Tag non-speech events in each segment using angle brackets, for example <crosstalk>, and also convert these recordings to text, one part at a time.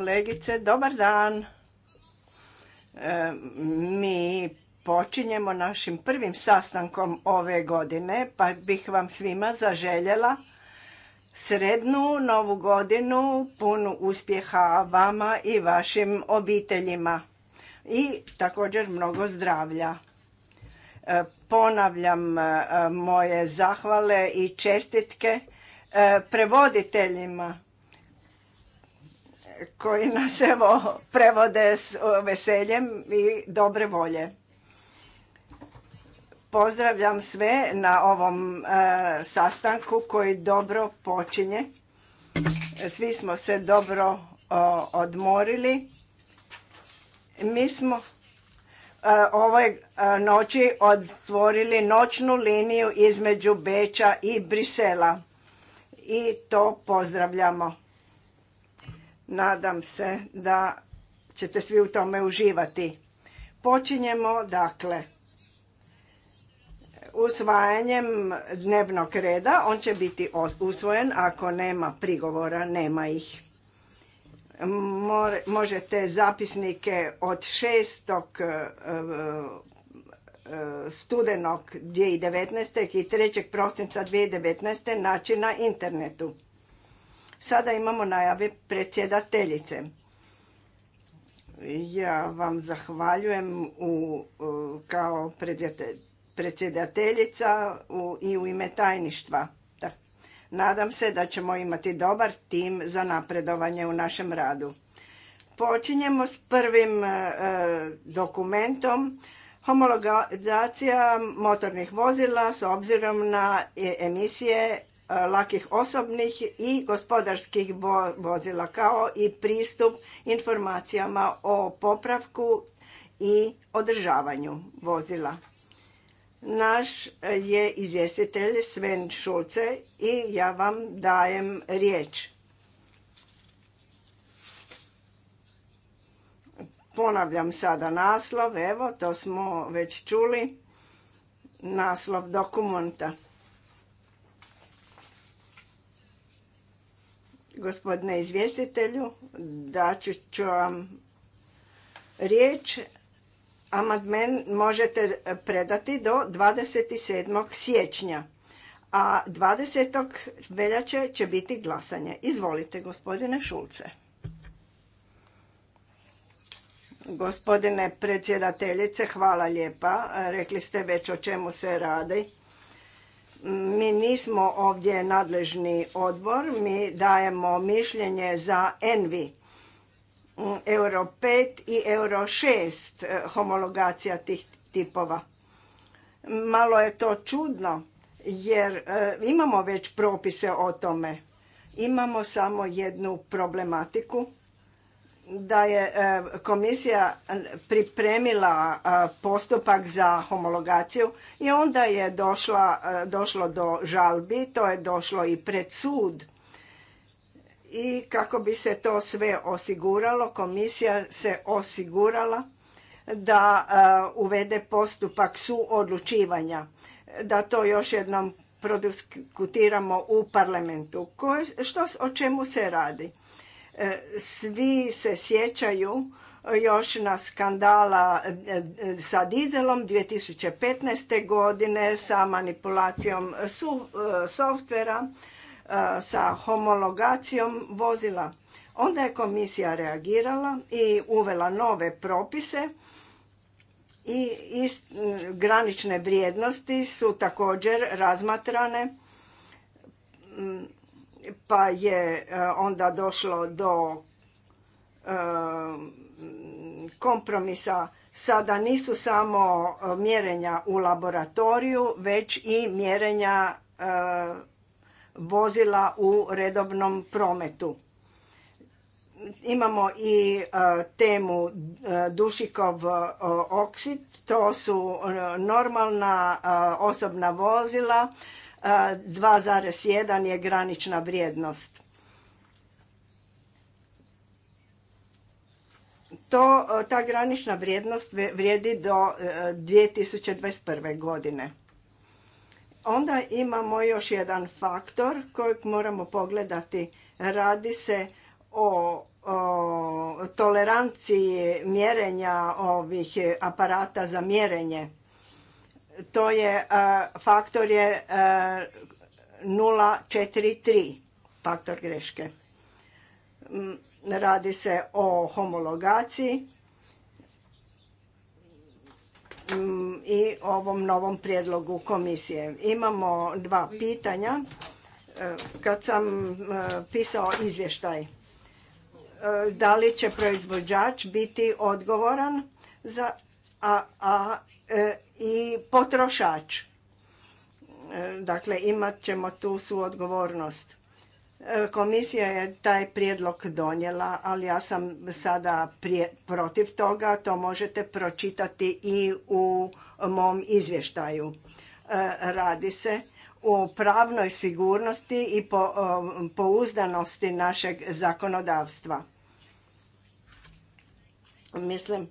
Kolegice, dobar dan. E, mi počinjemo našim prvim sastankom ove godine, pa bih vam svima zaželjela srednu novu godinu, punu uspjeha vama i vašim obiteljima i također mnogo zdravlja. E, ponavljam e, moje zahvale i čestitke prevoditeljima koji nas evo prevode s veseljem i dobre volje. Pozdravljam sve na ovom e, sastanku koji dobro počinje. Svi smo se dobro odmorili. Mi smo e, ove e, noći otvorili noćnu liniju između Beča i Brisela. I to pozdravljamo. Nadam se da ćete svi u tome uživati. Počinjemo dakle usvajanjem dnevnog reda. On će biti usvojen ako nema prigovora, nema ih. Možete zapisnike od 6 e, e, studenog 2019. i 3. prosinca 2019. naći na internetu. Sada imamo najave predsjedateljice. Ja vam zahvaljujem kao predsjedateljica i u ime tajništva. Nadam se da ćemo imati dobar tim za napredovanje u našem radu. Počinjemo s prvim e, dokumentom Homologacija motornih vozila s obzirom na e, emisije lakih osobnih i gospodarskih vozila kao i pristup informacijama o popravku i održavanju vozila. Naš e, je izvjestitelj Sven Šulce i ja vam dajem riječ. Ponavljam sada naslov, evo to smo već čuli, naslov dokumenta. Gospodine izvjestitelju, da ću vam riječ. Amandman možete predati do 27. siječnja, a 20. veljače će biti glasanje. Izvolite, gospodine Šulce. Gospodine predsjedateljice, hvala lijepa. Rekli ste već o čemu se radi mi nismo ovdje nadležni odbor, mi dajemo mišljenje za ENVI. Euro 5 i Euro 6 eh, homologacija tih tipova. Malo je to čudno jer eh, imamo već propise o tome. Imamo samo jednu problematiku da je e, komisija pripremila e, postupak za homologaciju i onda je e, došlo do žalbi, to je došlo i pred sud. I kako bi se to sve osiguralo, komisija se osigurala da uvede postupak suodlučivanja. Da to još jednom prodiskutiramo u parlamentu. što, o čemu se radi? E, svi se sjećaju još na skandala e, e, sa dizelom 2015. godine sa manipulacijom softvera, sa homologacijom vozila. Onda je komisija reagirala i uvela nove propise i granične vrijednosti su također razmatrane mm, pa je e, onda došlo do e, kompromisa sada nisu samo e, mjerenja u laboratoriju već i mjerenja vozila u redovnom prometu imamo i temu dušikov oksid to su normalna osobna vozila 2,1 je granična vrijednost. To, ta granična vrijednost vrijedi do 2021. E, godine. Onda imamo još jedan faktor kojeg moramo pogledati. Radi se o, o toleranciji mjerenja ovih aparata za mjerenje to je e, faktor je 0,43 e, faktor greške. Radi se o homologaciji i ovom novom prijedlogu komisije. Imamo dva pitanja. E, kad sam pisao izvještaj, da li će proizvođač biti odgovoran za a, a i potrošač. E, dakle, imat ćemo tu odgovornost. E, komisija je taj prijedlog donijela, ali ja sam sada protiv toga. To možete pročitati i u mom izvještaju. E, radi se o pravnoj sigurnosti i pouzdanosti našeg zakonodavstva. Mislim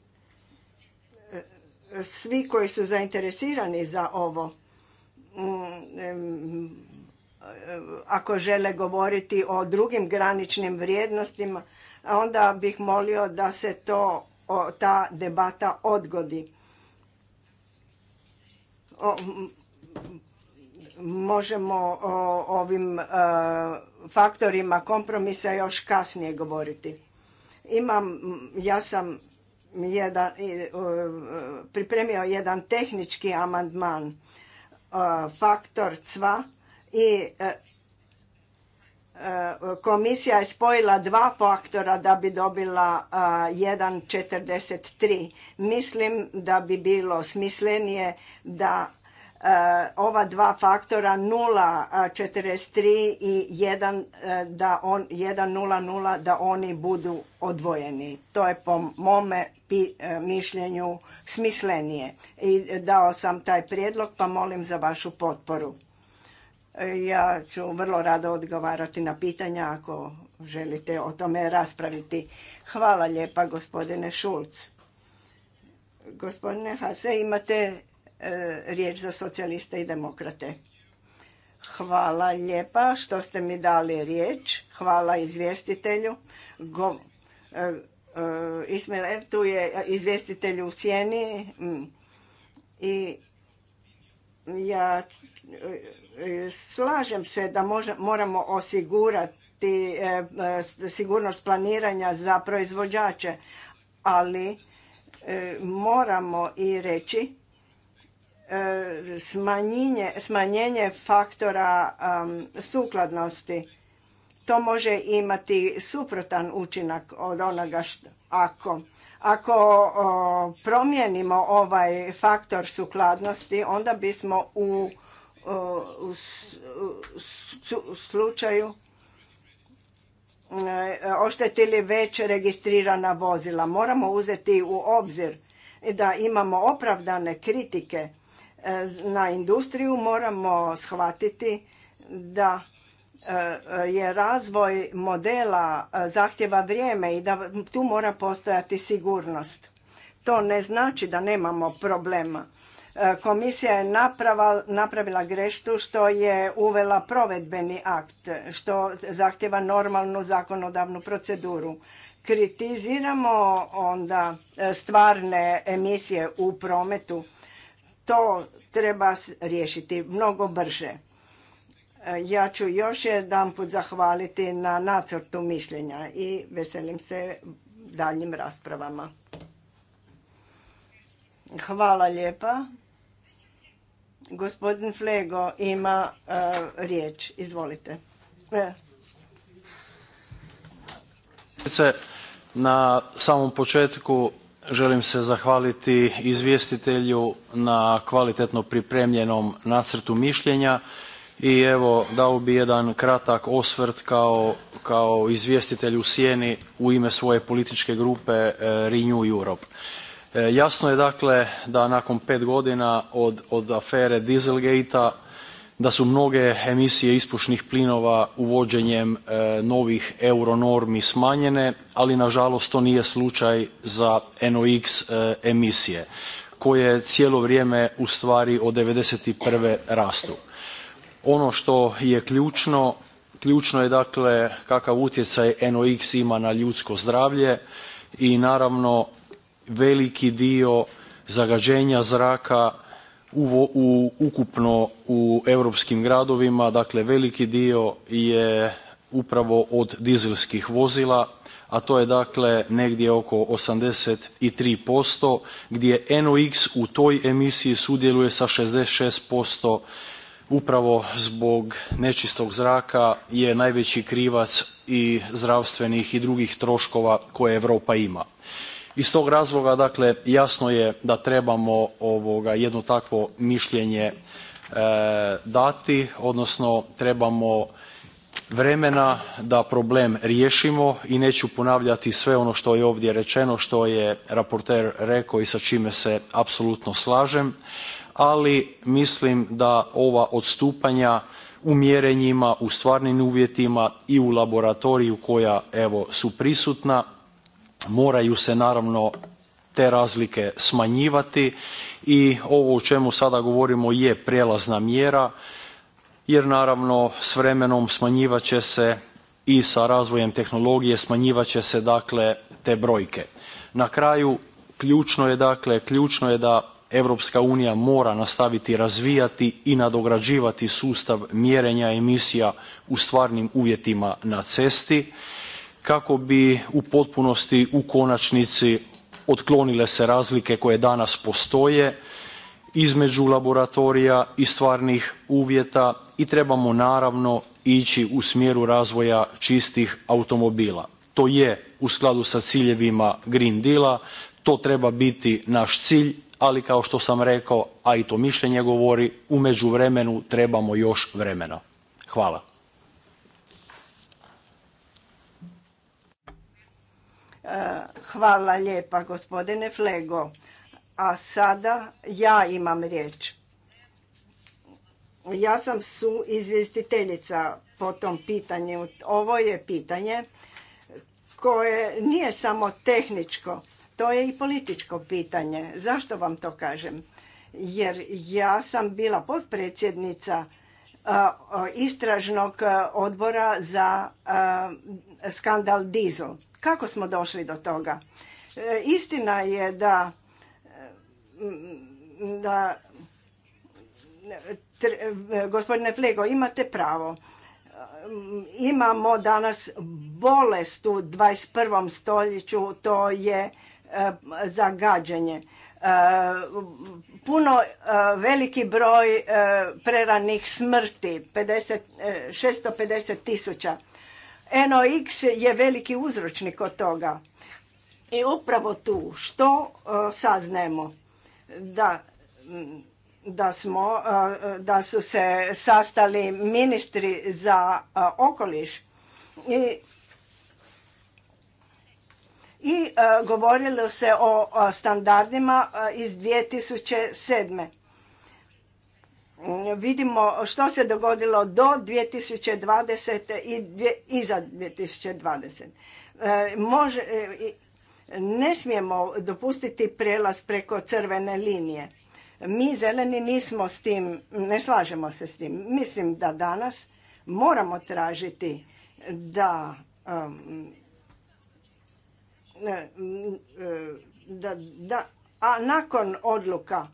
svi koji su zainteresirani za ovo, mm, ako žele govoriti o drugim graničnim vrijednostima, onda bih molio da se to, ta debata odgodi. možemo o ovim e, faktorima kompromisa još kasnije govoriti. Imam, ja sam jedan, e, pripremio jedan tehnički amandman e, faktor cva i e, komisija je spojila dva faktora da bi dobila 1,43. Mislim da bi bilo smislenije da ova dva faktora 0,43 i jedan da on, 1,00 da oni budu odvojeni. To je po mome E, mišljenju smislenije. I dao sam taj prijedlog pa molim za vašu potporu. E, ja ću vrlo rado odgovarati na pitanja ako želite o tome raspraviti. Hvala lijepa gospodine Šulc. Gospodine Hase, imate e, riječ za socijaliste i demokrate. Hvala lijepa što ste mi dali riječ. Hvala izvjestitelju. Eh, tu je izvjestitelj u Sjeni mm. i ja eh, slažem se da moramo osigurati eh, sigurnost planiranja za proizvođače, ali moramo i reći smanjenje faktora sukladnosti to može imati suprotan učinak od onoga što ako ako promijenimo ovaj faktor sukladnosti onda bismo u, o, u, u slučaju e, oštetili već registrirana vozila moramo uzeti u obzir da imamo opravdane kritike e, na industriju moramo shvatiti da E, je razvoj modela e, zahtjeva vrijeme i da tu mora postojati sigurnost. To ne znači da nemamo problema. E, komisija je napravila greštu što je uvela provedbeni akt, što zahtjeva normalnu zakonodavnu proceduru. Kritiziramo onda stvarne emisije u prometu. To treba riješiti mnogo brže ja ću još jedan put zahvaliti na nacrtu mišljenja i veselim se daljnjim raspravama. Hvala lijepa. Gospodin Flego ima e, riječ. Izvolite. E. Na samom početku želim se zahvaliti izvjestitelju na kvalitetno pripremljenom nacrtu mišljenja i evo dao bi jedan kratak osvrt kao, kao izvjestitelj u sjeni u ime svoje političke grupe eh, Renew Europe. Eh, jasno je dakle da nakon pet godina od, afere Dieselgate-a da su mnoge emisije ispušnih plinova uvođenjem novih eh, novih euronormi smanjene, ali nažalost to nije slučaj za NOx emisije koje cijelo vrijeme u stvari od 1991. rastu. Ono što je ključno, ključno je dakle kakav utjecaj NOx ima na ljudsko zdravlje i naravno veliki dio zagađenja zraka u, u, ukupno u europskim gradovima, dakle veliki dio je upravo od dizelskih vozila, a to je dakle negdje oko 83% gdje NOx u toj emisiji sudjeluje sa 66% upravo zbog nečistog zraka je najveći krivac i zdravstvenih i drugih troškova koje Europa ima. Iz tog razloga dakle jasno je da trebamo ovoga jedno takvo mišljenje e, dati, odnosno trebamo vremena da problem riješimo i neću ponavljati sve ono što je ovdje rečeno, što je raporter rekao i sa čime se apsolutno slažem, ali mislim da ova odstupanja u mjerenjima, u stvarnim uvjetima i u laboratoriju koja evo su prisutna moraju se naravno te razlike smanjivati i ovo o čemu sada govorimo je prelazna mjera jer naravno s vremenom smanjivat će se i sa razvojem tehnologije smanjivat će se dakle te brojke. Na kraju ključno je dakle, ključno je da Europska unija mora nastaviti razvijati i nadograđivati sustav mjerenja emisija u stvarnim uvjetima na cesti kako bi u potpunosti u konačnici otklonile se razlike koje danas postoje između laboratorija i stvarnih uvjeta i trebamo naravno ići u smjeru razvoja čistih automobila. To je u skladu sa ciljevima Green Deala, to treba biti naš cilj ali kao što sam rekao, a i to mišljenje govori, u međuvremenu trebamo još vremena. Hvala. E, hvala lijepa gospodine Flego. A sada ja imam riječ. Ja sam su izvjestiteljica po tom pitanju. Ovo je pitanje koje nije samo tehničko, to je i političko pitanje. Zašto vam to kažem? Jer ja sam bila potpredsjednica e, e, istražnog e, odbora za skandal Diesel. Kako smo došli do toga? Istina je da, da gospodine Flego, imate pravo. Imamo danas bolest u 21. stoljeću, to je Eh, za eh, Puno eh, veliki broj preranih smrti, 650 tisuća. NOx je veliki uzročnik od toga. I upravo tu što saznajemo? Da, mm, da, smo, da su se sastali ministri za okoliš i i e, govorilo se o standardima e, iz 2007. Mm, vidimo što se dogodilo do 2020. i iza 2020. E, može, ne smijemo dopustiti prelaz preko crvene linije. Mi zeleni nismo s tim, ne slažemo se s tim. Mislim da danas moramo tražiti da E, e, da, da, a nakon odluka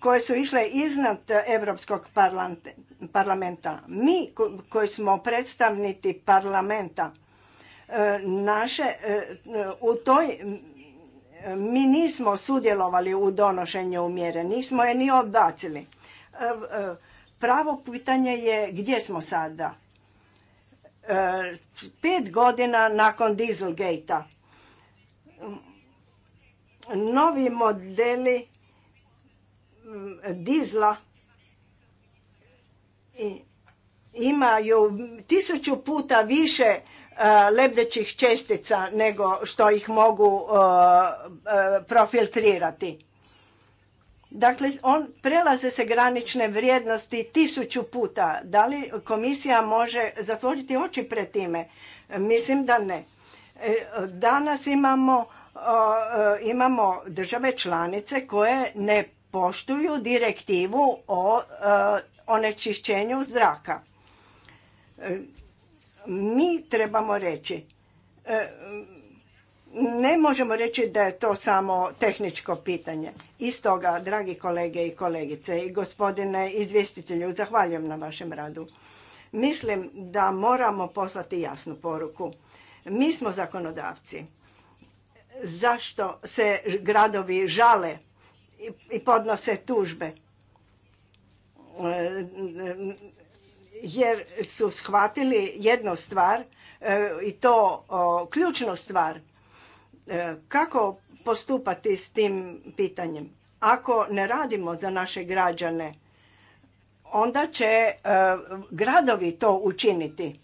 koje su išle iznad Europskog parlamenta, mi koji smo predstavniti parlamenta, e, naše, u toj, mi nismo sudjelovali u donošenju mjere, nismo je ni odbacili. Pravo pitanje je gdje smo sada? Pet godina nakon Dieselgate-a novi modeli mm, dizla imaju tisuću puta više e, lebdećih čestica nego što ih mogu e, e, profiltrirati. Dakle, on, prelaze se granične vrijednosti tisuću puta. Da li komisija može zatvoriti oči pred time? Mislim da ne. E, danas imamo, e, imamo države članice koje ne poštuju direktivu o e, onečišćenju zraka. Mi trebamo reći, ne možemo reći da je to samo tehničko pitanje. I stoga, dragi kolege i kolegice i gospodine izvjestitelju, zahvaljujem na vašem radu. Mislim da moramo poslati jasnu poruku. Mi smo zakonodavci. Zašto se gradovi žale i podnose tužbe? Jer su shvatili jednu stvar e, i to ključnu stvar. E, kako postupati s tim pitanjem? Ako ne radimo za naše građane, onda će e, gradovi to učiniti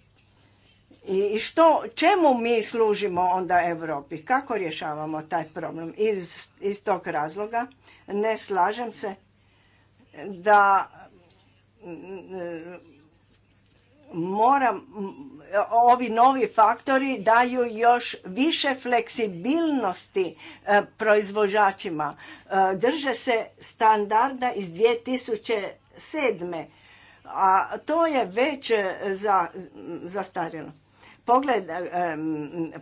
i što, čemu mi služimo onda Europi? Kako rješavamo taj problem? Iz, iz tog razloga ne slažem se da moram, ovi novi faktori daju još više fleksibilnosti e, proizvođačima. E, drže se standarda iz 2007. A to je već e, za,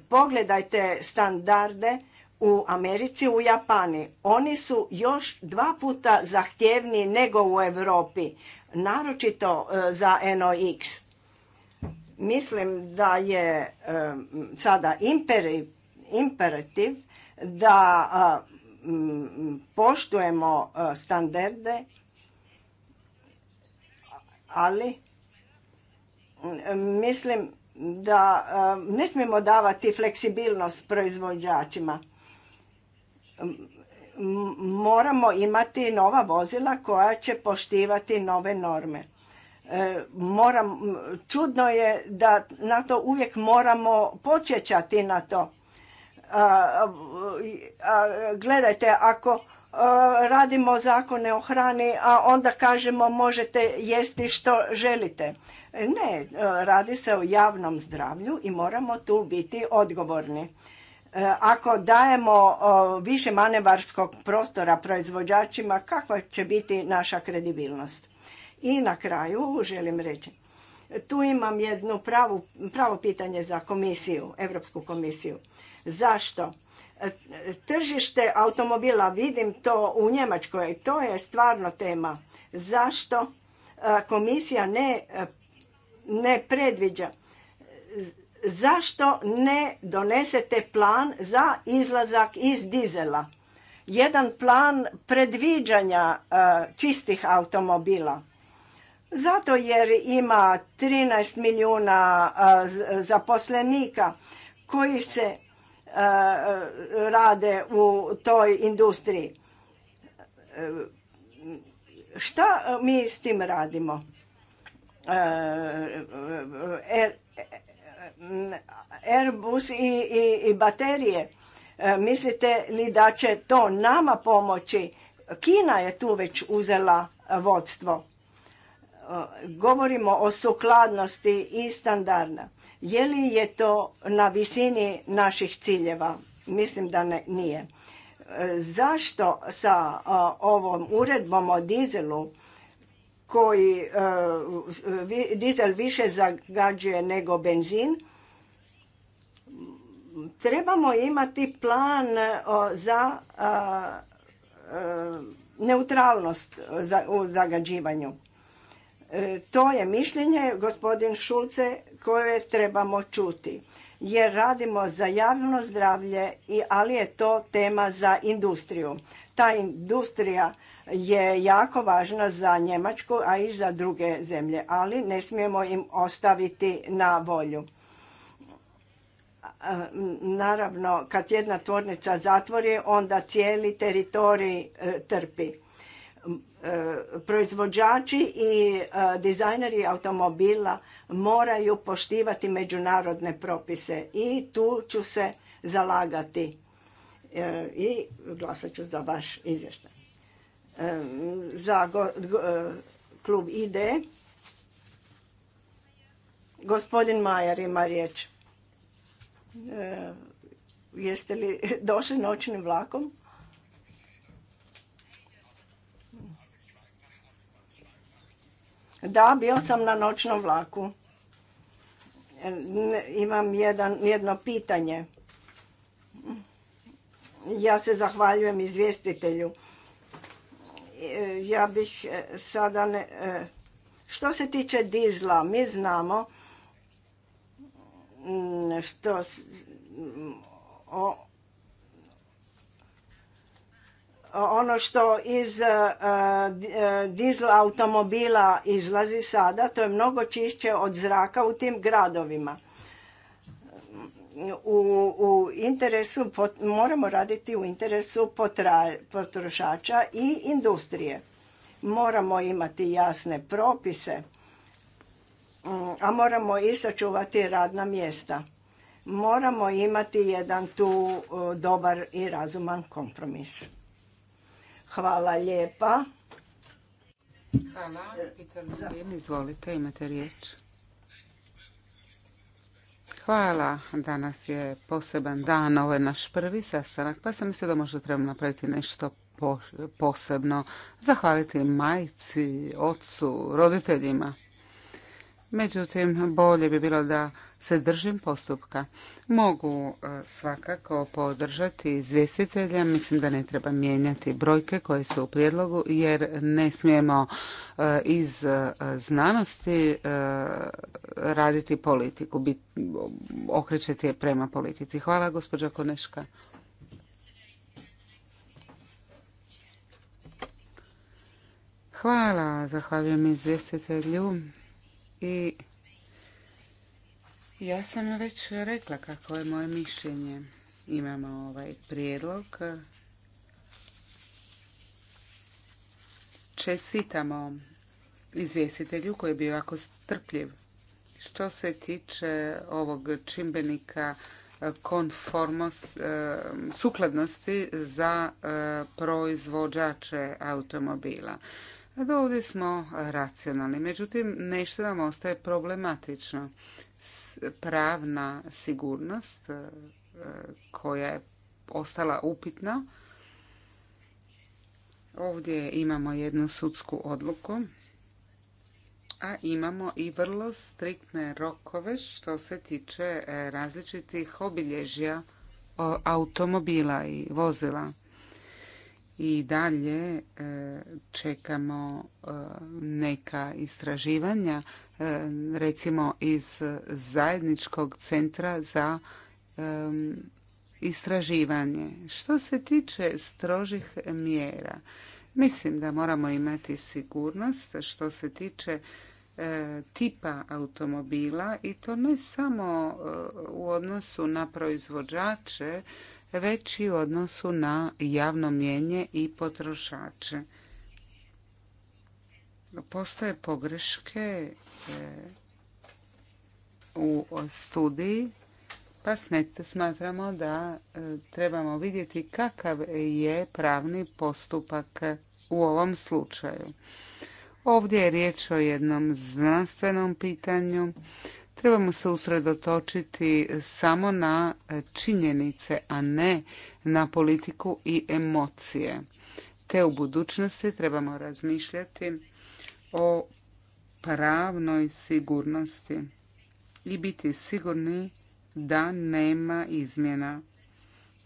pogledajte standarde u Americi, u Japani. Oni su još dva puta zahtjevniji nego u Europi, naročito e, za NOx. Mislim da je sada imperativ da poštujemo standarde, ali mislim da eh, ne smijemo davati fleksibilnost proizvođačima. Moramo imati nova vozila koja će poštivati nove norme. Eh, moram, čudno je da na to uvijek moramo počećati na to. Eh, gledajte, ako radimo zakone o hrani, a onda kažemo možete jesti što želite. E, ne, e, radi se o javnom zdravlju i moramo tu biti odgovorni. E, ako dajemo više manevarskog prostora proizvođačima, kakva će biti naša kredibilnost? I na kraju želim reći, tu imam jedno pravo pitanje za komisiju, Europsku komisiju. Zašto? Tržište automobila, vidim to u Njemačkoj, to je stvarno tema. Zašto komisija ne ne predviđa. Zašto ne donesete plan za izlazak iz dizela? Jedan plan predviđanja e, čistih automobila. Zato jer ima 13 milijuna e, zaposlenika koji se e, rade u toj industriji. Šta mi s tim radimo? E, e, e, Airbus i, i baterije. Mislite li da će to nama pomoći? Kina je tu već uzela vodstvo. Govorimo o sukladnosti i standarda. Je li je to na visini naših ciljeva? Mislim da ne, nije. Zašto sa ovom uredbom o dizelu koji e, dizel više zagađuje nego benzin, trebamo imati plan e, za e, neutralnost u zagađivanju. To je mišljenje gospodin Šulce koje trebamo čuti. Jer radimo za javno zdravlje, ali je to tema za industriju. Ta industrija je jako važna za Njemačku, a i za druge zemlje, ali ne smijemo im ostaviti na volju. Naravno, kad jedna tvornica zatvori, onda cijeli teritorij e, trpi. E, proizvođači i e, dizajneri automobila moraju poštivati međunarodne propise i tu ću se zalagati i glasat ću za vaš izvještaj za e, klub ID. Gospodin Majer ima riječ. E, jeste li <laughs> došli noćnim vlakom? Da, bio sam na noćnom vlaku. E, imam jedan, jedno pitanje. Ja se zahvaljujem izvjestitelju E, ja bih e, sada ne... E, što se tiče dizla, mi znamo mm, što ono što iz dizla automobila izlazi sada, to je mnogo čišće od zraka u tim gradovima u, interesu, moramo raditi u interesu potrošača i industrije. Moramo imati jasne propise, mm, a moramo i sačuvati radna mjesta. Moramo imati jedan tu dobar i razuman kompromis. Hvala lijepa. Hvala. izvolite, imate riječ. Hvala. Danas je poseban dan, ovo je naš prvi sastanak, pa sam mislila da možda trebamo napraviti nešto posebno. Zahvaliti majci, ocu, roditeljima. Međutim, bolje bi bilo da se držim postupka. Mogu e, svakako podržati izvjestitelja. Mislim da ne treba mijenjati brojke koje su u prijedlogu jer ne smijemo e, iz e, znanosti raditi politiku, okrećati je prema politici. Hvala gospođa Koneška. Hvala, zahvaljujem izvjestitelju i ja sam već rekla kako je moje mišljenje. Imamo ovaj prijedlog. Čestitamo izvjestitelju koji je bio jako strpljiv. Što se tiče ovog čimbenika e, konformost, e, sukladnosti za e, proizvođače automobila. ovdje smo racionalni, međutim nešto nam ostaje problematično pravna sigurnost e, koja je ostala upitna. Ovdje imamo jednu sudsku odluku, a imamo i vrlo striktne rokove što se tiče e, različitih obilježja automobila i vozila. I dalje e, čekamo neka istraživanja E, recimo iz zajedničkog centra za e, istraživanje. Što se tiče strožih mjera, mislim da moramo imati sigurnost što se tiče e, tipa automobila i to ne samo u odnosu na proizvođače, već i u odnosu na javno mjenje i potrošače postoje pogreške e, u studiji, pa smatramo da e, trebamo vidjeti kakav je pravni postupak u ovom slučaju. Ovdje je riječ o jednom znanstvenom pitanju. Trebamo se usredotočiti samo na činjenice, a ne na politiku i emocije. Te u budućnosti trebamo razmišljati o pravnoj sigurnosti i biti sigurni da nema izmjena.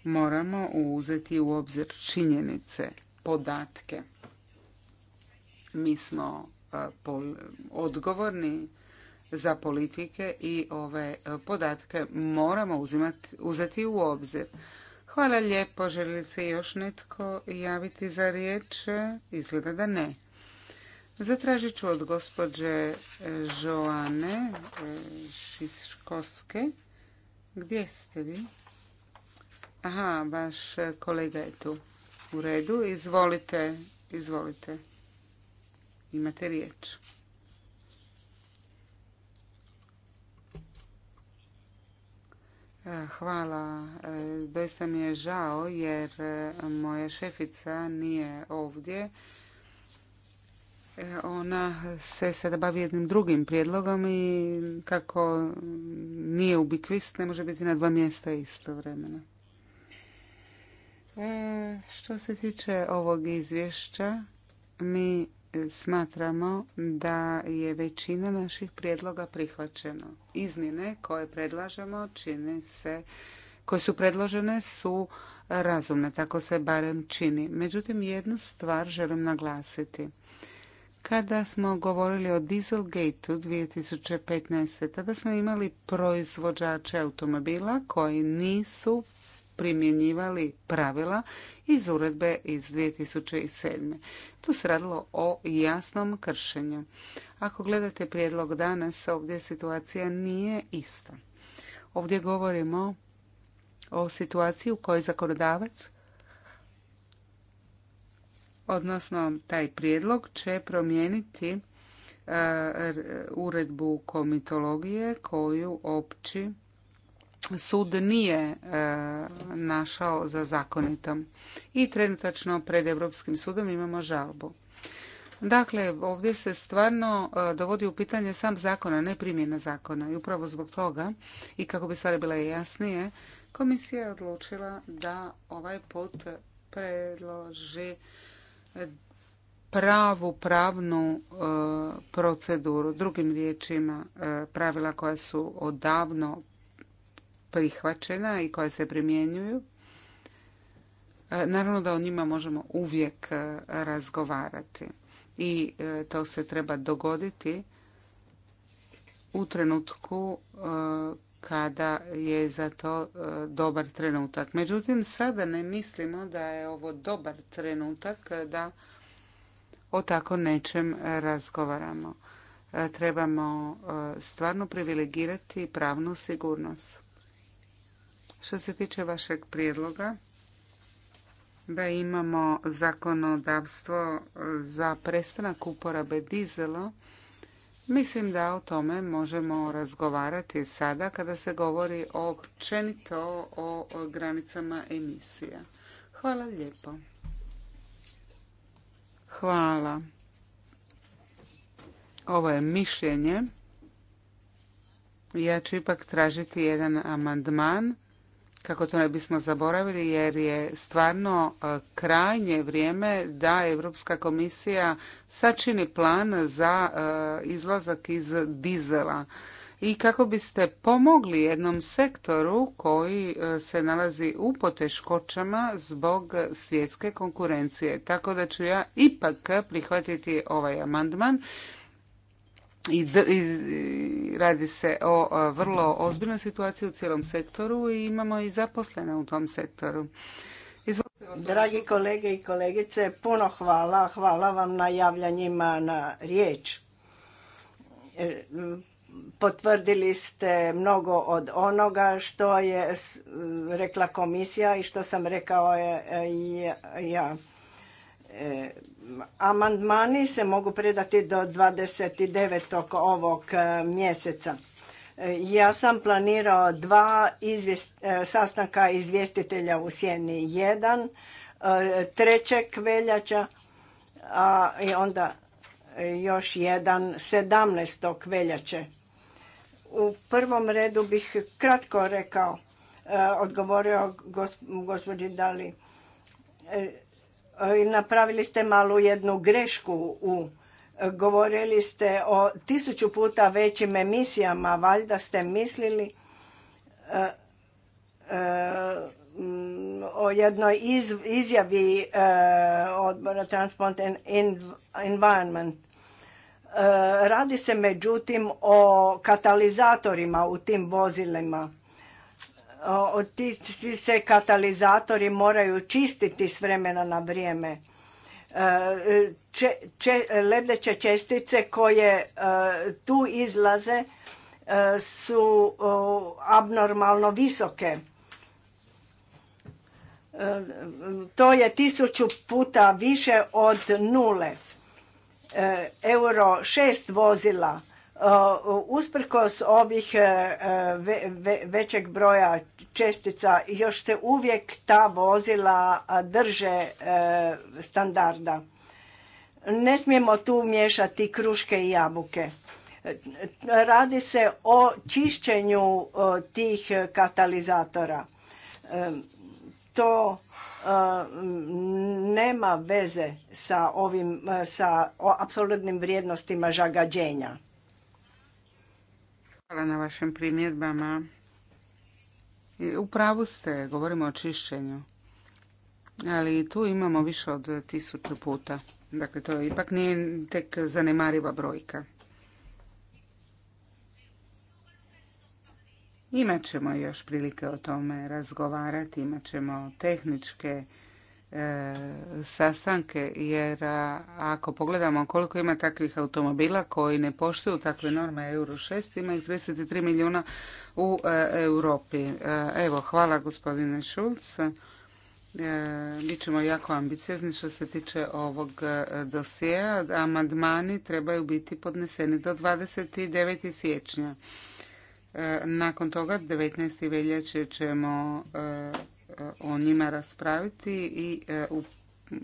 Moramo uzeti u obzir činjenice, podatke. Mi smo odgovorni za politike i ove podatke moramo uzimati, uzeti u obzir. Hvala lijepo. Želi se još netko javiti za riječ? Izgleda da ne. Zatražit ću od gospođe e, Joane e, Šiškovske. Gdje ste vi? Aha, vaš kolega je tu. U redu, izvolite, izvolite. Imate riječ. E, hvala. Doista mi je žao jer moja šefica nije ovdje E, ona se sada bavi jednim drugim prijedlogom i kako nije ubikvist, ne može biti na dva mjesta istovremeno. E, što se tiče ovog izvješća, mi smatramo da je većina naših prijedloga prihvaćeno. Izmjene koje predlažemo čine se koje su predložene su razumne, tako se barem čini. Međutim, jednu stvar želim naglasiti – kada smo govorili o Gate-u 2015. tada smo imali proizvođače automobila koji nisu primjenjivali pravila iz uredbe iz 2007. Tu se radilo o jasnom kršenju. Ako gledate prijedlog danas, ovdje situacija nije ista. Ovdje govorimo o situaciji u kojoj zakonodavac odnosno taj prijedlog će promijeniti e, uredbu komitologije koju opći sud nije e, našao za zakonitom. I trenutačno pred Europskim sudom imamo žalbu. Dakle, ovdje se stvarno e, dovodi u pitanje sam zakona, ne primjena zakona. I upravo zbog toga, i kako bi stvari bila jasnije, komisija je odlučila da ovaj put predloži pravu pravnu e, proceduru. Drugim riječima, e, pravila koja su odavno prihvaćena i koja se primjenjuju. E, naravno da o njima možemo uvijek razgovarati i to se treba dogoditi u trenutku kada je za to e, dobar trenutak. Međutim, sada ne mislimo da je ovo dobar trenutak da o tako nečem razgovaramo. E, trebamo e, stvarno privilegirati pravnu sigurnost. Što se tiče vašeg prijedloga, da imamo zakonodavstvo za prestanak uporabe dizela, Mislim da o tome možemo razgovarati sada kada se govori općenito o granicama emisija. Hvala lijepo. Hvala. Ovo je mišljenje. Ja ću ipak tražiti jedan amandman kako to ne bismo zaboravili jer je stvarno e, krajnje vrijeme da Europska komisija sačini plan za e, izlazak iz dizela i kako biste pomogli jednom sektoru koji e, se nalazi u poteškoćama zbog svjetske konkurencije. Tako da ću ja ipak prihvatiti ovaj amandman i, radi se o vrlo ozbiljnoj situaciji u cijelom sektoru i imamo i zaposlene u tom sektoru. Dragi kolege i kolegice, puno hvala. Hvala vam na javljanjima na riječ. E, potvrdili ste mnogo od onoga što je rekla komisija i što sam rekao je ja. E, Amandmani se mogu predati do 29. ovog e, mjeseca. E, ja sam planirao dva e, sastanka izvjestitelja u Sjeni, jedan trećeg veljača, a i onda još jedan 17. veljače. U prvom redu bih kratko rekao, odgovorio gospođi Dali, E, napravili ste malu jednu grešku u e, govorili ste o tisuću puta većim emisijama, valjda ste mislili e, o jednoj izjavi odbora Transport Environment. Radi se međutim o katalizatorima u tim vozilima ti se katalizatori moraju čistiti s vremena na vrijeme. E, lebdeće čestice koje e, tu izlaze e, su abnormalno visoke. To je tisuću puta više od nule. Euro šest vozila Uh, usprkos ovih uh, uh, većeg broja čestica još se uvijek ta vozila drže standarda. Ne smijemo tu miješati kruške i jabuke. Radi se o čišćenju tih katalizatora. Um, to nema veze sa ovim sa apsolutnim vrijednostima žagađenja. Hvala na vašim primjedbama. U pravu ste, govorimo o čišćenju. Ali tu imamo više od tisuću puta. Dakle, to ipak nije tek zanemariva brojka. Imaćemo još prilike o tome razgovarati, Imaćemo tehničke E, sastanke jer ako pogledamo koliko ima takvih automobila koji ne poštuju takve norme Euro 6, ima ih 33 milijuna u e, Europi. E, evo, hvala gospodine Šulc. Bit ćemo jako ambiciozni što se tiče ovog dosijeja. Amandmani trebaju biti podneseni do 29. siječnja. Nakon toga 19. veljače ćemo o njima raspraviti i e, mm,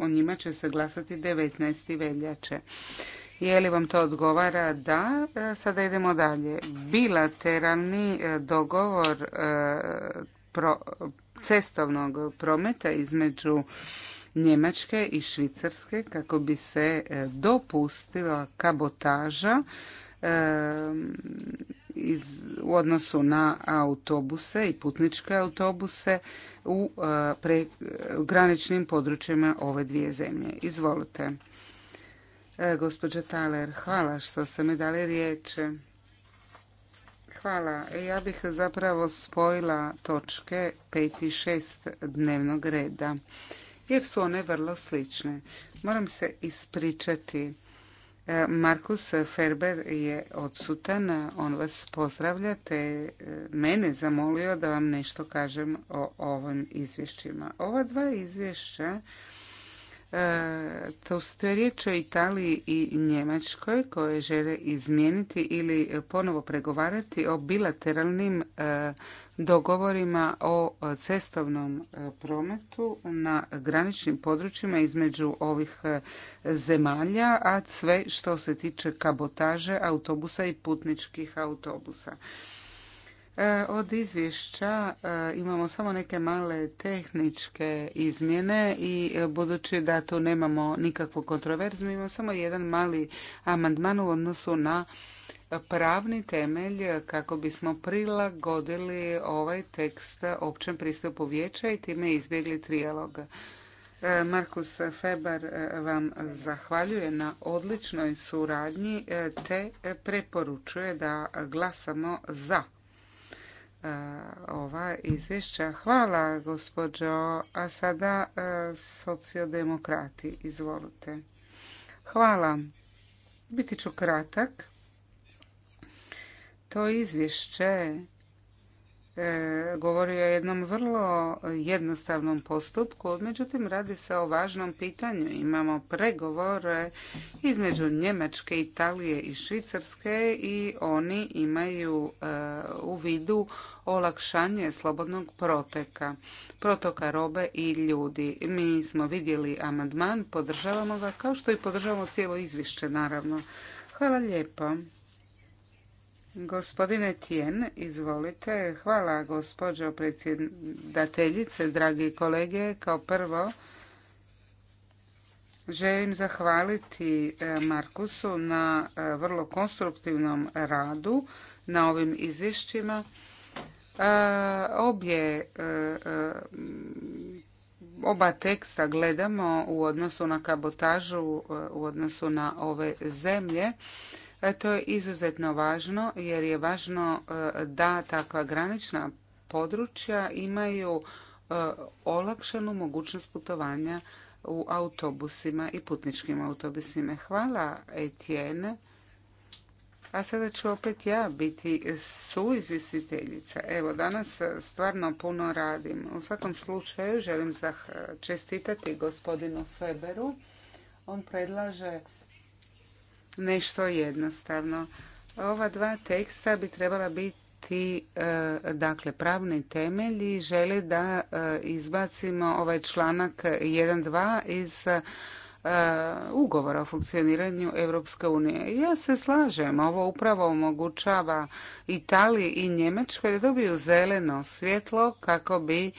o njima će se glasati 19. veljače. Je li vam to odgovara? Da. E, sada idemo dalje. Bilateralni e, dogovor cestovnog prometa između Njemačke i Švicarske kako bi se dopustila kabotaža iz, u odnosu na autobuse i putničke autobuse u e, pre, graničnim područjima ove dvije zemlje. Izvolite. E, Taler, hvala što ste mi dali riječ. Hvala. E, ja bih zapravo spojila točke 5 i 6 dnevnog reda jer su one vrlo slične. Moram se ispričati E, Markus Ferber je odsutan, on vas pozdravlja te e, mene zamolio da vam nešto kažem o ovim izvješćima. Ova dva izvješća E, to ste riječ o Italiji i Njemačkoj koje žele izmijeniti ili ponovo pregovarati o bilateralnim e, dogovorima o cestovnom e, prometu na graničnim područjima između ovih zemalja, a sve što se tiče kabotaže autobusa i putničkih autobusa. E, od izvješća e, imamo samo neke male tehničke izmjene i e, budući da tu nemamo nikakvu kontroverznu, imamo samo jedan mali amandman u odnosu na pravni temelj kako bismo prilagodili ovaj tekst općem pristupu vijeća i time izbjegli trijalog. Markus Feber vam zahvaljuje na odličnoj suradnji te preporučuje da glasamo za E, ova izvješća. Hvala, gospođo. A sada e, socijaldemokrati, izvolite. Hvala. Biti ću kratak. To izvješće E, govorio o jednom vrlo jednostavnom postupku, međutim radi se o važnom pitanju. Imamo pregovore između Njemačke, Italije i Švicarske i oni imaju e, u vidu olakšanje slobodnog proteka, protoka robe i ljudi. Mi smo vidjeli amandman, podržavamo ga kao što i podržavamo cijelo izvišće naravno. Hvala lijepo. Gospodine Tijen, izvolite. Hvala gospođo predsjedateljice, dragi kolege. Kao prvo, želim zahvaliti e, Markusu na e, vrlo konstruktivnom radu na ovim izvješćima. E, obje oba teksta gledamo u odnosu na kabotažu, u odnosu na ove zemlje E, to je izuzetno važno jer je važno e, da takva granična područja imaju e, olakšanu mogućnost putovanja u autobusima i putničkim autobusima. Hvala Etienne. A sada ću opet ja biti suizvisiteljica. Evo, danas stvarno puno radim. U svakom slučaju želim čestitati gospodinu Feberu. On predlaže nešto jednostavno. Ova dva teksta bi trebala biti e, dakle pravni temelj i žele da e, izbacimo ovaj članak 1.2 iz E, ugovora o funkcioniranju Europske unije. Ja se slažem, ovo upravo omogućava Italiji i Njemačkoj da dobiju zeleno svjetlo kako bi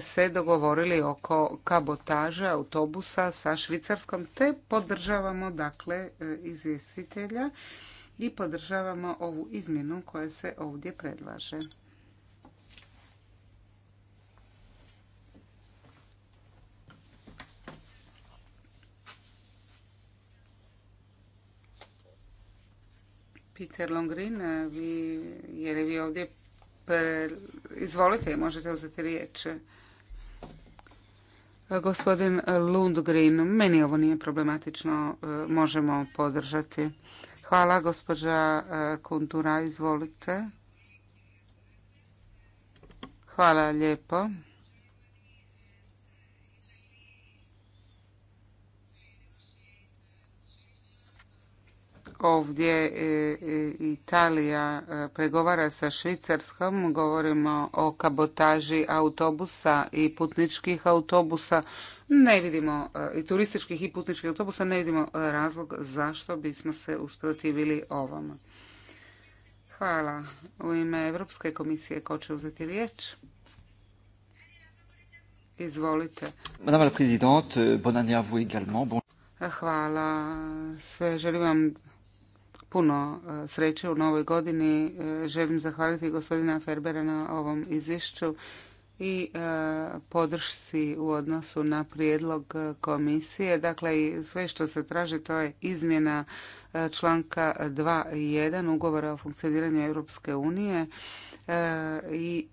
se dogovorili oko kabotaže autobusa sa Švicarskom, te podržavamo dakle e, izvjestitelja i podržavamo ovu izmjenu koja se ovdje predlaže. Peter Longrin, eh, vi, je vi ovdje izvolite, možete uzeti riječ. Eh, gospodin Lundgren, meni ovo nije problematično, eh, možemo podržati. Hvala, gospođa Kuntura, izvolite. Hvala lijepo. ovdje e, e, Italija e, pregovara sa Švicarskom, govorimo o kabotaži autobusa i putničkih autobusa, ne vidimo i turističkih i putničkih autobusa, ne vidimo razlog zašto bismo se usprotivili ovom. Hvala. U ime Europske komisije ko će uzeti riječ? Izvolite. Hvala. želim vam puno e, sreće u novoj godini. E, želim zahvaliti gospodina Ferbera na ovom izvješću i e, podršci u odnosu na prijedlog komisije. Dakle, sve što se traži to je izmjena članka 2.1 ugovora o funkcioniranju Europske unije i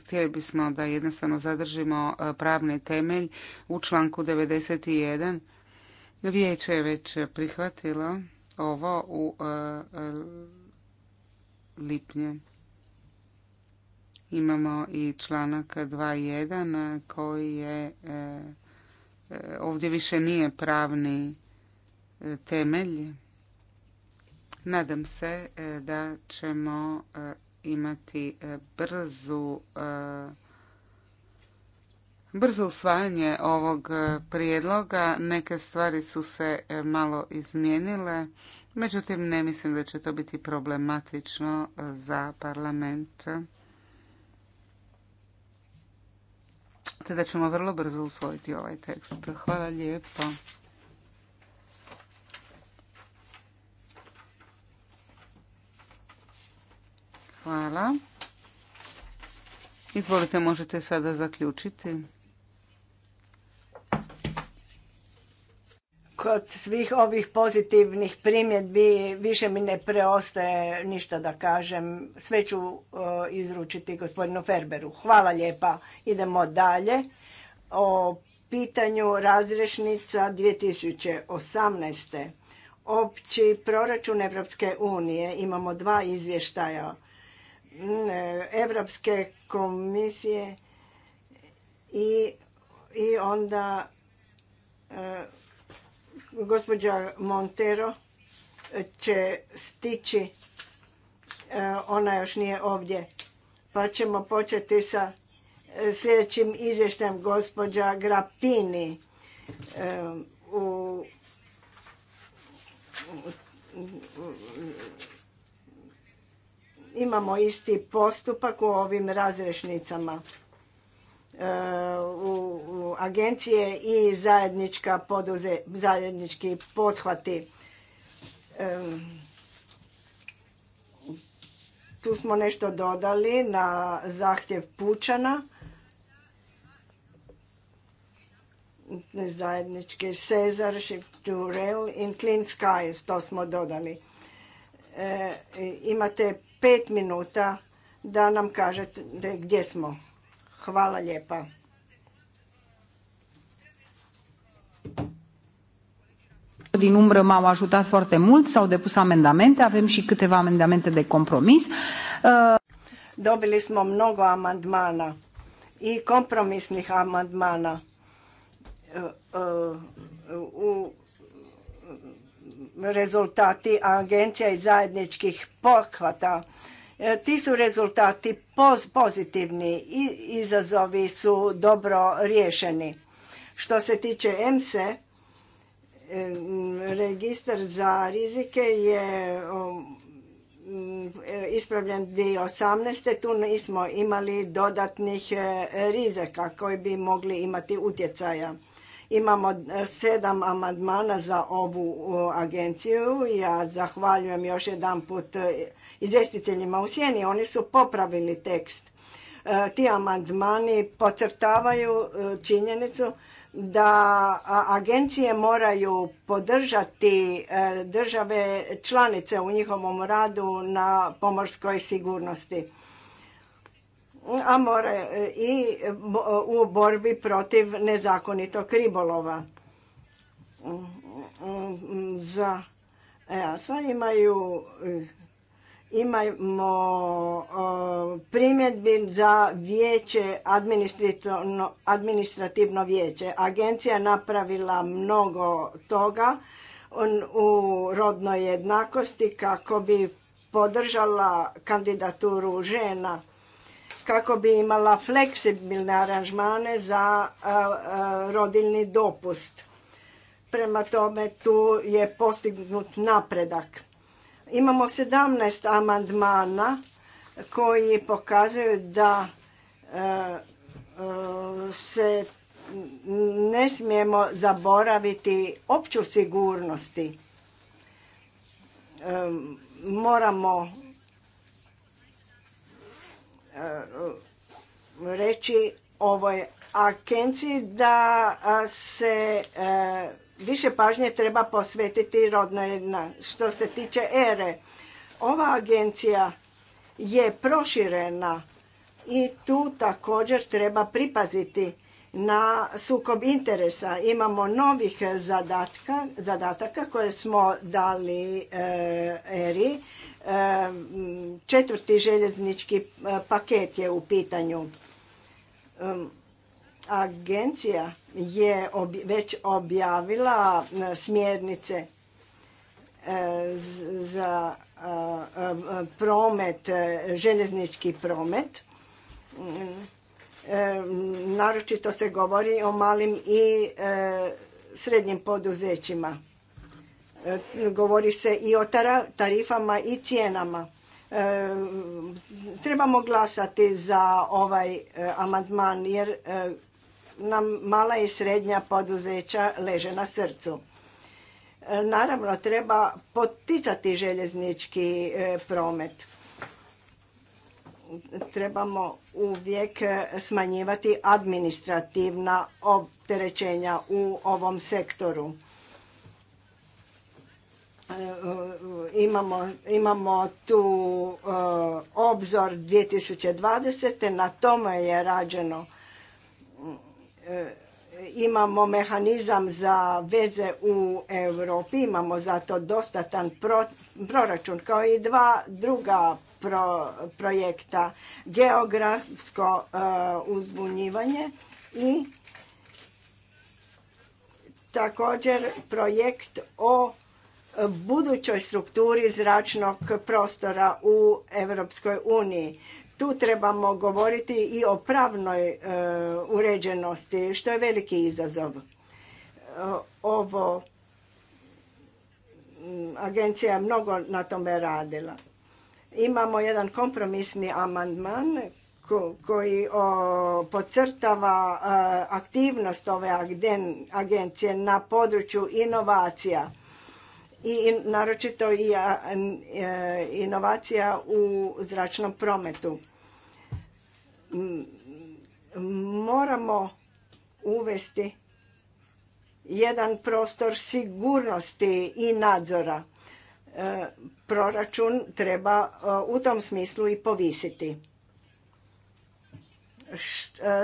htjeli bismo da jednostavno zadržimo pravni temelj u članku 91. Vijeće je već prihvatilo ovo u e, e, lipnju. Imamo i članak 2.1 e, koji je ovdje više nije pravni temelj. Nadam se da ćemo imati brzu brzo usvajanje ovog e, prijedloga. Neke stvari su se e, malo izmijenile, međutim ne mislim da će to biti problematično e, za parlament. Te da ćemo vrlo brzo usvojiti ovaj tekst. Hvala lijepo. Hvala. Izvolite, možete sada zaključiti. Kod svih ovih pozitivnih primjedbi više mi ne preostaje ništa da kažem. Sve ću e, izručiti gospodinu Ferberu. Hvala lijepa. Idemo dalje. O pitanju razrešnica 2018. Opći proračun Evropske unije. Imamo dva izvještaja mm, e, Evropske komisije i, i onda e, Gospođa Montero e, će stići, e, ona još nije ovdje, pa ćemo početi sa e, sljedećim izvještajem gospođa Grapini u imamo isti postupak u ovim razrešnicama u, agencije i poduze, zajednički pothvati. tu smo nešto dodali na zahtjev pučana. Zajednički Cezar, Ship to in Clean Skies, to smo dodali. E, imate pet minuta da nam kažete gdje smo. Hvala lijepa. din umbră m-au ajutat foarte mult, s-au depus amendamente, avem și câteva amendamente de compromis. Uh, dobili smo mnogo amandmana i kompromisnih amandmana. Uh, uh, u rezultati agencija i zajedničkih pohvata E, ti su rezultati pozitivni i izazovi su dobro riješeni. Što se tiče EMSE, e, registar za rizike je e, ispravljen 2018. Tu nismo imali dodatnih rizika koji bi mogli imati utjecaja. Imamo e, sedam amandmana za ovu agenciju. Ja zahvaljujem još jedan put e, izvjestiteljima u Sjeni. Oni su popravili tekst. E, ti amandmani pocrtavaju činjenicu da agencije moraju podržati države članice u njihovom radu na pomorskoj sigurnosti a mora e, i u borbi protiv nezakonitog ribolova. Mm, mm, za EASA imaju e, imamo primjedbi za vijeće, administrativno, vijeće. Agencija napravila mnogo toga u rodnoj jednakosti kako bi podržala kandidaturu žena kako bi imala fleksibilne aranžmane za rodilni dopust. Prema tome tu je postignut napredak. Imamo 17 amandmana koji pokazuju da se ne smijemo zaboraviti opću sigurnosti. Moramo E, reći ovoj agenciji da se e, više pažnje treba posvetiti rodnoj što se tiče ere. Ova agencija je proširena i tu također treba pripaziti na sukob interesa. Imamo novih zadatka, zadataka koje smo dali e, ERI Četvrti željeznički e, paket je u pitanju. Agencija je već objavila e, smjernice e, za promet, željeznički promet. Naročito se govori o malim i srednjim poduzećima. E, govori se i o tarifama i cijenama. E, trebamo glasati za ovaj e, amandman jer nam mala i srednja poduzeća leže na srcu. naravno, treba poticati željeznički promet trebamo uvijek smanjivati administrativna opterećenja u ovom sektoru. Eh, eh, imamo, tu eh, obzor 2020. Na tome je rađeno. Imamo mehanizam za veze u Europi. Imamo zato dostatan proračun kao i dva druga projekta. Geografsko uzbunjivanje i također projekt o budućoj strukturi zračnog prostora u Europskoj uniji. Tu trebamo govoriti i o pravnoj e, uređenosti, što je veliki izazov. E, ovo agencija je mnogo na tome radila. Imamo jedan kompromisni amandman koji o, podcrtava e, aktivnost ove agencije na području inovacija i naročito i e, inovacija u zračnom prometu. Moramo uvesti jedan prostor sigurnosti i nadzora. E, proračun treba e, u tom smislu i povisiti.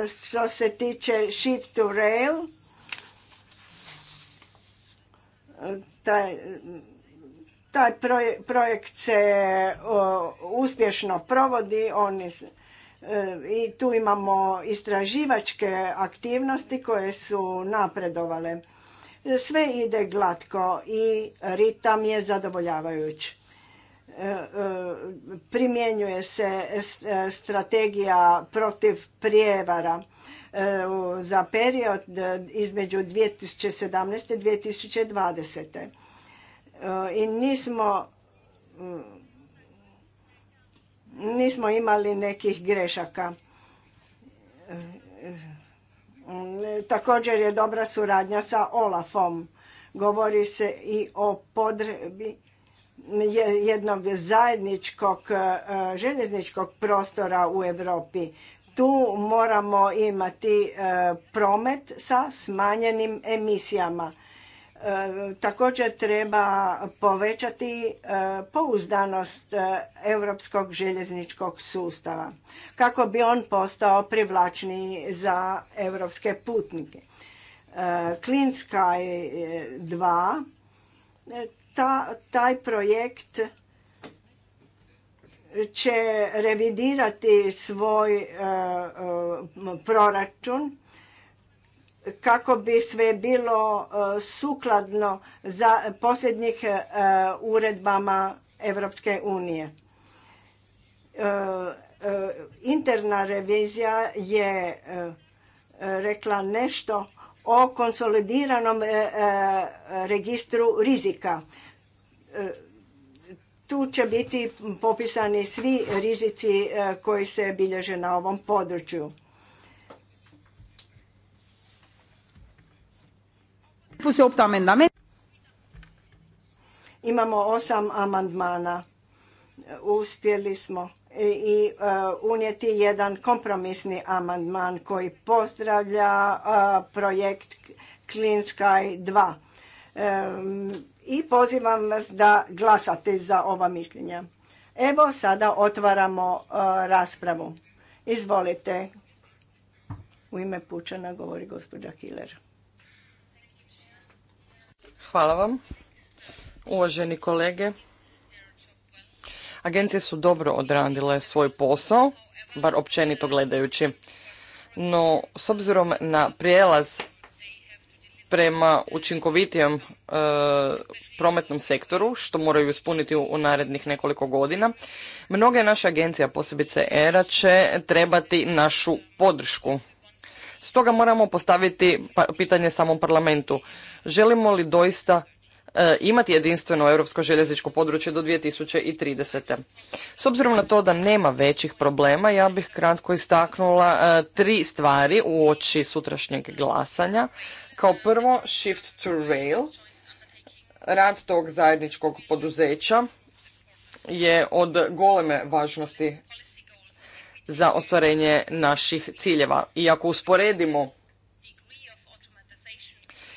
Što se tiče shift to rail, taj, taj projekt se uspješno provodi, oni e, i tu imamo istraživačke aktivnosti koje su napredovale. Sve ide glatko i ritam je zadovoljavajuć. E, e, primjenjuje se strategija protiv prijevara za period eh, između 2017. i 2020. Eh, I nismo mm, nismo imali nekih grešaka. Eh, također je dobra suradnja sa Olafom. Govori se i o podrebi jednog zajedničkog željezničkog prostora u Europi tu moramo imati e, promet sa smanjenim emisijama. E, također treba povećati e, pouzdanost europskog željezničkog sustava kako bi on postao privlačniji za europske putnike. Klinska 2, taj projekt će revidirati svoj e, e, proračun kako bi sve bilo e, sukladno za posljednjih uredbama Europske unije. Interna revizija je rekla nešto o konsolidiranom registru rizika tu će biti popisani svi rizici e, koji se bilježe na ovom području. Imamo osam amandmana. Uspjeli smo e, i e, unijeti jedan kompromisni amandman koji pozdravlja projekt Clean Sky 2 i pozivam vas da glasate za ova mišljenja. Evo sada otvaramo e, raspravu. Izvolite. U ime Pučana govori gospođa Kiler. Hvala vam. Uvaženi kolege, agencije su dobro odradile svoj posao, bar općenito gledajući. No, s obzirom na prijelaz prema učinkovitijem e, prometnom sektoru, što moraju ispuniti u, narednih nekoliko godina, mnoge naše agencije, posebice ERA, će trebati našu podršku. Stoga moramo postaviti pa, pitanje samom parlamentu. Želimo li doista e, imati jedinstveno europsko željezničko područje do 2030. S obzirom na to da nema većih problema, ja bih kratko istaknula e, tri stvari u oči sutrašnjeg glasanja kao prvo, Shift to Rail, rad tog zajedničkog poduzeća je od goleme važnosti za ostvarenje naših ciljeva. I ako usporedimo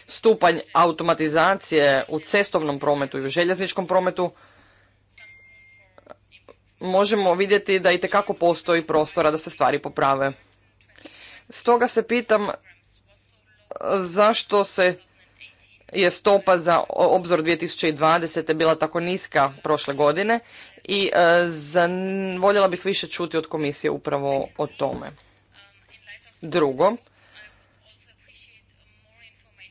stupanj automatizacije u cestovnom prometu i u željezničkom prometu, možemo vidjeti da i tekako postoji prostora da se stvari poprave. Stoga se pitam zašto se je stopa za obzor 2020. bila tako niska prošle godine i e, voljela bih više čuti od komisije upravo o tome. Drugo,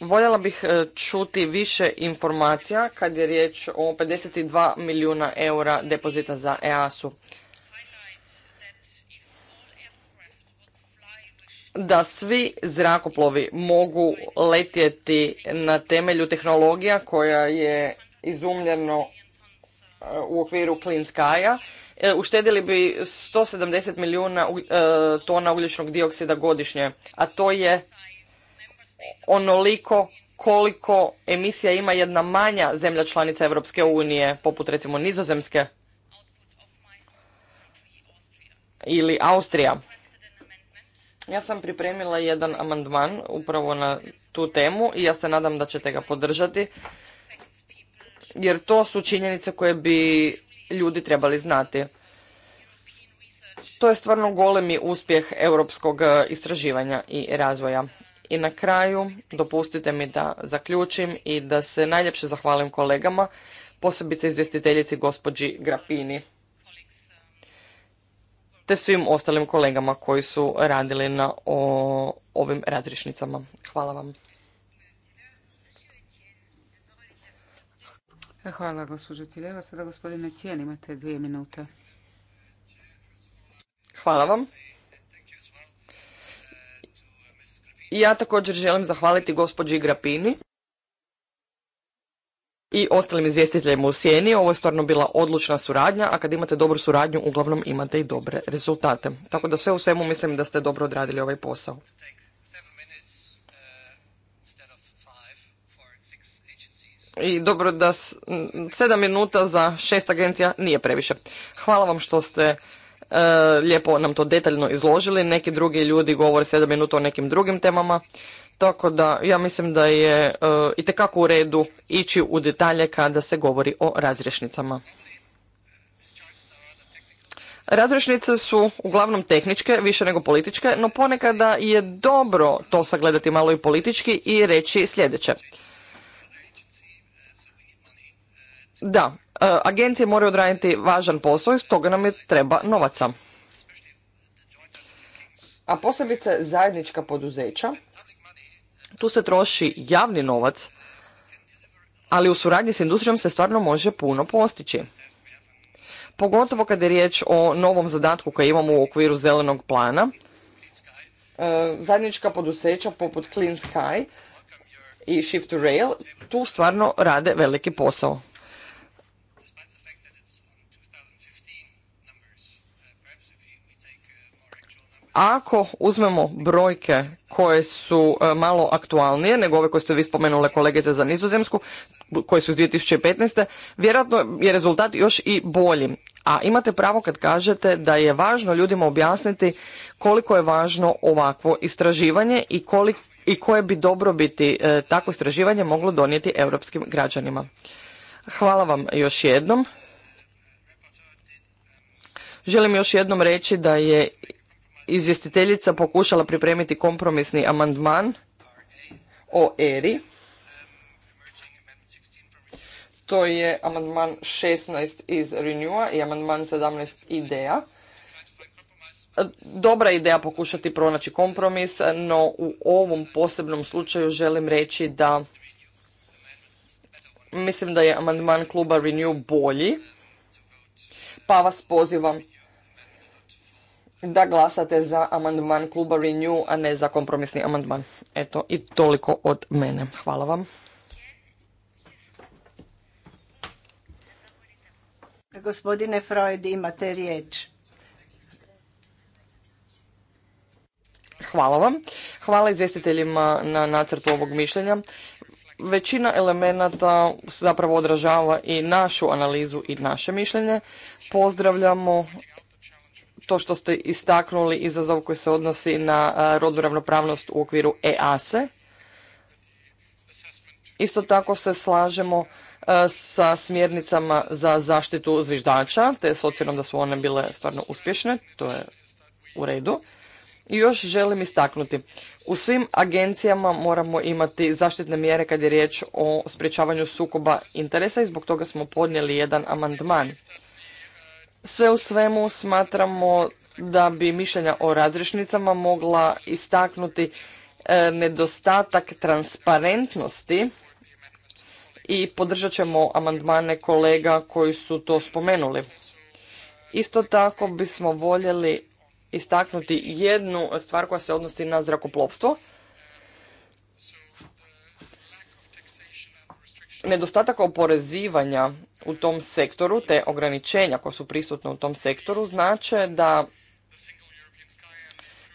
voljela bih e, čuti više informacija kad je riječ o 52 milijuna eura depozita za EAS-u. da svi zrakoplovi mogu letjeti na temelju tehnologija koja je izumljeno e, u okviru Clean Sky-a, e, uštedili bi 170 milijuna e, tona ugljičnog dioksida godišnje, a to je onoliko koliko emisija ima jedna manja zemlja članica Europske unije, poput recimo Nizozemske ili Austrija. Ja sam pripremila jedan amandman upravo na tu temu i ja se nadam da ćete ga podržati jer to su činjenice koje bi ljudi trebali znati. To je stvarno golemi uspjeh europskog e, istraživanja i razvoja. I na kraju dopustite mi da zaključim i da se najljepše zahvalim kolegama, posebice izvjestiteljici gospođi Grapini te svim ostalim kolegama koji su radili na o, ovim razrišnicama. Hvala vam. Hvala gospođo Tiljeva. Sada gospodine Tijen imate dvije minute. Hvala vam. Ja također želim zahvaliti gospođi Grapini i ostalim izvjestiteljima u sjeni. Ovo je stvarno bila odlučna suradnja, a kad imate dobru suradnju, uglavnom imate i dobre rezultate. Tako da sve u svemu mislim da ste dobro odradili ovaj posao. I dobro da sedam minuta za šest agencija nije previše. Hvala vam što ste e, lijepo nam to detaljno izložili. Neki drugi ljudi govore sedam minuta o nekim drugim temama. Tako da ja mislim da je e, i tekako u redu ići u detalje kada se govori o razrješnicama. Razrešnice su uglavnom tehničke, više nego političke, no ponekada je dobro to sagledati malo i politički i reći sljedeće. Da, e, agencije moraju odraditi važan posao i stoga nam je treba novaca. A posebice zajednička poduzeća tu se troši javni novac, ali u suradnji s industrijom se stvarno može puno postići. Pogotovo kada je riječ o novom zadatku koji imamo u okviru zelenog plana, e, zajednička poduzeća poput Clean Sky i Shift to Rail tu stvarno rade veliki posao. Ako uzmemo brojke koje su e, malo aktualnije nego ove koje ste vi spomenule kolegice za nizozemsku, koje su iz 2015. vjerojatno je rezultat još i bolji. A imate pravo kad kažete da je važno ljudima objasniti koliko je važno ovakvo istraživanje i, i koje bi dobrobiti e, takvo istraživanje moglo donijeti europskim građanima. Hvala vam još jednom. Želim još jednom reći da je izvjestiteljica pokušala pripremiti kompromisni amandman o ERI. To je amandman 16 iz Renewa i amandman 17 ideja. Dobra ideja pokušati pronaći kompromis, no u ovom posebnom slučaju želim reći da mislim da je amandman kluba Renew bolji, pa vas pozivam da glasate za amandman kluba Renew, a ne za kompromisni amandman. Eto, i toliko od mene. Hvala vam. Gospodine Freud, imate riječ. Hvala vam. Hvala izvjestiteljima na nacrtu ovog mišljenja. Većina elemenata zapravo odražava i našu analizu i naše mišljenje. Pozdravljamo to što ste istaknuli izazov koji se odnosi na rodnu ravnopravnost u okviru EASE. Isto tako se slažemo sa smjernicama za zaštitu zviždača, te s ocjenom da su one bile stvarno uspješne, to je u redu. I još želim istaknuti, u svim agencijama moramo imati zaštitne mjere kad je riječ o sprječavanju sukoba interesa i zbog toga smo podnijeli jedan amandman. Sve u svemu smatramo da bi mišljenja o razrešnicama mogla istaknuti e, nedostatak transparentnosti i podržat ćemo amandmane kolega koji su to spomenuli. Isto tako bismo voljeli istaknuti jednu stvar koja se odnosi na zrakoplovstvo. nedostatak oporezivanja u tom sektoru te ograničenja koja su prisutna u tom sektoru znače da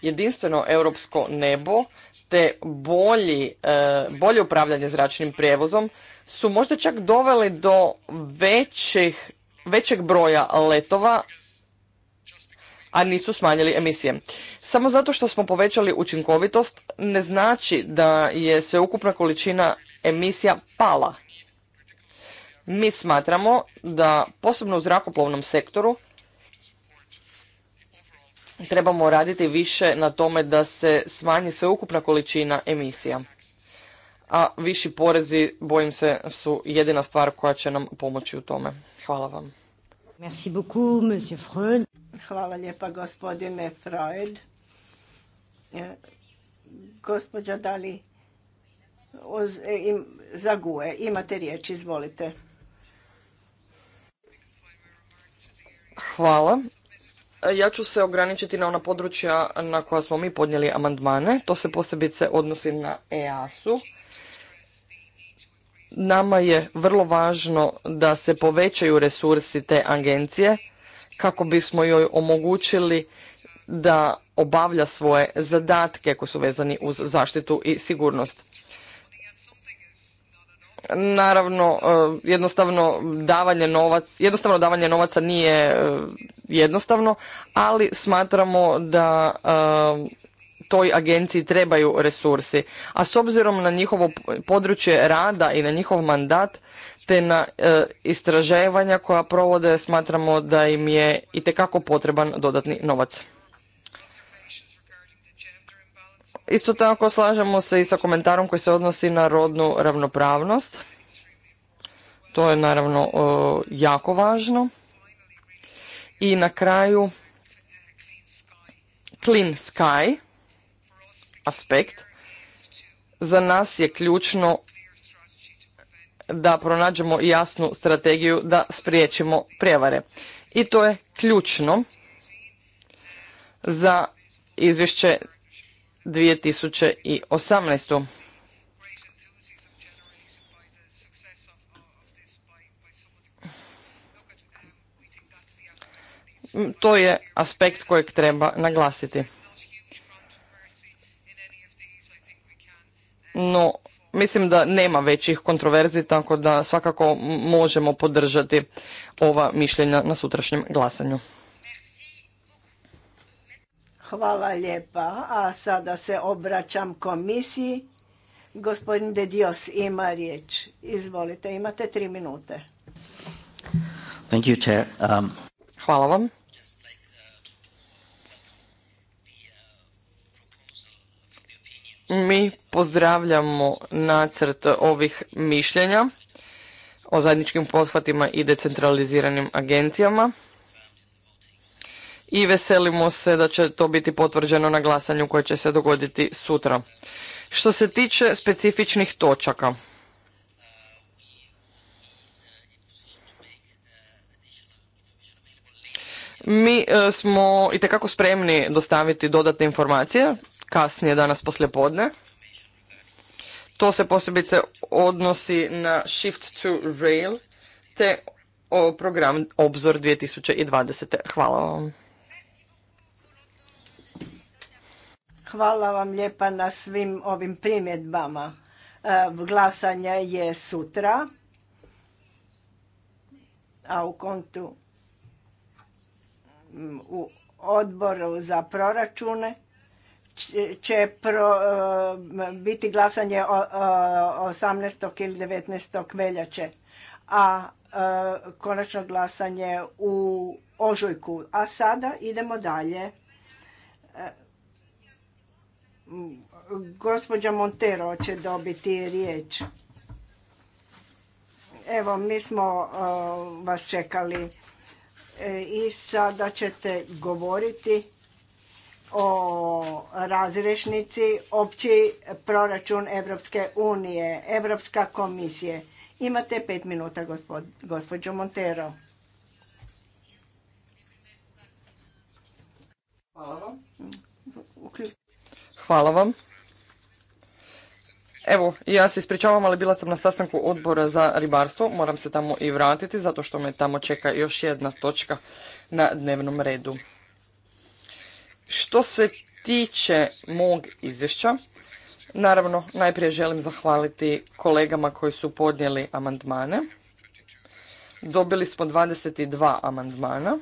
jedinstveno europsko nebo te bolji, e, bolje upravljanje zračnim prijevozom su možda čak doveli do većih, većeg broja letova, a nisu smanjili emisije. Samo zato što smo povećali učinkovitost ne znači da je sveukupna količina emisija pala. Mi smatramo da posebno u zrakoplovnom sektoru trebamo raditi više na tome da se smanji sveukupna količina emisija. A viši porezi, bojim se, su jedina stvar koja će nam pomoći u tome. Hvala vam. Merci beaucoup, monsieur Hvala lijepa, gospodine Freud. E, Gospodja Dali, e, zaguje, imate riječ, izvolite. Hvala. Ja ću se ograničiti na ona područja na koja smo mi podnijeli amandmane. To se posebice odnosi na EASU. Nama je vrlo važno da se povećaju resursi te agencije kako bismo joj omogućili da obavlja svoje zadatke koji su vezani uz zaštitu i sigurnost. Naravno, e, jednostavno davanje novac, jednostavno davanje novaca nije e, jednostavno, ali smatramo da e, toj agenciji trebaju resursi. A s obzirom na njihovo područje rada i na njihov mandat, te na istraživanja koja provode, smatramo da im je itekako potreban dodatni novac. Isto tako slažemo se i sa komentarom koji se odnosi na rodnu ravnopravnost. To je naravno e, jako važno. I na kraju Clean Sky aspekt. Za nas je ključno da pronađemo jasnu strategiju da spriječimo prijevare. I to je ključno za izvješće 2018. To je aspekt kojeg treba naglasiti. No, mislim da nema većih kontroverzi, tako da svakako možemo podržati ova mišljenja na sutrašnjem glasanju. Hvala lijepa. A sada se obraćam komisiji. Gospodin De Dios ima riječ. Izvolite, imate tri minute. Um, Hvala vam. Mi pozdravljamo nacrt ovih mišljenja o zajedničkim pothvatima i decentraliziranim agencijama i veselimo se da će to biti potvrđeno na glasanju koje će se dogoditi sutra. Što se tiče specifičnih točaka, mi e, smo i tekako spremni dostaviti dodatne informacije kasnije danas poslijepodne. To se posebice odnosi na Shift to Rail te program Obzor 2020. Hvala vam. Hvala vam lijepa na svim ovim primjedbama. E, glasanje je sutra, a u kontu u odboru za proračune će e, biti glasanje 18. E, ili 19. veljače, a konačno glasanje u ožujku. A sada idemo dalje Gospođa Montero će dobiti riječ. Evo, mi smo uh, vas čekali e, i sada ćete govoriti o razrešnici opći proračun Evropske unije, Evropska komisije. Imate pet minuta, gospođo Montero. Hvala vam. Hvala vam. Evo, ja se ispričavam, ali bila sam na sastanku odbora za ribarstvo. Moram se tamo i vratiti, zato što me tamo čeka još jedna točka na dnevnom redu. Što se tiče mog izvješća, naravno, najprije želim zahvaliti kolegama koji su podnijeli amandmane. Dobili smo 22 amandmana.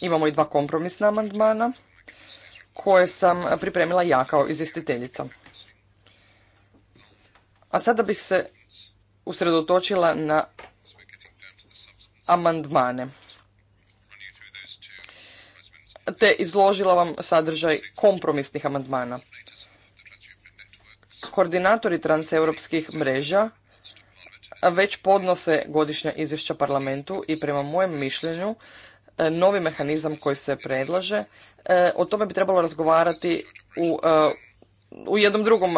Imamo i dva kompromisna amandmana koje sam pripremila ja kao izvjestiteljica. A sada bih se usredotočila na amandmane. Te izložila vam sadržaj kompromisnih amandmana. Koordinatori transeuropskih mreža već podnose godišnja izvješća parlamentu i prema mojem mišljenju E, novi mehanizam koji se predlaže, e, o tome bi trebalo razgovarati u, e, u jednom drugom,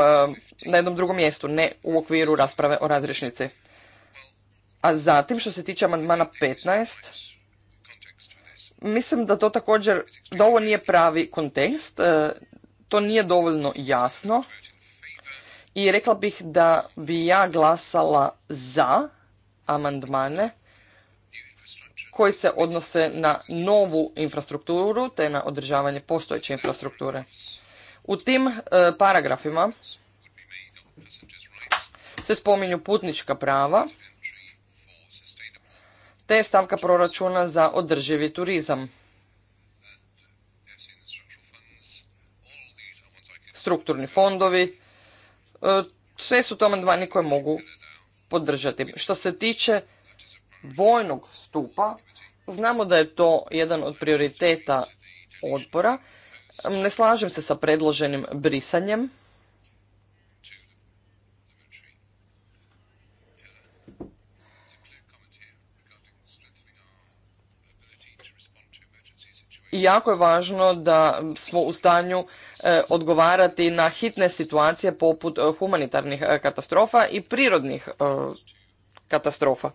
na jednom drugom mjestu, ne u okviru rasprave o razriješnici. A zatim, što se tiče amandmana 15, mislim da to također, da ovo nije pravi kontekst, to nije dovoljno jasno i rekla bih da bi ja glasala za amandmane koji se odnose na novu infrastrukturu te na održavanje postojeće infrastrukture. U tim e, paragrafima se spominju putnička prava te stavka proračuna za održivi turizam. Strukturni fondovi, e, sve su to amandmani koje mogu podržati. Što se tiče vojnog stupa, Znamo da je to jedan od prioriteta odbora. Ne slažem se sa predloženim brisanjem. I jako je važno da smo u stanju e, odgovarati na hitne situacije poput e, humanitarnih e, katastrofa i prirodnih katastrofa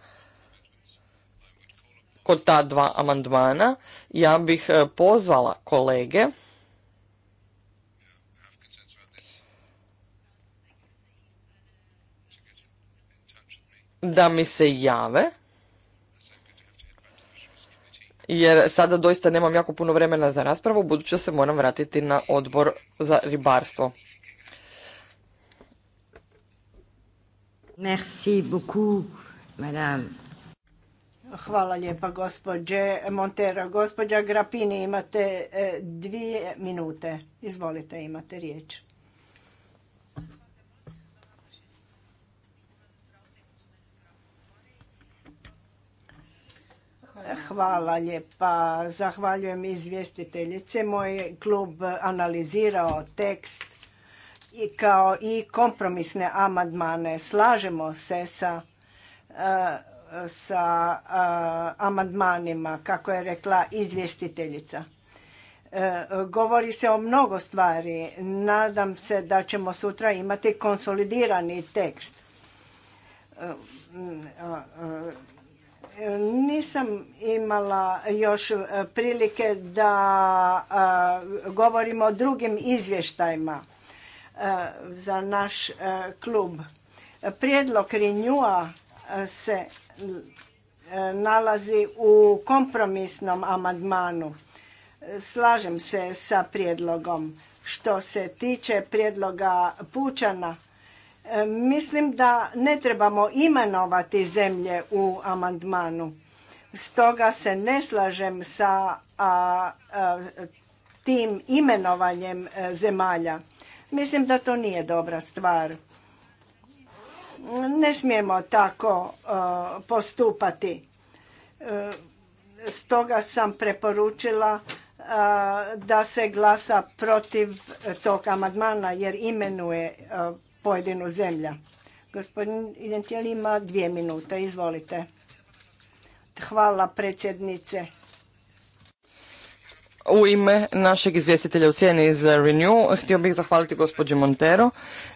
kod ta dva amandmana, ja bih e, pozvala kolege da mi se jave, jer sada doista nemam jako puno vremena za raspravu, budući da se moram vratiti na odbor za ribarstvo. Merci beaucoup, madame. Hvala lijepa gospođe Montero. Gospođa Grapini imate e, dvije minute. Izvolite, imate riječ. Hvala lijepa. Zahvaljujem izvjestiteljice. Moj klub analizirao tekst i kao i kompromisne amandmane. Slažemo se sa e, sa amandmanima, kako je rekla izvjestiteljica. E, govori se o mnogo stvari. Nadam se da ćemo sutra imati konsolidirani tekst. E, e, nisam imala još prilike da govorimo o drugim izvještajima za naš klub. Prijedlog Rinjua se e, nalazi u kompromisnom amandmanu. Slažem se sa prijedlogom. Što se tiče prijedloga Pučana, e, mislim da ne trebamo imenovati zemlje u amandmanu. Stoga se ne slažem sa a, tim imenovanjem e, zemalja. Mislim da to nije dobra stvar. Ne smijemo tako e, postupati. E, stoga sam preporučila e, da se glasa protiv tog amadmana jer imenuje pojedinu zemlja. Gospodin Identijel ima dvije minute, izvolite. Hvala predsjednice. U ime našeg izvjestitelja u sjeni iz Renew htio bih zahvaliti gospođi Montero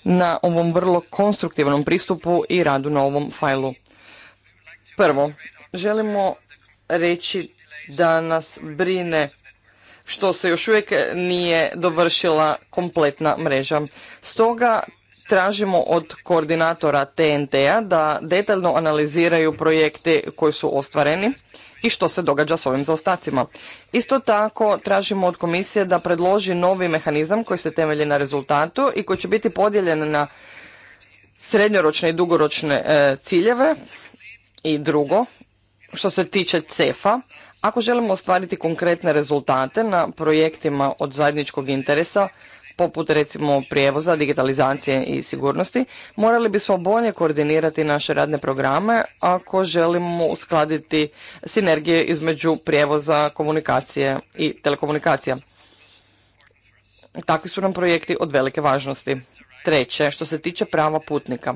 na ovom vrlo konstruktivnom pristupu i radu na ovom fajlu. Prvo, želimo reći da nas brine što se još uvijek nije dovršila kompletna mreža. Stoga tražimo od koordinatora TNT-a da detaljno analiziraju projekte koji su ostvareni i što se događa s ovim zaostacima. Isto tako tražimo od komisije da predloži novi mehanizam koji se temelji na rezultatu i koji će biti podijeljen na srednjoročne i dugoročne e, ciljeve i drugo što se tiče CEFA, ako želimo ostvariti konkretne rezultate na projektima od zajedničkog interesa, poput recimo prijevoza, digitalizacije i sigurnosti, morali bismo bolje koordinirati naše radne programe ako želimo uskladiti sinergije između prijevoza, komunikacije i telekomunikacija. Takvi su nam projekti od velike važnosti. Treće, što se tiče prava putnika.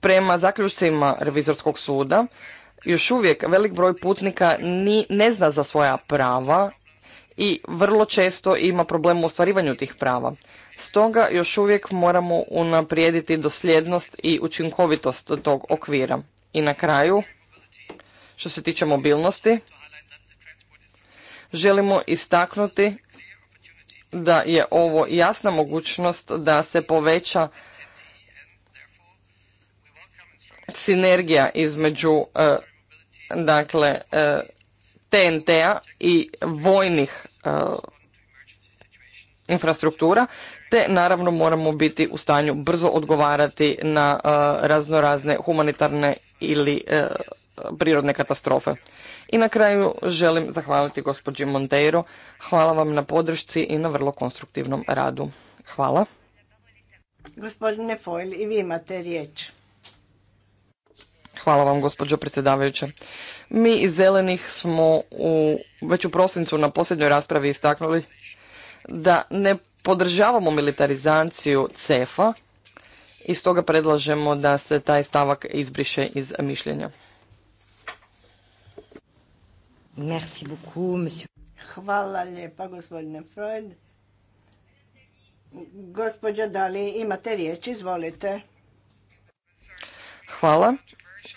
Prema zaključcima Revizorskog suda, još uvijek velik broj putnika ni, ne zna za svoja prava i vrlo često ima problem u ostvarivanju tih prava. Stoga još uvijek moramo unaprijediti dosljednost i učinkovitost tog okvira. I na kraju, što se tiče mobilnosti, želimo istaknuti da je ovo jasna mogućnost da se poveća sinergija između e, dakle e, TNT-a i vojnih e, infrastruktura, te naravno moramo biti u stanju brzo odgovarati na e, raznorazne humanitarne ili e, prirodne katastrofe. I na kraju želim zahvaliti gospođi Monteiro. Hvala vam na podršci i na vrlo konstruktivnom radu. Hvala. Gospodine Foil, i vi imate riječ. Hvala vam gospođo predsjedavajuće. Mi iz Zelenih smo u, već u prosincu na posljednjoj raspravi istaknuli da ne podržavamo militarizaciju CEFA i stoga predlažemo da se taj stavak izbriše iz mišljenja. Hvala lijepa, gospodine Freud. Gospođa imate riječ, izvolite. Hvala.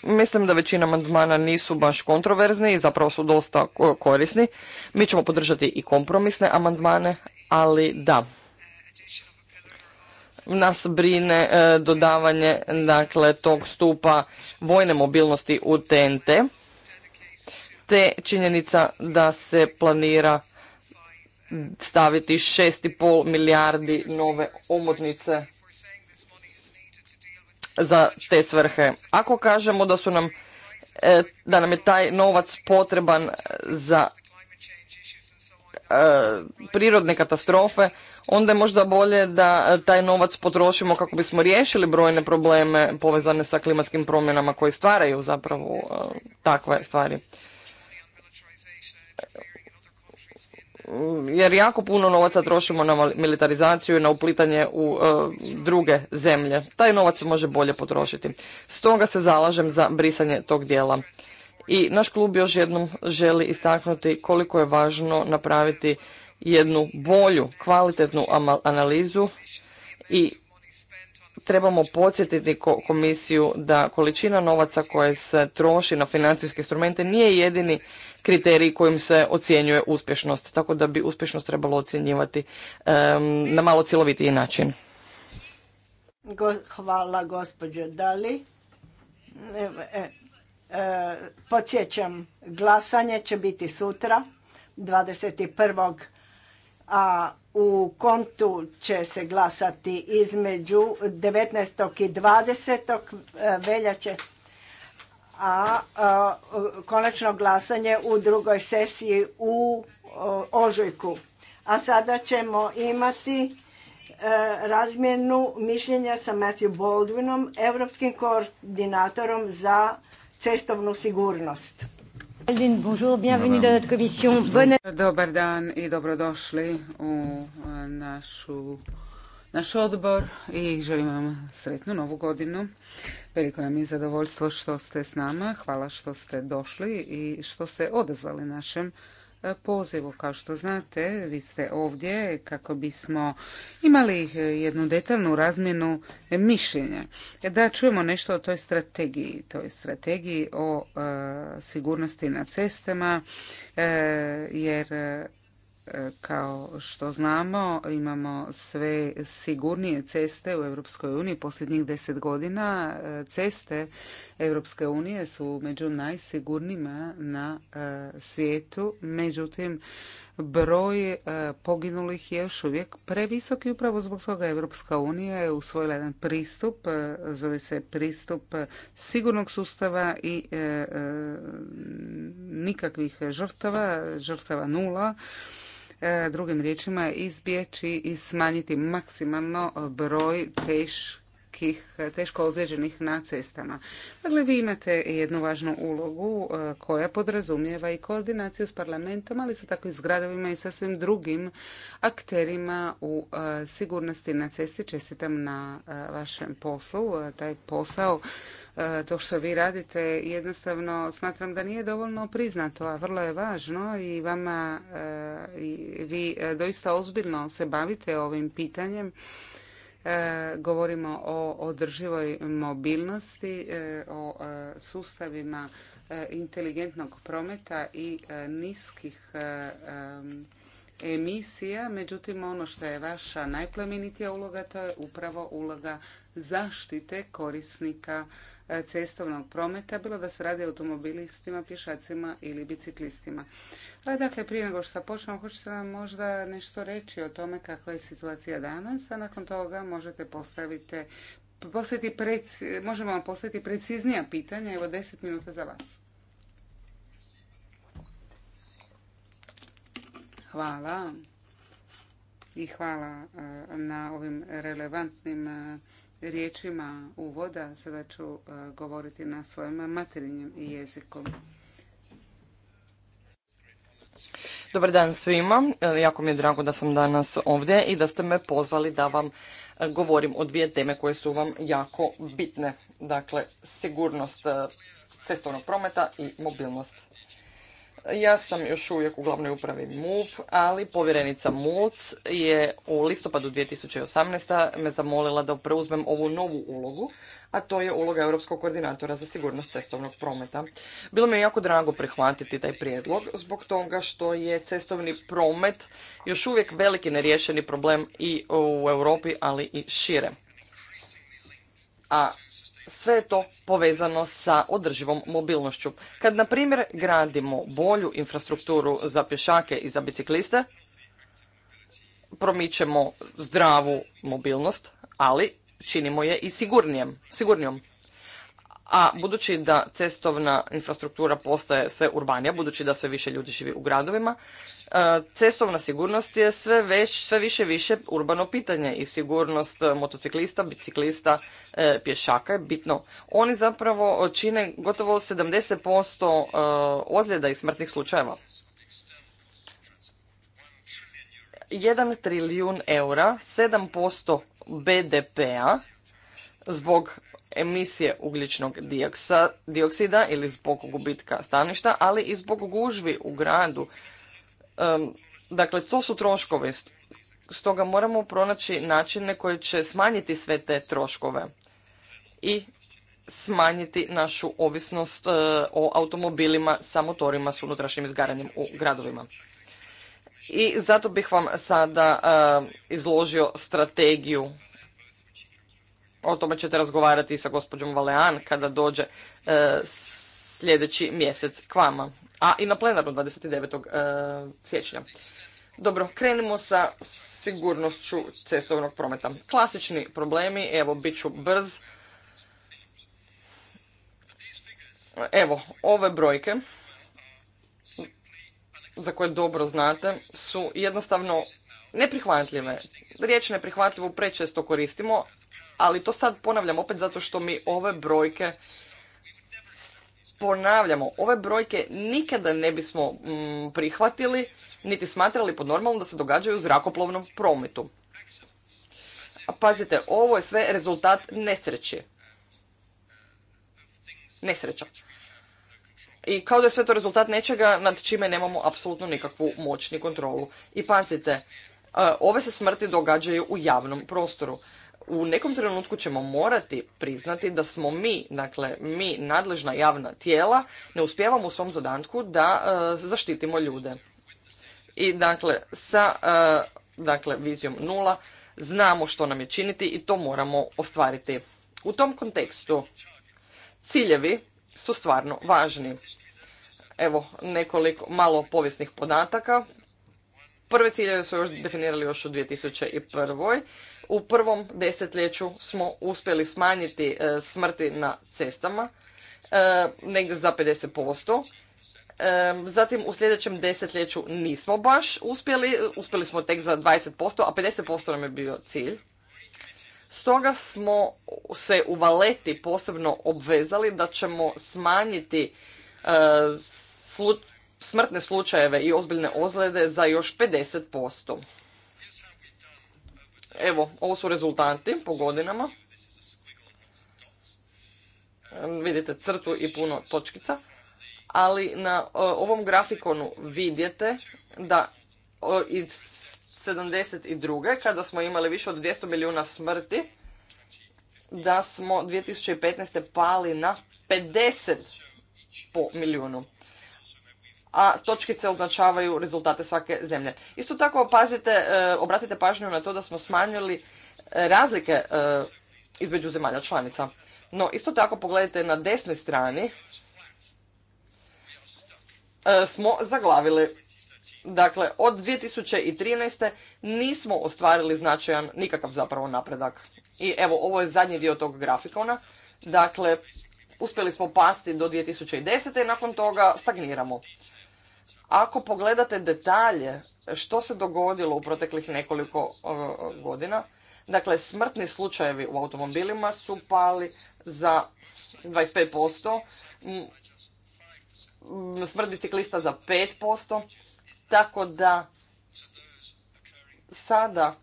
Mislim da većina amandmana nisu baš kontroverzni i zapravo su dosta korisni. Mi ćemo podržati i kompromisne amandmane, ali da. Nas brine e, dodavanje dakle, tog stupa vojne mobilnosti u TNT, te činjenica da se planira staviti 6,5 milijardi nove omotnice za te svrhe. Ako kažemo da su nam e, da nam je taj novac potreban za e, prirodne katastrofe, onda je možda bolje da taj novac potrošimo kako bismo riješili brojne probleme povezane sa klimatskim promjenama koji stvaraju zapravo e, takve stvari. jer jako puno novaca trošimo na militarizaciju i na uplitanje u e, druge zemlje. Taj novac se može bolje potrošiti. Stoga se zalažem za brisanje tog dijela. I naš klub još jednom želi istaknuti koliko je važno napraviti jednu bolju, kvalitetnu analizu i trebamo podsjetiti komisiju da količina novaca koja se troši na financijske instrumente nije jedini kriterij kojim se ocjenjuje uspješnost, tako da bi uspješnost trebalo ocjenjivati na malo cilovitiji način. Hvala gospođo Dali. E, e, podsjećam, glasanje će biti sutra, 21 a u kontu će se glasati između 19. i 20. E, veljače, a e, konačno glasanje u drugoj sesiji u e, ožujku. A sada ćemo imati razmjenu mišljenja sa Matthew Baldwinom, europskim koordinatorom za cestovnu sigurnost. Dobar dan i dobrodošli u e, našu, naš odbor i želim vam sretnu novu godinu. Veliko nam je zadovoljstvo što ste s nama. Hvala što ste došli i što ste odazvali našem pozivu. Kao što znate, vi ste ovdje kako bismo imali jednu detaljnu razmjenu mišljenja. Da čujemo nešto o toj strategiji, toj strategiji o e, sigurnosti na cestama, e, jer kao što znamo, imamo sve sigurnije ceste u Europskoj uniji. Posljednjih deset godina ceste Europske unije su među najsigurnijima na e, svijetu. Međutim, broj e, poginulih je još uvijek previsok i upravo zbog toga Europska unija je usvojila jedan pristup, e, zove se pristup sigurnog sustava i nikakvih žrtava, žrtava nula E, drugim riječima izbjeći i smanjiti maksimalno broj teških, teško ozlijeđenih na cestama. Dakle, vi imate jednu važnu ulogu e, koja podrazumijeva i koordinaciju s parlamentom, ali sa tako i s i sa svim drugim akterima u e, sigurnosti na cesti. Čestitam na vašem poslu. Taj posao E, to što vi radite jednostavno smatram da nije dovoljno priznato, a vrlo je važno i vama e, vi e, doista ozbiljno se bavite ovim pitanjem. Govorimo o održivoj mobilnosti, o sustavima inteligentnog prometa i niskih emisija, međutim ono što je vaša najplemenitija uloga to je upravo uloga zaštite korisnika cestovnog prometa, bilo da se radi o automobilistima, pješacima ili biciklistima. dakle, prije nego što počnemo, hoćete nam možda nešto reći o tome kakva je situacija danas, a nakon toga možete postaviti možemo vam postaviti preciznija pitanja, evo 10 minuta za vas. Hvala i hvala eh, na ovim relevantnim eh, riječima uvoda, sada ću e, govoriti na svojem materinjem jezikom. Dobar dan svima, e, jako mi je drago da sam danas ovdje i da ste me pozvali da vam e, govorim o dvije teme koje su vam jako bitne. Dakle, sigurnost cestovnog prometa i mobilnost. Ja sam još uvijek u glavnoj upravi MUF, ali povjerenica MUC je u listopadu 2018. me zamolila da preuzmem ovu novu ulogu, a to je uloga Europskog koordinatora za sigurnost cestovnog prometa. Bilo mi je jako drago prihvatiti taj prijedlog zbog toga što je cestovni promet još uvijek veliki neriješeni problem i u Europi, ali i šire. A sve je to povezano sa održivom mobilnošću. Kad, na primjer, gradimo bolju infrastrukturu za pješake i za bicikliste, promičemo zdravu mobilnost, ali činimo je i sigurnijom. A budući da cestovna infrastruktura postaje sve urbanija, budući da sve više ljudi živi u gradovima, Cestovna sigurnost je sve, već, sve više više urbano pitanje i sigurnost e, motociklista, biciklista, e, pješaka je bitno. Oni zapravo čine gotovo 70% e, ozljeda i smrtnih slučajeva. jedan trilijun eura, 7% BDP-a zbog emisije ugljičnog dioksida ili zbog gubitka staništa, ali i zbog gužvi u gradu Dakle, to su troškovi. Stoga moramo pronaći načine koje će smanjiti sve te troškove i smanjiti našu ovisnost e, o automobilima sa motorima s unutrašnjim izgaranjem u gradovima. I zato bih vam sada e, izložio strategiju. O tome ćete razgovarati sa gospođom Valean kada dođe e, sljedeći mjesec k vama a i na plenarnu 29. E, siječnja. Dobro, krenimo sa sigurnošću cestovnog prometa. Klasični problemi, evo, bit ću brz. Evo, ove brojke, za koje dobro znate, su jednostavno neprihvatljive. Riječ neprihvatljivu prečesto koristimo, ali to sad ponavljam opet zato što mi ove brojke ponavljamo, ove brojke nikada ne bismo mm, prihvatili niti smatrali pod normalnom da se događaju u zrakoplovnom prometu. A pazite, ovo je sve rezultat nesreće. Nesreća. I kao da je sve to rezultat nečega nad čime nemamo apsolutno nikakvu moć ni kontrolu. I pazite, e, ove se smrti događaju u javnom prostoru u nekom trenutku ćemo morati priznati da smo mi, dakle mi nadležna javna tijela, ne uspijevamo u svom zadatku da e, zaštitimo ljude. I dakle sa e, dakle vizijom nula znamo što nam je činiti i to moramo ostvariti. U tom kontekstu ciljevi su stvarno važni. Evo nekoliko malo povijesnih podataka. Prve ciljeve su još definirali još u 2001 u prvom desetljeću smo uspjeli smanjiti e, smrti na cestama e, negdje za 50%. E, zatim u sljedećem desetljeću nismo baš uspjeli, uspjeli smo tek za 20%, a 50% nam je bio cilj. Stoga smo se u Valeti posebno obvezali da ćemo smanjiti smrtne slučajeve i ozbiljne ozljede za još 50%. Evo, ovo su rezultanti po godinama. Vidite crtu i puno točkica. Ali na e, ovom grafikonu vidite da e, iz 72. kada smo imali više od 200 milijuna smrti, da smo 2015. pali na 50 po milijunu a točkice označavaju rezultate svake zemlje. Isto tako pazite, e, obratite pažnju na to da smo smanjili e, razlike e, između zemalja članica. No, isto tako pogledajte na desnoj strani smo zaglavili. Dakle, od 2013. nismo ostvarili značajan nikakav zapravo napredak. I evo, ovo je zadnji dio tog grafikona. Dakle, uspjeli smo pasti do 2010. i nakon toga stagniramo. Ako pogledate detalje što se dogodilo u proteklih nekoliko godina, dakle smrtni slučajevi u automobilima su pali za 25%, smrt biciklista za 5%, tako da sada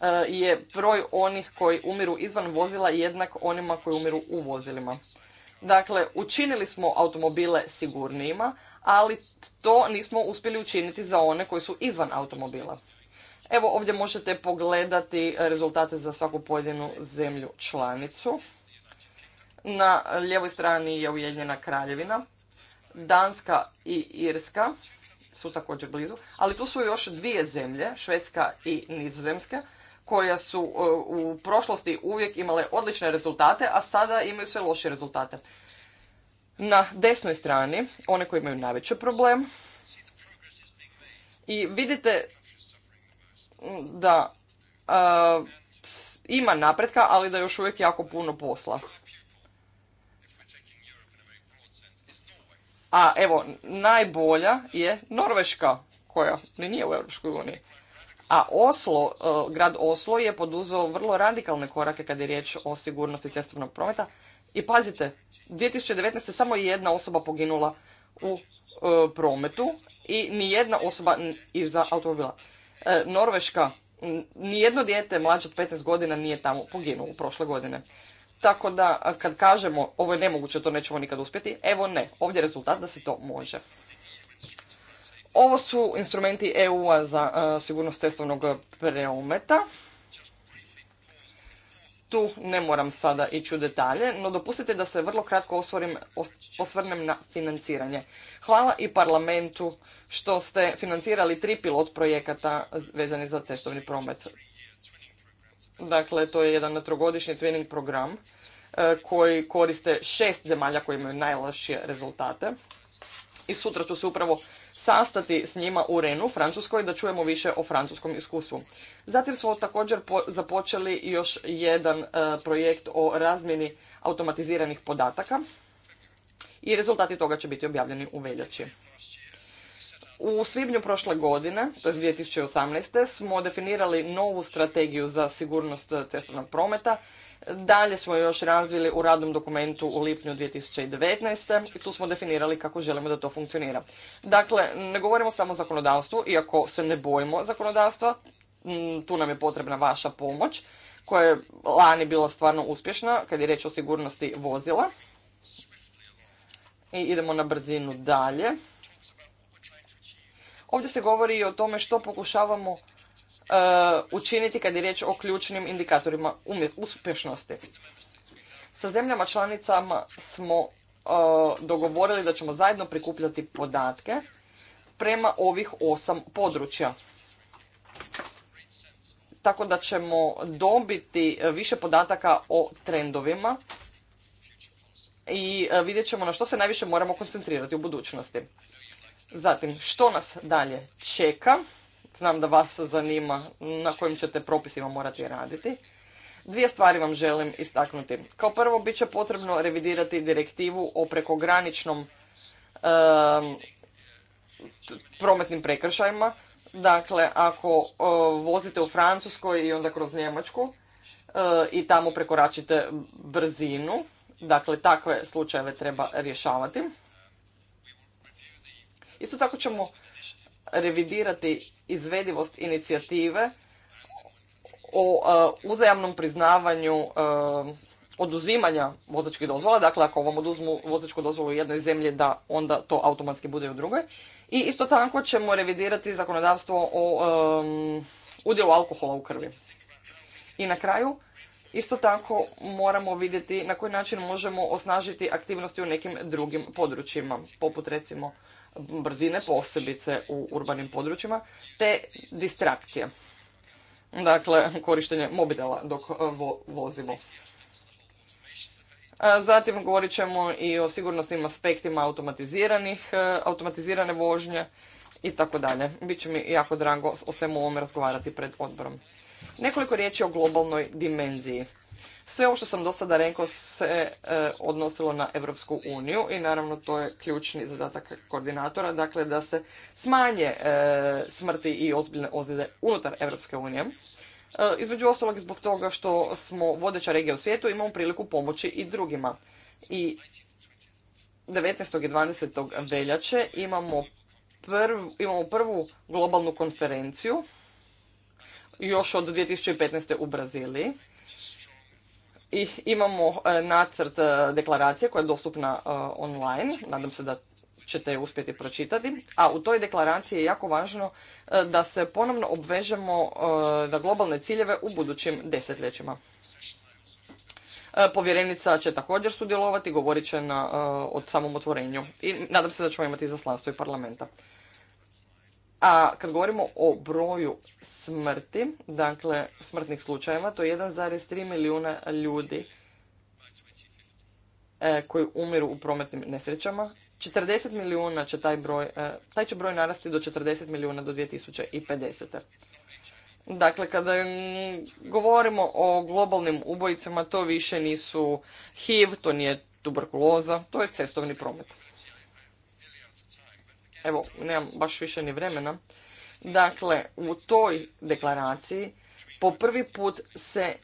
e, je broj onih koji umiru izvan vozila jednak onima koji umiru u vozilima. Dakle, učinili smo automobile sigurnijima, ali to nismo uspjeli učiniti za one koji su izvan automobila. Evo ovdje možete pogledati rezultate za svaku pojedinu zemlju članicu. Na lijevoj strani je Ujedinjena kraljevina, Danska i Irska su također blizu, ali tu su još dvije zemlje, Švedska i Nizozemska, koja su e, u prošlosti uvijek imale odlične rezultate, a sada imaju sve loše rezultate na desnoj strani one koji imaju najveći problem i vidite da ima napretka, ali da još uvijek jako puno posla. A evo, najbolja je Norveška, koja ne nije u Europskoj uniji. A Oslo, e, grad Oslo je poduzeo vrlo radikalne korake kad je riječ o sigurnosti cestovnog prometa, i pazite, 2019. samo je jedna osoba poginula u e, prometu i ni jedna osoba iza automobila. E, Norveška, nijedno dijete mlađe od 15 godina nije tamo poginulo u prošle godine. Tako da kad kažemo ovo je nemoguće, to nećemo nikad uspjeti, evo ne, ovdje je rezultat da se to može. Ovo su instrumenti EU-a za e, sigurnost cestovnog preometa tu ne moram sada ići u detalje, no dopustite da se vrlo kratko osvrnem na financiranje. Hvala i parlamentu što ste financirali tri pilot projekata vezani za cestovni promet. Dakle, to je jedan trogodišnji twinning program e, koji koriste šest zemalja koji imaju najlošije rezultate. I sutra ću se upravo sastati s njima u Renu, Francuskoj, da čujemo više o francuskom iskustvu. Zatim smo također započeli još jedan e, projekt o razmjeni automatiziranih podataka i rezultati toga će biti objavljeni u veljači. U svibnju prošle godine, to je 2018. smo definirali novu strategiju za sigurnost cestovnog prometa. Dalje smo još razvili u radnom dokumentu u lipnju 2019. i tu smo definirali kako želimo da to funkcionira. Dakle, ne govorimo samo o zakonodavstvu, iako se ne bojimo zakonodavstva, tu nam je potrebna vaša pomoć, koja je lani bila stvarno uspješna kad je reč o sigurnosti vozila. I idemo na brzinu dalje. Ovdje se govori i o tome što pokušavamo e, učiniti kad je riječ o ključnim indikatorima uspješnosti. Sa zemljama članicama smo e, dogovorili da ćemo zajedno prikupljati podatke prema ovih osam područja. Tako da ćemo dobiti više podataka o trendovima i e, vidjet ćemo na što se najviše moramo koncentrirati u budućnosti. Zatim, što nas dalje čeka? Znam da vas zanima na kojim ćete propisima morati raditi. Dvije stvari vam želim istaknuti. Kao prvo, bit će potrebno revidirati direktivu o prekograničnom prometnim prekršajima. Dakle, ako e, vozite u Francuskoj i onda kroz Njemačku e, i tamo prekoračite brzinu, dakle, takve slučajeve treba rješavati. Isto tako ćemo revidirati izvedivost inicijative o e, uzajamnom priznavanju e, oduzimanja vozačkih dozvola, dakle ako vam oduzmu vozačku dozvolu u jednoj zemlji da onda to automatski bude u drugoj. I isto tako ćemo revidirati zakonodavstvo o e, udjelu alkohola u krvi. I na kraju, isto tako moramo vidjeti na koji način možemo osnažiti aktivnosti u nekim drugim područjima, poput recimo brzine, posebice u urbanim područjima, te distrakcije. Dakle, korištenje mobitela dok e, vo vozimo. Zatim govorit ćemo i o sigurnosnim aspektima automatiziranih, e, automatizirane vožnje i tako dalje. Biće mi jako drago o svemu ovome razgovarati pred odborom. Nekoliko riječi o globalnoj dimenziji. Sve ovo što sam do sada rekao se e, odnosilo na Europsku uniju i naravno to je ključni zadatak koordinatora, dakle da se smanje e, smrti i ozbiljne ozljede unutar Europske unije. E, između ostalog zbog toga što smo vodeća regija u svijetu imamo priliku pomoći i drugima. I 19. i 20. veljače imamo prvu, imamo prvu globalnu konferenciju još od 2015. u Braziliji i imamo e, nacrt e, deklaracije koja je dostupna e, online. Nadam se da ćete je uspjeti pročitati. A u toj deklaraciji je jako važno da se ponovno obvežemo na globalne ciljeve u budućim desetljećima. Povjerenica će također sudjelovati, govorit će na, o samom otvorenju. I nadam se da ćemo imati izaslanstvo i parlamenta. A kad govorimo o broju smrti, dakle smrtnih slučajeva, to je 1,3 milijuna ljudi e, koji umiru u prometnim nesrećama. 40 milijuna će taj broj, e, taj će broj narasti do 40 milijuna do 2050. Dakle, kada govorimo o globalnim ubojicama, to više nisu HIV, to nije tuberkuloza, to je cestovni promet evo, nemam baš više ni vremena. Dakle, u toj deklaraciji po prvi put se e,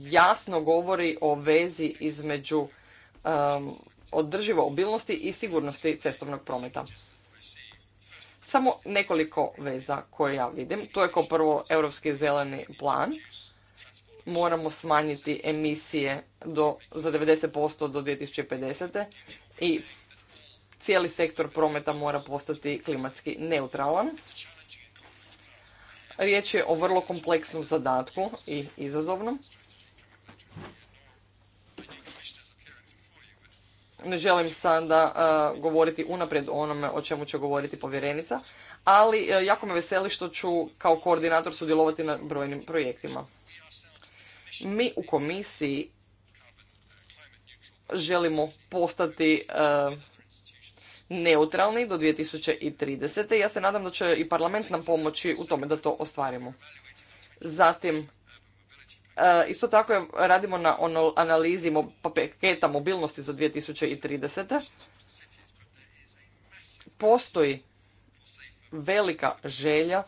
jasno govori o vezi između održivo obilnosti i sigurnosti cestovnog prometa. Samo nekoliko veza koje ja vidim. To je kao prvo Europski zeleni plan. Moramo smanjiti emisije za 90% do 2050. i cijeli sektor prometa mora postati klimatski neutralan. Riječ je o vrlo kompleksnom zadatku i izazovnom. Ne želim sada uh, govoriti unaprijed o onome o čemu će govoriti povjerenica, ali e, jako me veseli što ću kao koordinator sudjelovati na brojnim projektima. Mi u komisiji želimo postati e, neutralni do 2030. Ja se nadam da će i parlament nam pomoći u tome da to ostvarimo. Zatim, e, isto tako radimo na ono, analizi paketa mobilnosti za 2030. Postoji velika želja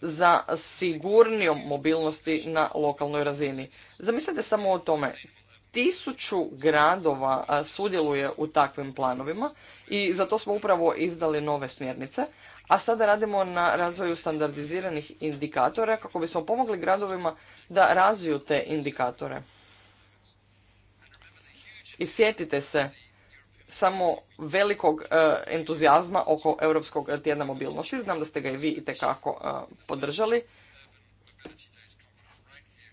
za sigurnijom mobilnosti na lokalnoj razini. Zamislite samo o tome tisuću gradova sudjeluje u takvim planovima i za to smo upravo izdali nove smjernice, a sada radimo na razvoju standardiziranih indikatora kako bismo pomogli gradovima da razviju te indikatore. I sjetite se samo velikog e, entuzijazma oko Europskog tjedna mobilnosti. Znam da ste ga i vi itekako e, podržali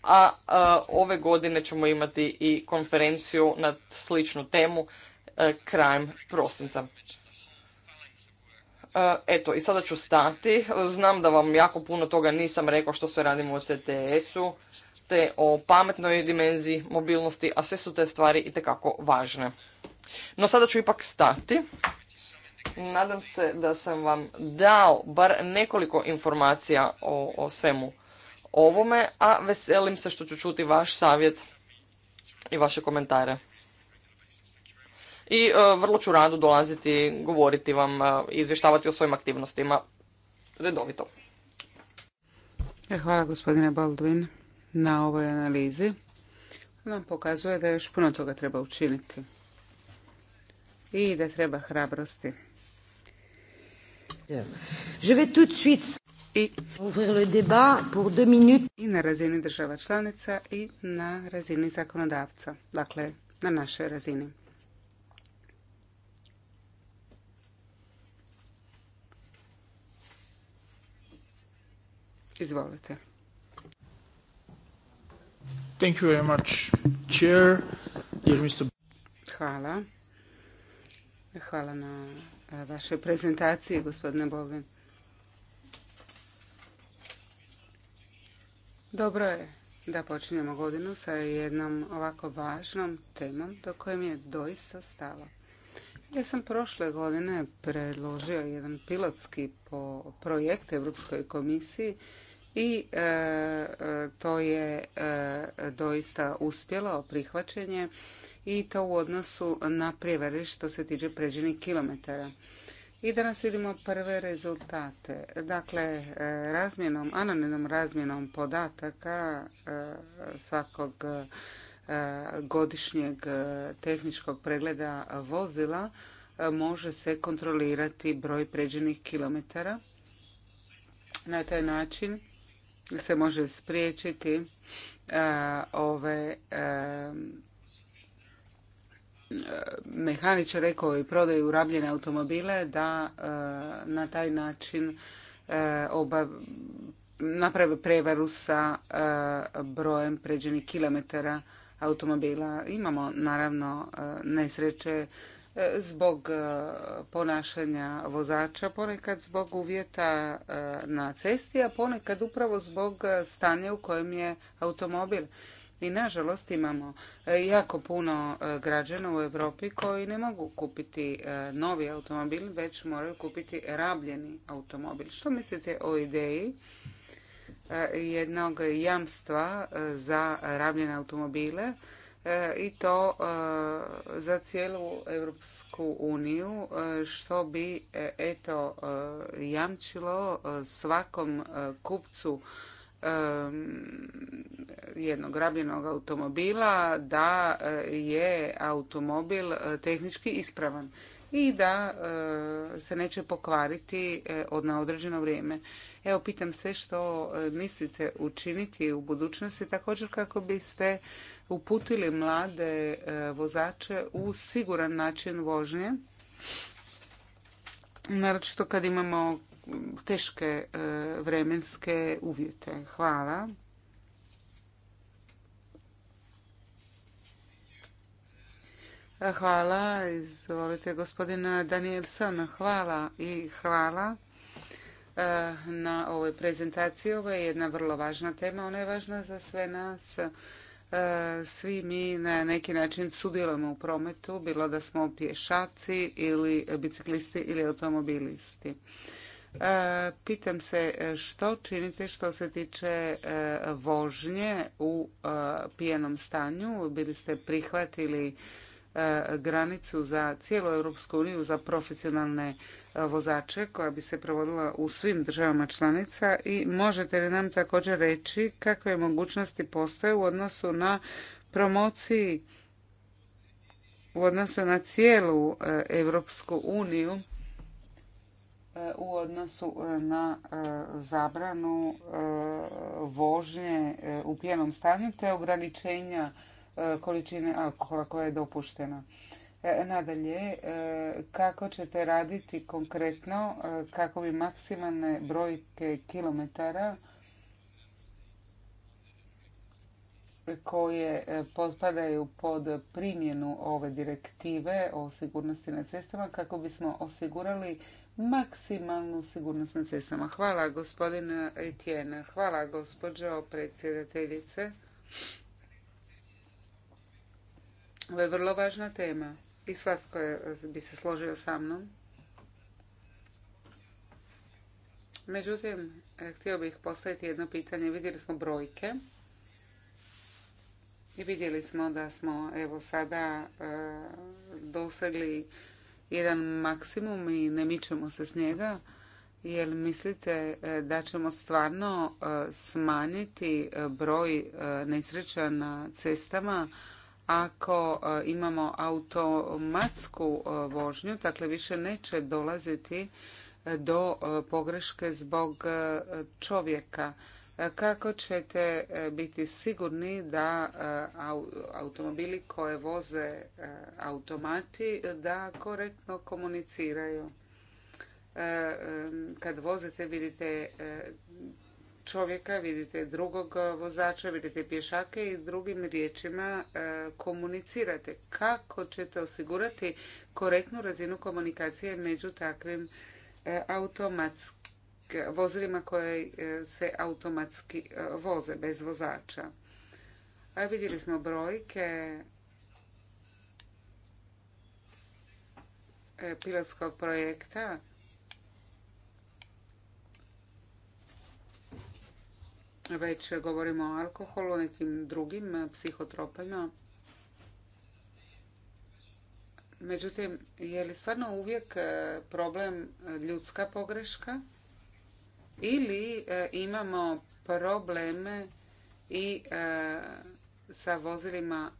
a, ove godine ćemo imati i konferenciju na sličnu temu e, krajem prosinca. E, eto, i sada ću stati. Znam da vam jako puno toga nisam rekao što sve radimo o CTS-u, te o pametnoj dimenziji mobilnosti, a sve su te stvari i tekako važne. No sada ću ipak stati. Nadam se da sam vam dao bar nekoliko informacija o svemu ovome, a veselim se što ću čuti vaš savjet i vaše komentare. I e, vrlo ću rado dolaziti, govoriti vam e, izvještavati o svojim aktivnostima redovito. E, hvala gospodine Baldwin na ovoj analizi. Nam pokazuje da još puno toga treba učiniti. I da treba hrabrosti. Je vais tout i i na razini država članica i na razini zakonodavca, dakle na našoj razini. Izvolite. Thank you very much, Chair. Hvala. Hvala na eh, vašoj prezentaciji, gospodine Bogdan. Dobro je da počinjemo godinu sa jednom ovako važnom temom do mi je doista stalo. Ja sam prošle godine predložio jedan pilotski projekt Europskoj komisiji i e, to je e, doista uspjelo prihvaćenje i to u odnosu na prijevare što se tiče pređenih kilometara i danas vidimo prve rezultate. Dakle, e, razmjenom, anonimnom razmjenom podataka e, svakog e, godišnjeg tehničkog pregleda vozila može se kontrolirati broj pređenih kilometara. Na taj način se može spriječiti ove Mehaničar rekao i prodaju rabljene automobile da e, na taj način e, oba naprave prevaru sa e, brojem pređenih kilometara automobila. Imamo naravno nesreće zbog ponašanja vozača, ponekad zbog uvjeta na cesti, a ponekad upravo zbog stanja u kojem je automobil. Mi nažalost imamo e, jako puno e, građana u Europi koji ne mogu kupiti e, novi automobil, već moraju kupiti rabljeni automobil. Što mislite o ideji jednog jamstva za rabljene automobile? i to za cijelu Europsku uniju što bi eto jamčilo svakom kupcu jednog rabljenog automobila da eh, je automobil eh, tehnički ispravan i da eh, se neće pokvariti od na određeno vrijeme. Evo, pitam se što mislite učiniti u budućnosti, također kako biste uputili mlade vozače u siguran način vožnje naročito kad imamo teške e, vremenske uvjete. Hvala. E, hvala, izvolite gospodina Danielsona, hvala i hvala e, na ovoj prezentaciji. Ovo je jedna vrlo važna tema, ona je važna za sve nas. E, svi mi na neki način sudjelujemo u prometu, bilo da smo pješaci ili biciklisti ili automobilisti. E, pitam se e, što činite što se tiče vožnje u pijenom stanju? Bili ste prihvatili E, granicu za cijelu Europsku uniju za profesionalne e, vozače koja bi se provodila u svim državama članica i možete li nam također reći kakve mogućnosti postoje u odnosu na promociji u odnosu na cijelu e, Europsku uniju u odnosu na zabranu vožnje u pijenom stanju te ograničenja količine alkohola koja je dopuštena. E, nadalje, e, kako ćete raditi konkretno e, kako bi maksimalne brojke kilometara koje potpadaju pod primjenu ove direktive o sigurnosti na cestama kako bismo osigurali maksimalnu sigurnost na cestama. Hvala gospodina Etijena. hvala gospođo predsjedateljice. Ovo je vrlo važna tema i svatko je, bi se složio sa mnom. Međutim, htio bih postaviti jedno pitanje. Vidjeli smo brojke i vidjeli smo da smo evo sada e, dosegli jedan maksimum i ne mičemo se s njega. Jel mislite e, da ćemo stvarno e, smanjiti broj nesreća na cestama ako e, imamo automatsku e, vožnju, dakle više neće dolaziti e, do pogreške zbog čovjeka. Kako ćete biti sigurni da automobili koje voze automati da korektno komuniciraju? Kad vozite vidite čovjeka, vidite drugog e, vozača, vidite pješake i drugim riječima e, komunicirate. Kako ćete osigurati korektnu razinu komunikacije među takvim vozirima e, vozilima koje se automatski voze bez vozača? vidjeli smo brojke pilotskog projekta već govorimo o alkoholu, o nekim drugim e, psihotropima. Međutim, je li stvarno uvijek e, problem e, ljudska pogreška ili imamo probleme i sa vozilima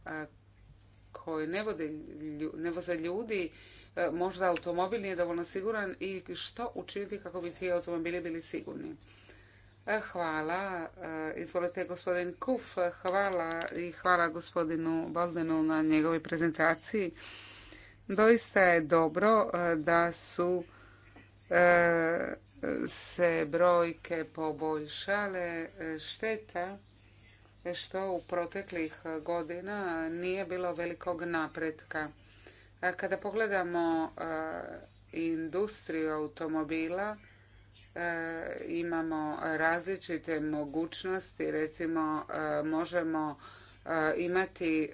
koje ne, ne voze ljudi, možda automobil nije dovoljno siguran i što učiniti kako bi ti automobili bili sigurni. Hvala. E, izvolite gospodin Kuf. Hvala i hvala gospodinu Baldenu na njegovoj prezentaciji. Doista je dobro e, da su e, se brojke poboljšale. Šteta što u proteklih godina nije bilo velikog napretka. Kada pogledamo industriju automobila, E, imamo različite mogućnosti, recimo e, možemo e, imati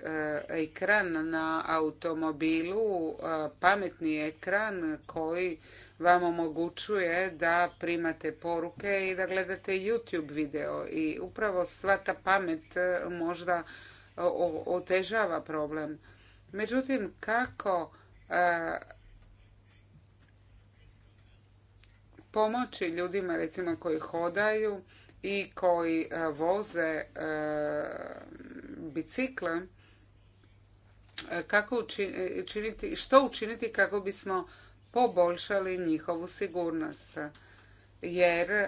ekran na automobilu, pametni ekran koji vam omogućuje da primate poruke i da gledate YouTube video i upravo sva ta pamet možda otežava problem. Međutim, kako pomoći ljudima recimo koji hodaju i koji e, voze e, bicikle e, kako učiniti, što učiniti kako bismo poboljšali njihovu sigurnost. Jer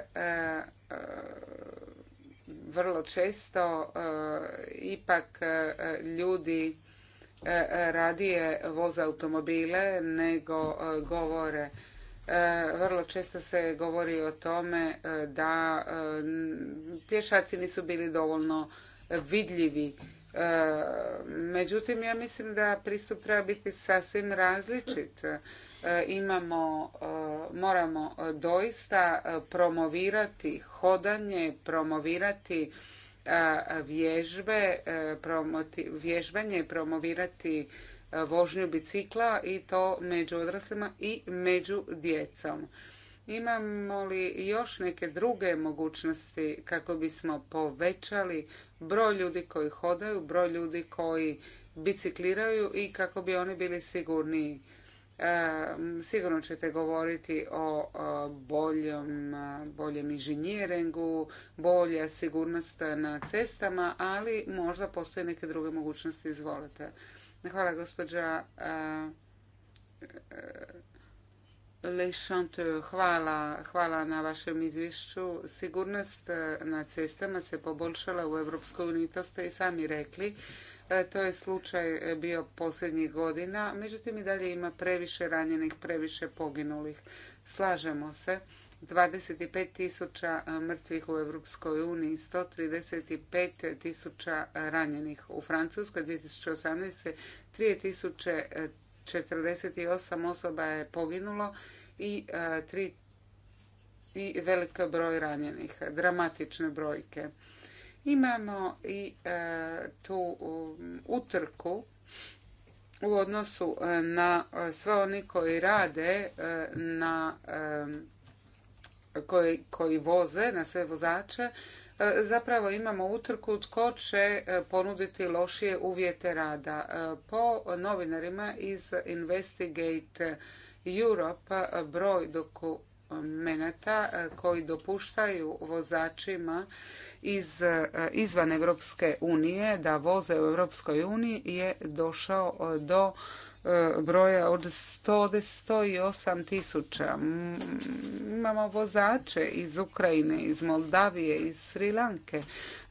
vrlo često ipak ljudi radije voze automobile nego govore E, vrlo često se govori o tome e, da e, pješaci nisu bili dovoljno vidljivi. Međutim, ja mislim da pristup treba biti sasvim različit. Imamo, moramo doista promovirati hodanje, promovirati vježbe, vježbanje, promovirati vožnju bicikla i to među odraslima i među djecom. Imamo li još neke druge mogućnosti kako bismo povećali broj ljudi koji hodaju, broj ljudi koji bicikliraju i kako bi oni bili sigurniji? sigurno ćete govoriti o, boljem, boljem inženjeringu, bolja sigurnost na cestama, ali možda postoje neke druge mogućnosti. Izvolite. Hvala gospođa eh, eh, Le Hvala, na vašem izvješću. Sigurnost eh, na cestama se poboljšala u Europskoj uniji, to ste i sami rekli. To je slučaj bio posljednjih godina, međutim i dalje ima previše ranjenih, previše poginulih. Slažemo se 25.000 mrtvih u Europskoj uniji, 135.000 ranjenih. U Francuskoj 2018. 3048 osoba je poginulo i, tri i velik broj ranjenih. Dramatične brojke. Imamo i tu utrku u odnosu na sve oni koji rade na koji, koji voze na sve vozače e, zapravo imamo utrku tko će e, ponuditi lošije uvjete rada. E, po novinarima iz Investigate Europe broj dokumenata koji dopuštaju vozačima iz, izvan Europske unije da voze u Europskoj uniji je došao do E, broja od 108 tisuća. Imamo vozače iz Ukrajine, iz Moldavije, iz Sri Lanke.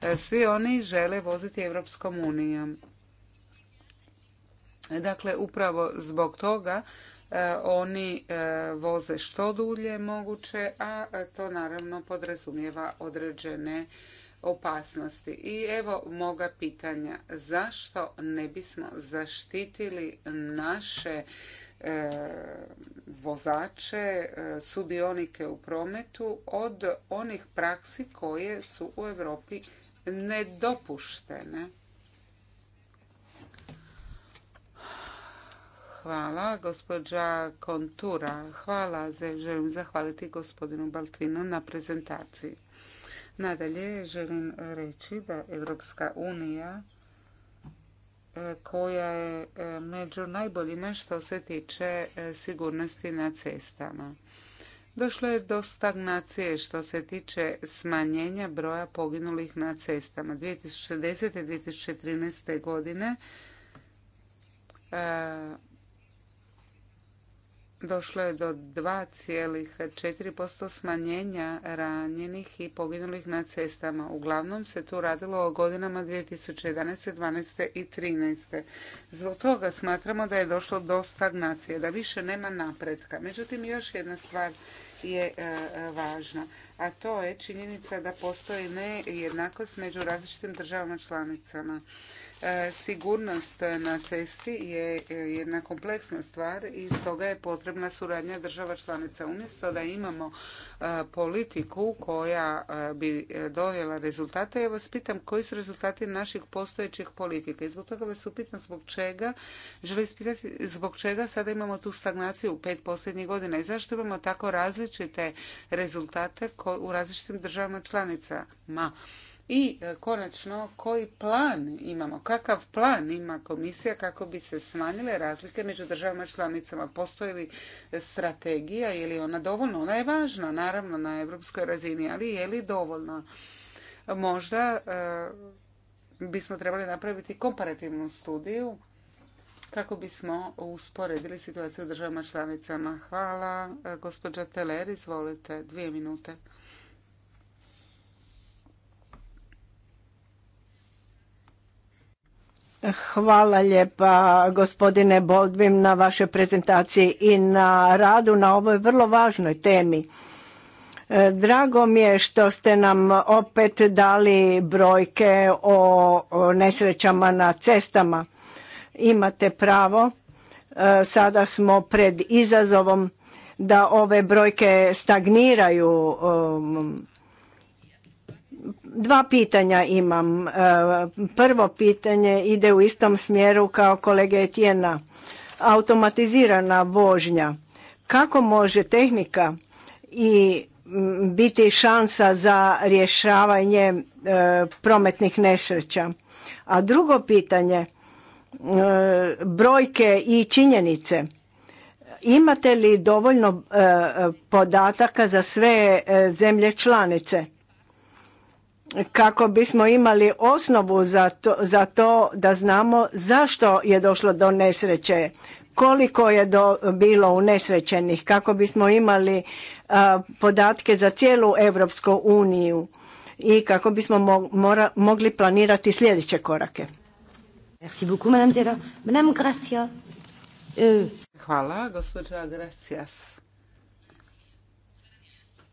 E, svi oni žele voziti Europskom unijom. Dakle, upravo zbog toga e, oni voze što dulje moguće, a to naravno podrazumijeva određene opasnosti. I evo moga pitanja. Zašto ne bismo zaštitili naše e, vozače, e, sudionike u prometu od onih praksi koje su u Europi nedopuštene. Hvala, gospođa Kontura. Hvala, želim zahvaliti gospodinu Baltvinu na prezentaciji. Nadalje želim reći da Evropska unija e, koja je e, među najboljima što se tiče e, sigurnosti na cestama. Došlo je do stagnacije što se tiče smanjenja broja poginulih na cestama. 2010. i 2013. godine došlo je do 2,4% smanjenja ranjenih i poginulih na cestama. Uglavnom se tu radilo o godinama 2011. 12. i 13. Zbog toga smatramo da je došlo do stagnacije, da više nema napretka. Međutim, još jedna stvar je e, važna, a to je činjenica da postoji nejednakost među različitim državama članicama. E, sigurnost na cesti je e, jedna kompleksna stvar i stoga je potrebna suradnja država članica. Umjesto da imamo e, politiku koja bi donijela rezultate, ja vas pitam koji su rezultati naših postojećih politika. I zbog toga vas upitam zbog čega, želim ispitati zbog čega sada imamo tu stagnaciju u pet posljednjih godina i zašto imamo tako različite rezultate u različitim državama članicama. I e, konačno, koji plan imamo? Kakav plan ima komisija kako bi se smanjile razlike među državama članicama? Postoji li strategija? Je li ona dovoljna? Ona je važna, naravno, na europskoj razini, ali je li dovoljna? Možda e, bismo trebali napraviti komparativnu studiju kako bismo usporedili situaciju u državama članicama. Hvala. E, gospođa Teler, izvolite, dvije minute. Hvala lijepa gospodine Bodvim na vašoj prezentaciji i na radu na ovoj vrlo važnoj temi. E, drago mi je što ste nam opet dali brojke o nesrećama na cestama. Imate pravo, e, sada smo pred izazovom da ove brojke stagniraju um, dva pitanja imam. E, prvo pitanje ide u istom smjeru kao kolege Etijena. Automatizirana vožnja. Kako može tehnika i biti šansa za rješavanje e, prometnih nešreća? A drugo pitanje, e, brojke i činjenice. Imate li dovoljno podataka za sve zemlje članice? kako bismo imali osnovu za to, da znamo zašto je došlo do nesreće koliko je bilo bilo unesrećenih kako bismo imali podatke za cijelu Evropsku uniju i kako bismo mogli planirati sljedeće korake euh. Hvala, gospođa Gracias.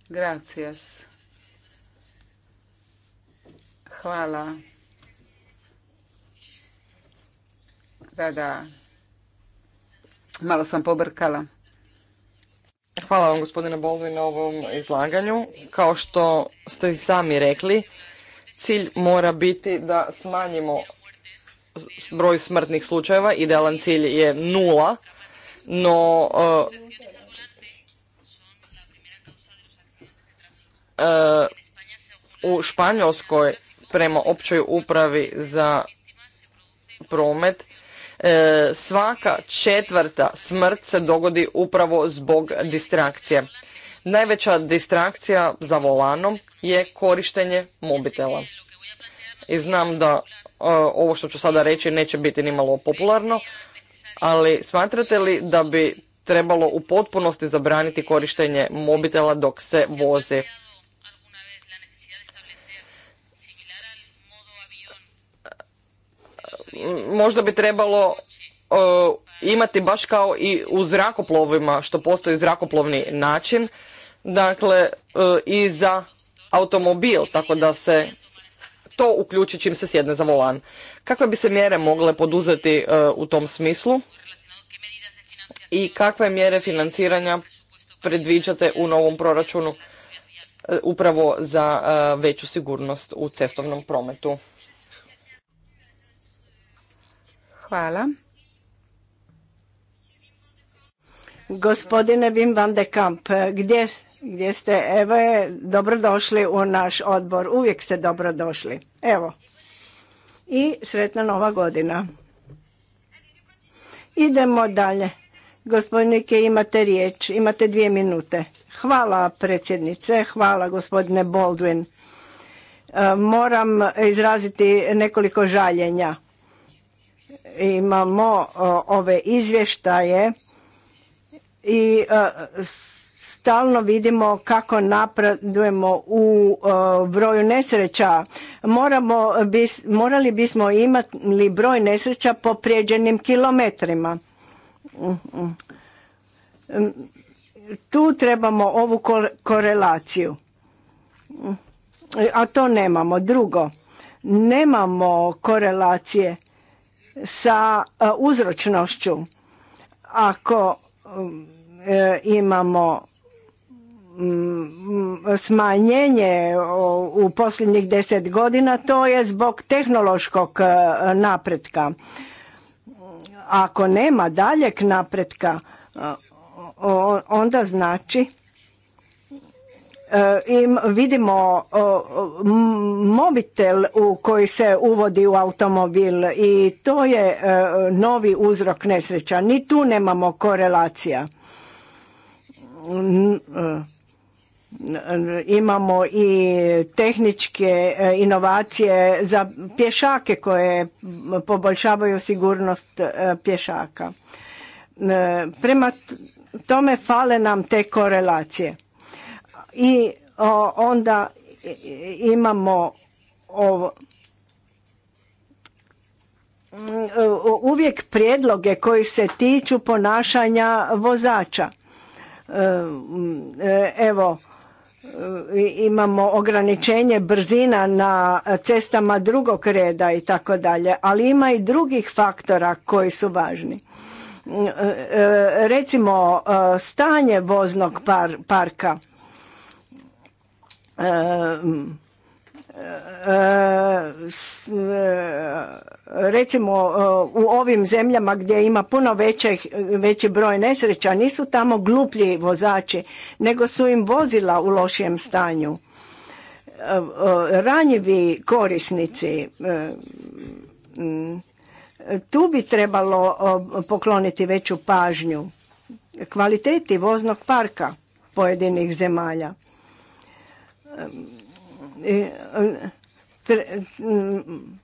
Gracias. Hvala. Da, da. Malo sam pobrkala. Hvala vam gospodine Bolvi na ovom izlaganju. Kao što ste i sami rekli, cilj mora biti da smanjimo broj smrtnih slučajeva. Idealan cilj je nula, no e, e, u Španjolskoj prema općoj upravi za promet, e, svaka četvrta smrt se dogodi upravo zbog distrakcije. Najveća distrakcija za volanom je korištenje mobitela. I znam da e, ovo što ću sada reći neće biti ni malo popularno, ali smatrate li da bi trebalo u potpunosti zabraniti korištenje mobitela dok se vozi? možda bi trebalo e, imati baš kao i u zrakoplovima što postoji zrakoplovni način dakle e, i za automobil tako da se to uključi čim se sjedne za volan kakve bi se mjere mogle poduzeti e, u tom smislu i kakve mjere financiranja predviđate u novom proračunu upravo za veću sigurnost u cestovnom prometu Hvala. Gospodine Wim van de Kamp, gdje, gdje ste? Evo je, dobrodošli u naš odbor. Uvijek ste dobrodošli. Evo. I sretna nova godina. Idemo dalje. Gospodinike, imate riječ. Imate dvije minute. Hvala predsjednice, hvala gospodine Baldwin. E, moram izraziti nekoliko žaljenja imamo ove izvještaje i e, stalno vidimo kako napredujemo u e, broju nesreća. morali bismo imati broj nesreća po prijeđenim kilometrima. Tu trebamo ovu korelaciju. A to nemamo. Drugo, nemamo korelacije sa e, uzročnošću. Ako e, imamo mm, smanjenje u posljednjih deset godina, to je zbog tehnološkog e, napretka. Ako nema daljeg napretka, onda znači E, i vidimo mobitel u koji se uvodi u automobil i to je e, novi uzrok nesreća. Ni tu nemamo korelacija. E, imamo i tehničke inovacije za pješake koje poboljšavaju sigurnost pješaka. Prema tome fale nam te korelacije i onda imamo mm, uvijek prijedloge koji se tiču ponašanja vozača. E, mm, e, evo, imamo ograničenje brzina na cestama drugog reda i tako dalje, ali ima i drugih faktora koji su važni. Mm, e, recimo, stanje voznog parka – recimo u ovim zemljama gdje ima puno veći, broj nesreća nisu tamo gluplji vozači nego su im vozila u lošijem stanju ranjivi korisnici tu bi trebalo pokloniti veću pažnju kvaliteti voznog parka pojedinih zemalja E, e, mm,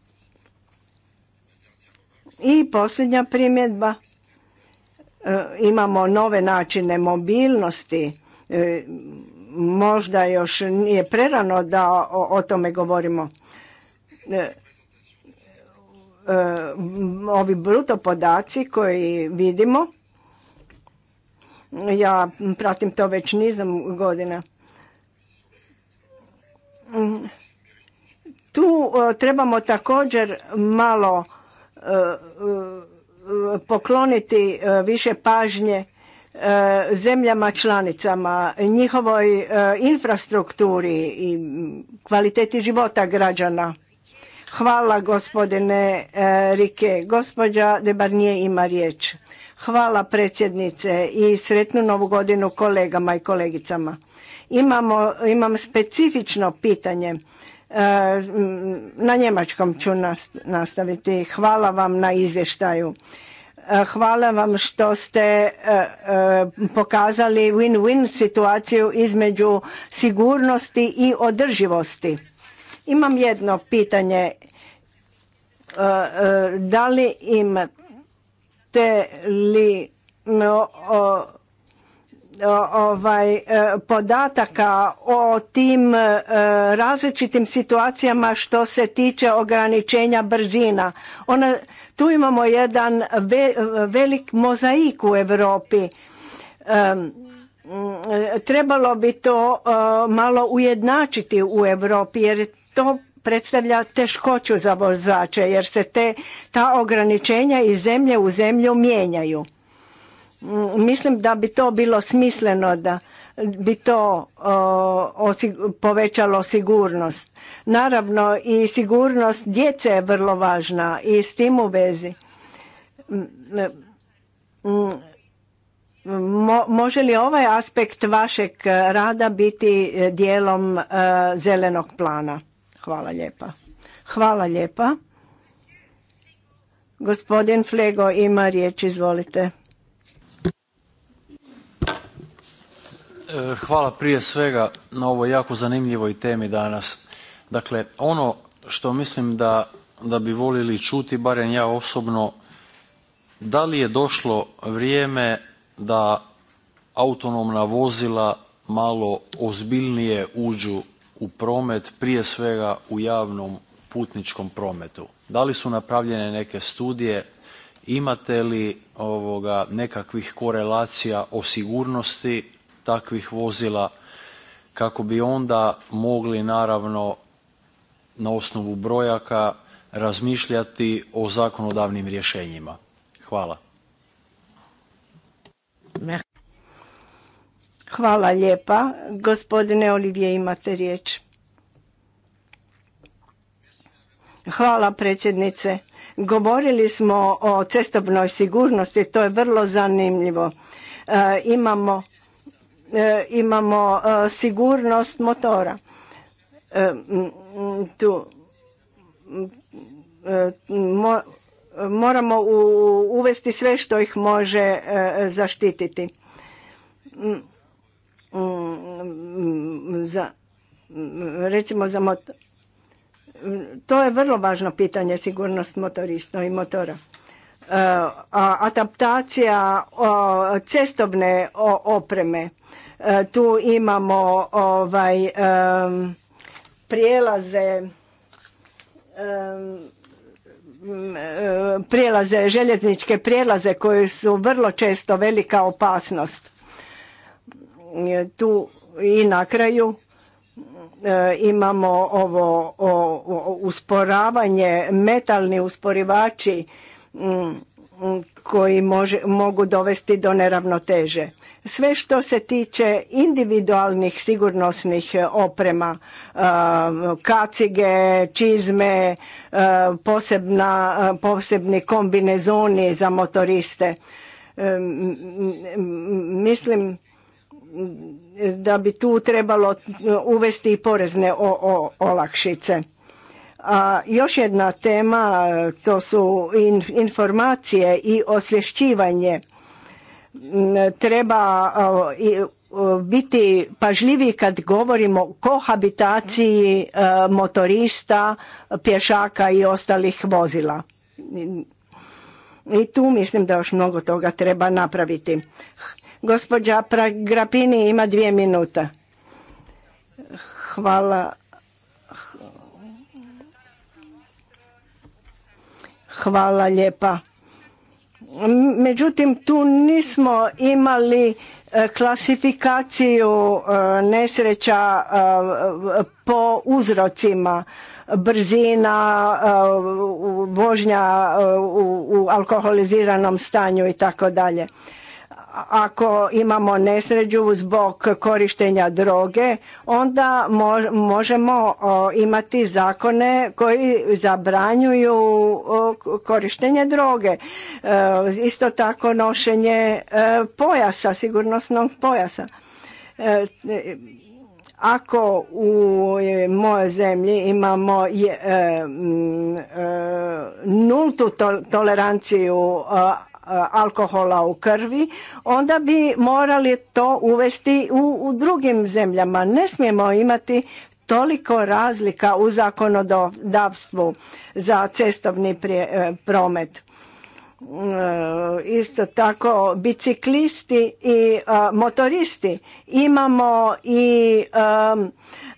I posljednja primjedba, e, imamo nove načine mobilnosti, možda još nije prerano da o, tome govorimo. Ovi bruto podaci koji vidimo, ja pratim to već nizam godina, tu e, trebamo također malo e, e, pokloniti više pažnje zemljama članicama, njihovoj infrastrukturi i kvaliteti života građana. Hvala gospodine Rike. Gospođa Debarnije ima riječ. Hvala predsjednice i sretnu novu godinu kolegama i kolegicama. Imamo, imam specifično pitanje. E, na njemačkom ću nastaviti. Hvala vam na izvještaju. E, hvala vam što ste e, pokazali win-win situaciju između sigurnosti i održivosti. Imam jedno pitanje. Da li imate li ovaj e, podataka o tim e, različitim situacijama što se tiče ograničenja brzina. Ona, tu imamo jedan velik mozaik u Europi. E, trebalo bi to malo ujednačiti u Europi jer to predstavlja teškoću za vozače jer se ta ograničenja iz zemlje u zemlju mijenjaju. Mm, mislim da bi to bilo smisleno da bi to povećalo sigurnost. Naravno i sigurnost djece je vrlo važna i s tim u vezi. Mm, mm, može li ovaj aspekt vašeg rada biti dijelom e, zelenog plana? Hvala lijepa. Hvala lijepa. Gospodin Flego ima riječ, izvolite. E, hvala prije svega na ovoj jako zanimljivoj temi danas. Dakle, ono što mislim da, da bi voljeli čuti, barem ja osobno, da li je došlo vrijeme da autonomna vozila malo ozbiljnije uđu u promet, prije svega u javnom putničkom prometu. Da li su napravljene neke studije, imate li ovoga, nekakvih korelacija o sigurnosti takvih vozila kako bi onda mogli naravno na osnovu brojaka razmišljati o zakonodavnim rješenjima. Hvala. Hvala lijepa. Gospodine Olivije, imate riječ. Hvala predsjednice. Govorili smo o cestovnoj sigurnosti, to je vrlo zanimljivo. E, imamo E, imamo e, sigurnost motora. E, tu moramo uvesti sve što ih može zaštititi. Za, recimo za To je vrlo važno pitanje sigurnost motorista i motora. Eh, adaptacija cestovne opreme. Eh, tu imamo ovaj prijelaze prijelaze, željezničke prijelaze koji su vrlo često velika opasnost. Tu i na kraju eh, imamo ovo usporavanje, metalni usporivači Mm, koji može, mogu dovesti do neravnoteže. Sve što se tiče individualnih sigurnosnih e, oprema, e, kacige, čizme, e, posebna, posebni kombinezoni za motoriste, mislim da bi tu trebalo uvesti i porezne olakšice a još jedna tema, to su informacije i osvješćivanje. Mm, treba biti pažljivi kad govorimo o kohabitaciji e, motorista, pješaka i ostalih vozila. I tu mislim da još mnogo toga treba napraviti. Gospođa Grapini ima dvije minute. Hvala Hvala lijepa. Međutim, tu nismo imali e, klasifikaciju e, nesreća e, po uzrocima brzina, vožnja u alkoholiziranom stanju i tako dalje ako imamo nesređu zbog korištenja droge, onda možemo imati zakone koji zabranjuju korištenje droge. E, isto tako nošenje e, pojasa, sigurnosnog pojasa. E, ako u mojoj zemlji imamo nultu toleranciju E, alkohola u krvi, onda bi morali to uvesti u, u drugim zemljama. Ne smijemo imati toliko razlika u zakonodavstvu za cestovni e, promet. E, isto tako biciklisti i motoristi imamo i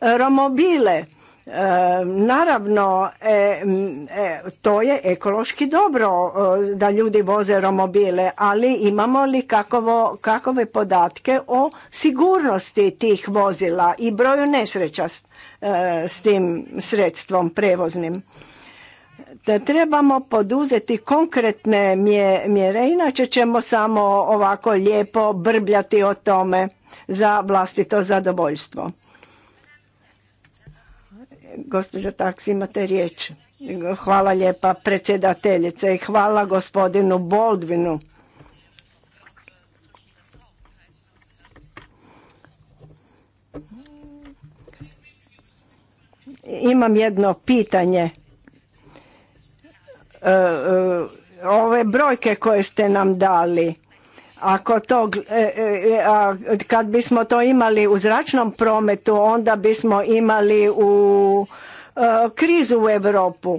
romobile Naravno, e, e, to je ekološki dobro da ljudi voze romobile, ali imamo li kakove podatke o sigurnosti tih vozila i broju nesreća s, e, s tim sredstvom prevoznim? Da trebamo poduzeti konkretne mjere, inače ćemo samo ovako lijepo brbljati o tome za vlastito zadovoljstvo. Gospođa Taks, imate riječ. Hvala lijepa predsjedateljice i hvala gospodinu Boldvinu. Imam jedno pitanje. E, e, ove brojke koje ste nam dali, ako to, e, e, e, kad bismo to imali u zračnom prometu, onda bismo imali u krizu u, Europu,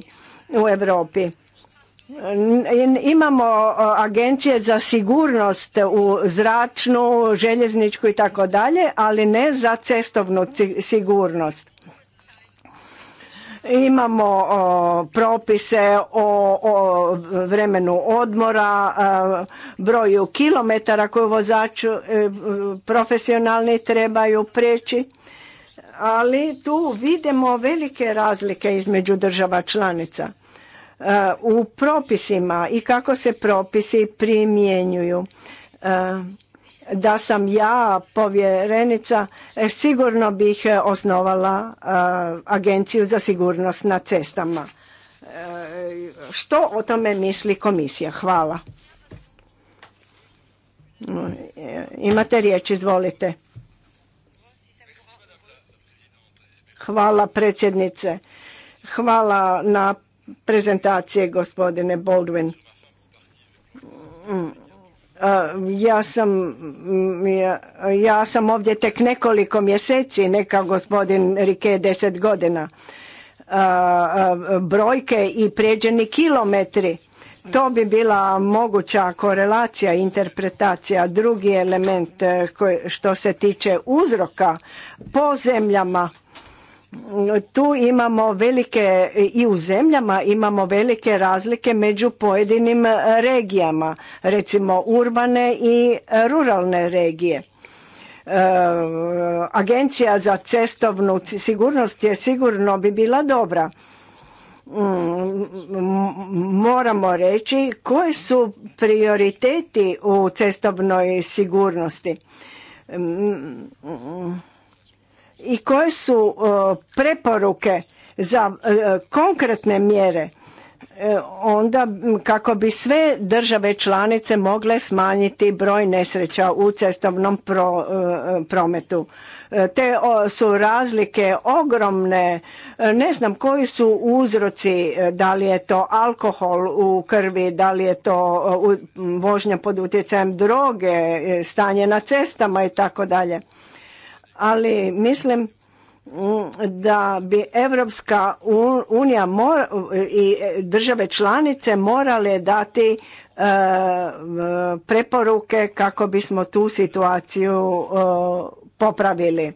u Europi. Imamo agencije za sigurnost u zračnu, željezničku i tako dalje, ali ne za cestovnu sigurnost. Imamo propise o, vremenu odmora, broju kilometara koju vozač e, profesionalni trebaju preći, ali tu vidimo velike razlike između država članica e, u propisima i kako se propisi primjenjuju. E, da sam ja povjerenica, e, sigurno bih e, osnovala e, agenciju za sigurnost na cestama. Što o tome misli komisija? Hvala. Imate riječ, izvolite. Hvala predsjednice. Hvala na prezentacije gospodine Baldwin. Mm, ja sam, ja, sam ovdje tek nekoliko mjeseci, neka gospodin Rike deset godina. Brojke i prijeđeni kilometri, to bi bila moguća korelacija, interpretacija. Drugi element e, što se tiče uzroka po zemljama, tu imamo velike i u zemljama imamo velike razlike među pojedinim e, regijama, recimo urbane i e, ruralne regije. E, Agencija za cestovnu sigurnost je sigurno bi bila dobra. Mm, moramo reći koji su prioriteti u cestovnoj sigurnosti. Mm, mm, i koje su e, preporuke za e, konkretne mjere e, onda kako bi sve države članice mogle smanjiti broj nesreća u cestovnom prometu. Te su razlike ogromne, ne znam koji su uzroci, da li je to alkohol u krvi, da li je to vožnja pod utjecajem droge, stanje na cestama i tako dalje ali mislim mm, da bi Evropska unija i države članice morale dati e, preporuke kako bismo tu situaciju e, popravili.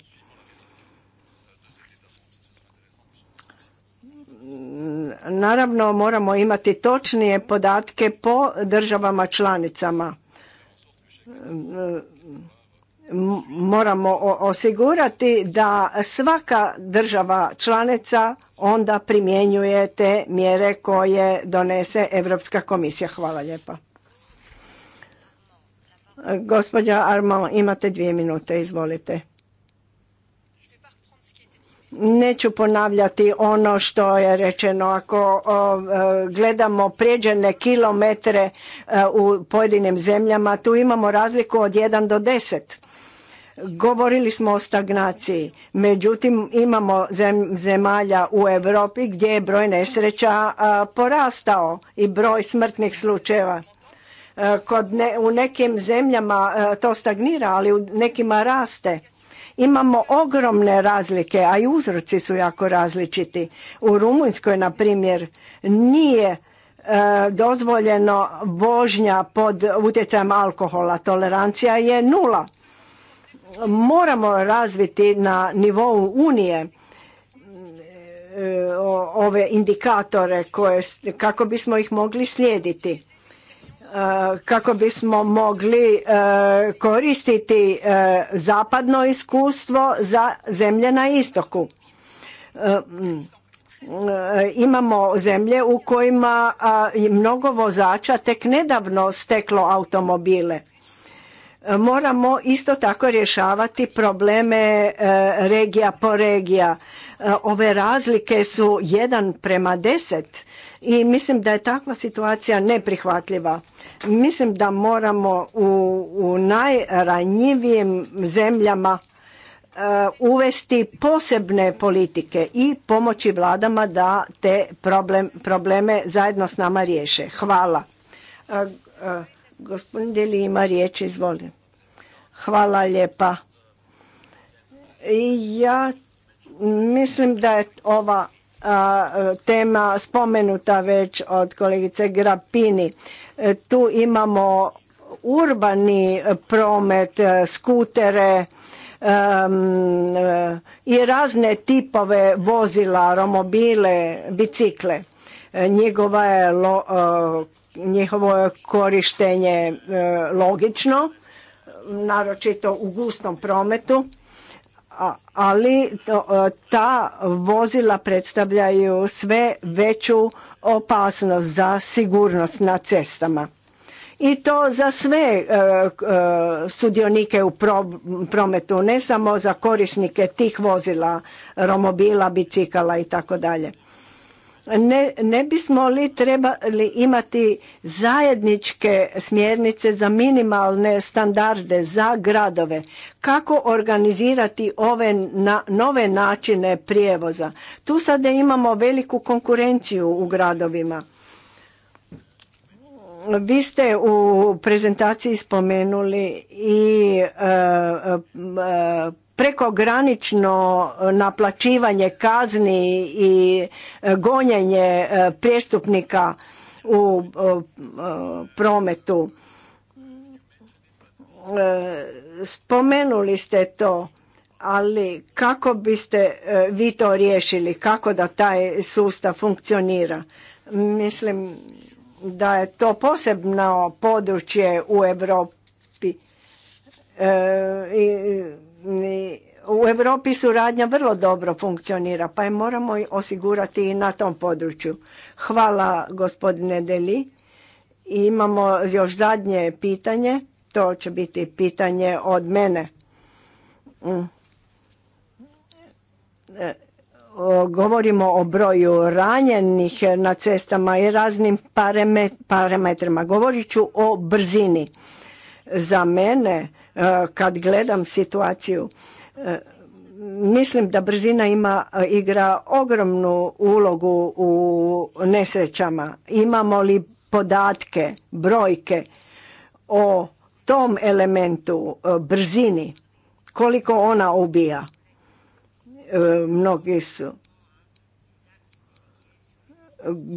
Naravno moramo imati točnije podatke po državama članicama moramo osigurati da svaka država članica onda primjenjuje te mjere koje donese Europska komisija. Hvala lijepa. Gospođa Armand, imate dvije minute, izvolite. Neću ponavljati ono što je rečeno. Ako e, gledamo prijeđene kilometre e, u pojedinim zemljama, tu imamo razliku od 1 do 10 Govorili smo o stagnaciji, međutim imamo zemalja u Europi gdje je broj nesreća porastao i broj smrtnih slučajeva. E, kod u nekim zemljama e, to stagnira, ali u nekima raste. Imamo ogromne razlike, a i uzroci su jako različiti. U Rumunjskoj, na primjer, nije e, dozvoljeno vožnja pod utjecajem alkohola. Tolerancija je nula moramo razviti na nivou Unije e, ove indikatore koje, kako bismo ih mogli slijediti e, kako bismo mogli e, koristiti zapadno iskustvo za zemlje na istoku. Imamo zemlje u kojima mnogo vozača tek nedavno steklo automobile E, moramo isto tako rješavati probleme e, regija po regija. E, ove razlike su jedan prema deset i mislim da je takva situacija neprihvatljiva. Mislim da moramo u, najranjivijim zemljama uvesti posebne politike i pomoći vladama da te problem, probleme zajedno s nama riješe. Hvala. Gospodin Deli ima riječ, izvolite. Hvala lijepa. I ja mislim da je ova tema spomenuta već od kolegice Grapini. E, tu imamo urbani promet, e, skutere e, i razne tipove vozila, romobile, bicikle. njegova je lo, njihovo korištenje e, logično, naročito u gustom prometu, ali e, ta vozila predstavljaju sve veću opasnost za sigurnost na cestama. I to za sve e, sudionike u prometu, ne samo za korisnike tih vozila, romobila, bicikala i tako dalje. Ne, ne bismo li trebali imati zajedničke smjernice za minimalne standarde za gradove? Kako organizirati ove na, nove načine prijevoza? Tu sada imamo veliku konkurenciju u gradovima. Vi ste u prezentaciji spomenuli i e, e, prekogranično e, naplaćivanje kazni i e, gonjenje e, prijestupnika u prometu. Spomenuli ste to, ali kako biste vi to riješili, kako da taj sustav funkcionira? Mislim da je to posebno područje u Europi i u Europi suradnja vrlo dobro funkcionira, pa je moramo osigurati i na tom području. Hvala gospodine Deli. Imamo još zadnje pitanje, to će biti pitanje od mene. Mm. E, govorimo o broju ranjenih na cestama i raznim parametrima. Govorit ću o brzini. Za mene E, kad gledam situaciju e, mislim da brzina ima e, igra ogromnu ulogu u nesrećama imamo li podatke brojke o tom elementu brzini koliko ona ubija mnogi su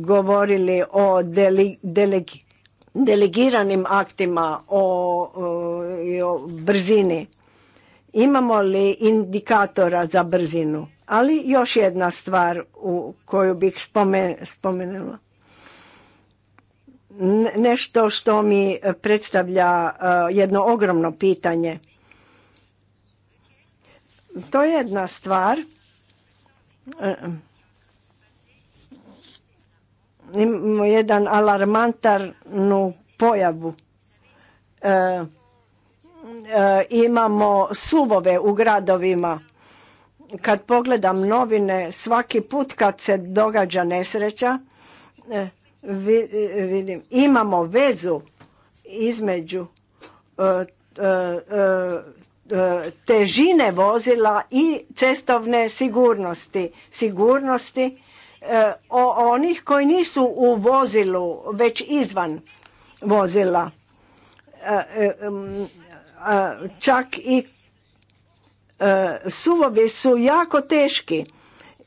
govorili o delegi delegiranim aktima o, o brzini. Imamo li indikatora za brzinu? Ali još jedna stvar u koju bih spomenula. Nešto što mi predstavlja e, jedno ogromno pitanje. To je jedna stvar e, imamo jedan alarmantarnu pojavu. E, e, imamo suvove u gradovima. Kad pogledam novine, svaki put kad se događa nesreća, e, vidim, imamo vezu između težine vozila i cestovne sigurnosti. Sigurnosti E, o onih koji nisu u vozilu, već izvan vozila. E, e, čak i suvovi su jako teški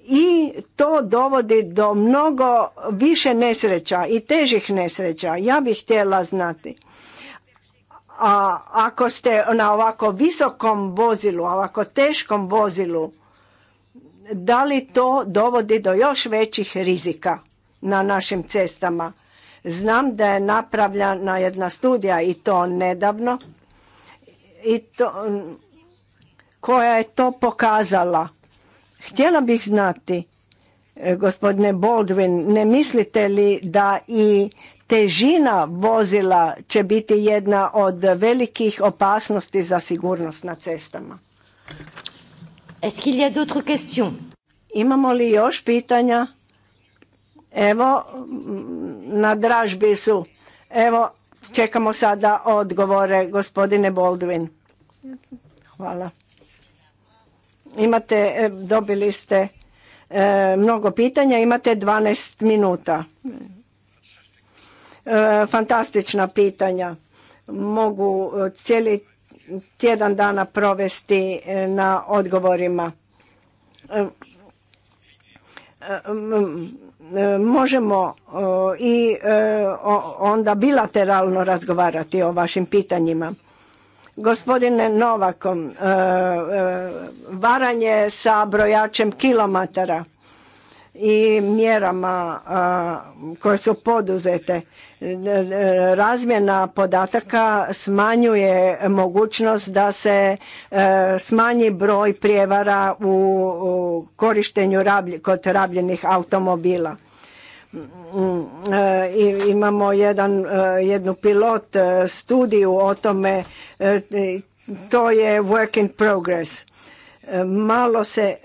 i to dovodi do mnogo više nesreća i težih nesreća. Ja bih htjela znati. A ako ste na ovako visokom vozilu, ovako teškom vozilu, da li to dovodi do još većih rizika na našim cestama? Znam da je napravljena jedna studija i to nedavno i to, mm, koja je to pokazala. Htjela bih znati, e, gospodine Baldwin, ne mislite li da i težina vozila će biti jedna od velikih opasnosti za sigurnost na cestama? Est-ce Imamo li još pitanja? Evo, na dražbi su. Evo, čekamo sada odgovore, gospodine Baldwin. Hvala. Imate, e, dobili ste e, mnogo pitanja, imate 12 minuta. E, fantastična pitanja. Mogu cijeli tjedan dana provesti e, na odgovorima. E, e, možemo i onda bilateralno razgovarati o vašim pitanjima. Gospodine Novakom, varanje sa brojačem kilometara i mjerama koje su poduzete. Razmjena podataka smanjuje mogućnost da se e, smanji broj prijevara u korištenju kod rabljenih automobila. E, I imamo jedan, e, jednu pilot studiju o tome, to je work in progress. Malo se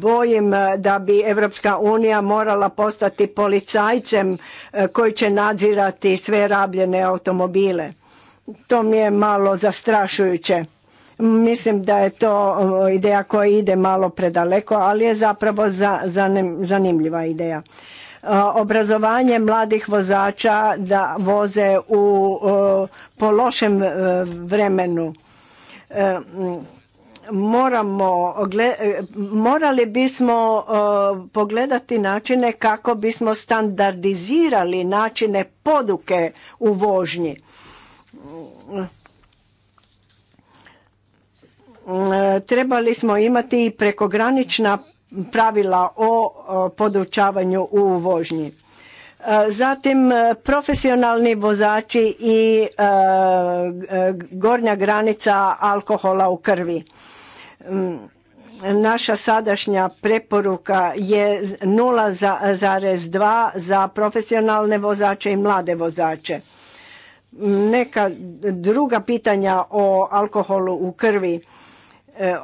bojim e, da bi Evropska unija morala postati policajcem e, koji će nadzirati sve rabljene automobile. To mi je malo zastrašujuće. Mislim da je to e, ideja koja ide malo predaleko, ali je zapravo zanimljiva ideja. Obrazovanje mladih vozača da voze u po lošem vremenu moramo, e, morali bismo e, pogledati načine kako bismo standardizirali načine poduke u vožnji. E, trebali smo imati i prekogranična pravila o podučavanju u vožnji. Zatim profesionalni vozači i gornja granica alkohola u krvi. Mm, naša sadašnja preporuka je 0,2 za profesionalne vozače i mlade vozače. Neka druga pitanja o alkoholu u krvi, e,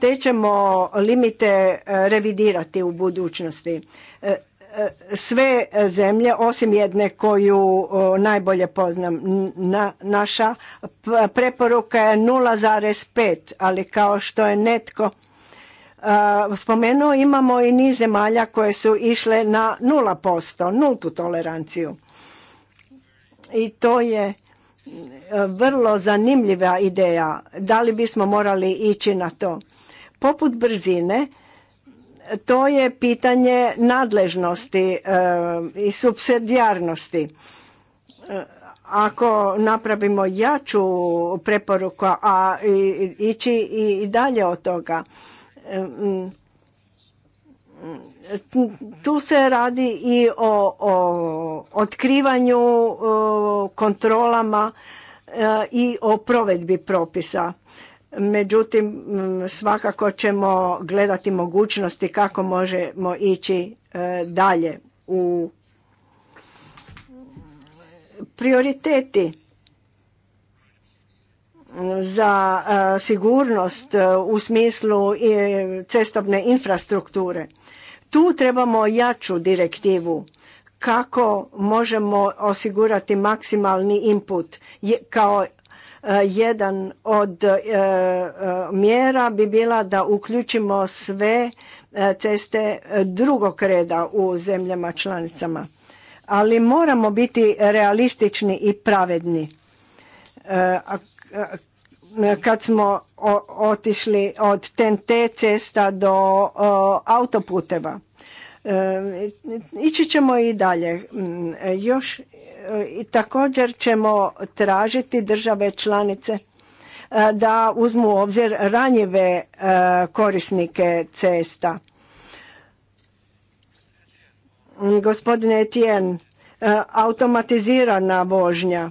te ćemo limite e, revidirati u budućnosti. E, sve e, zemlje osim jedne koju najbolje poznam naša preporuka je 0,5 ali kao što je netko e, spomenuo imamo i niz zemalja koje su išle na 0%, nultu toleranciju. I to je e, vrlo zanimljiva ideja. Da li bismo morali ići na to? Poput brzine to je pitanje nadležnosti e, i subsidijarnosti. E, ako napravimo jaču preporuku, a ići i dalje od toga, e, tu se radi i o, otkrivanju, kontrolama i o provedbi propisa. Međutim, svakako ćemo gledati mogućnosti kako možemo ići e, dalje u prioriteti za e, sigurnost e, u smislu cestovne infrastrukture. Tu trebamo jaču direktivu kako možemo osigurati maksimalni input kao Eh, jedan od eh, eh, mjera bi bila da uključimo sve ceste drugog reda u zemljama članicama. Ali moramo biti realistični i pravedni. Kad smo otišli od TNT cesta do autoputeva. Ići ćemo i dalje. Mm, još i također ćemo tražiti države članice e, da uzmu u obzir ranjive e, korisnike cesta. Gospodine Etienne, e, automatizirana vožnja.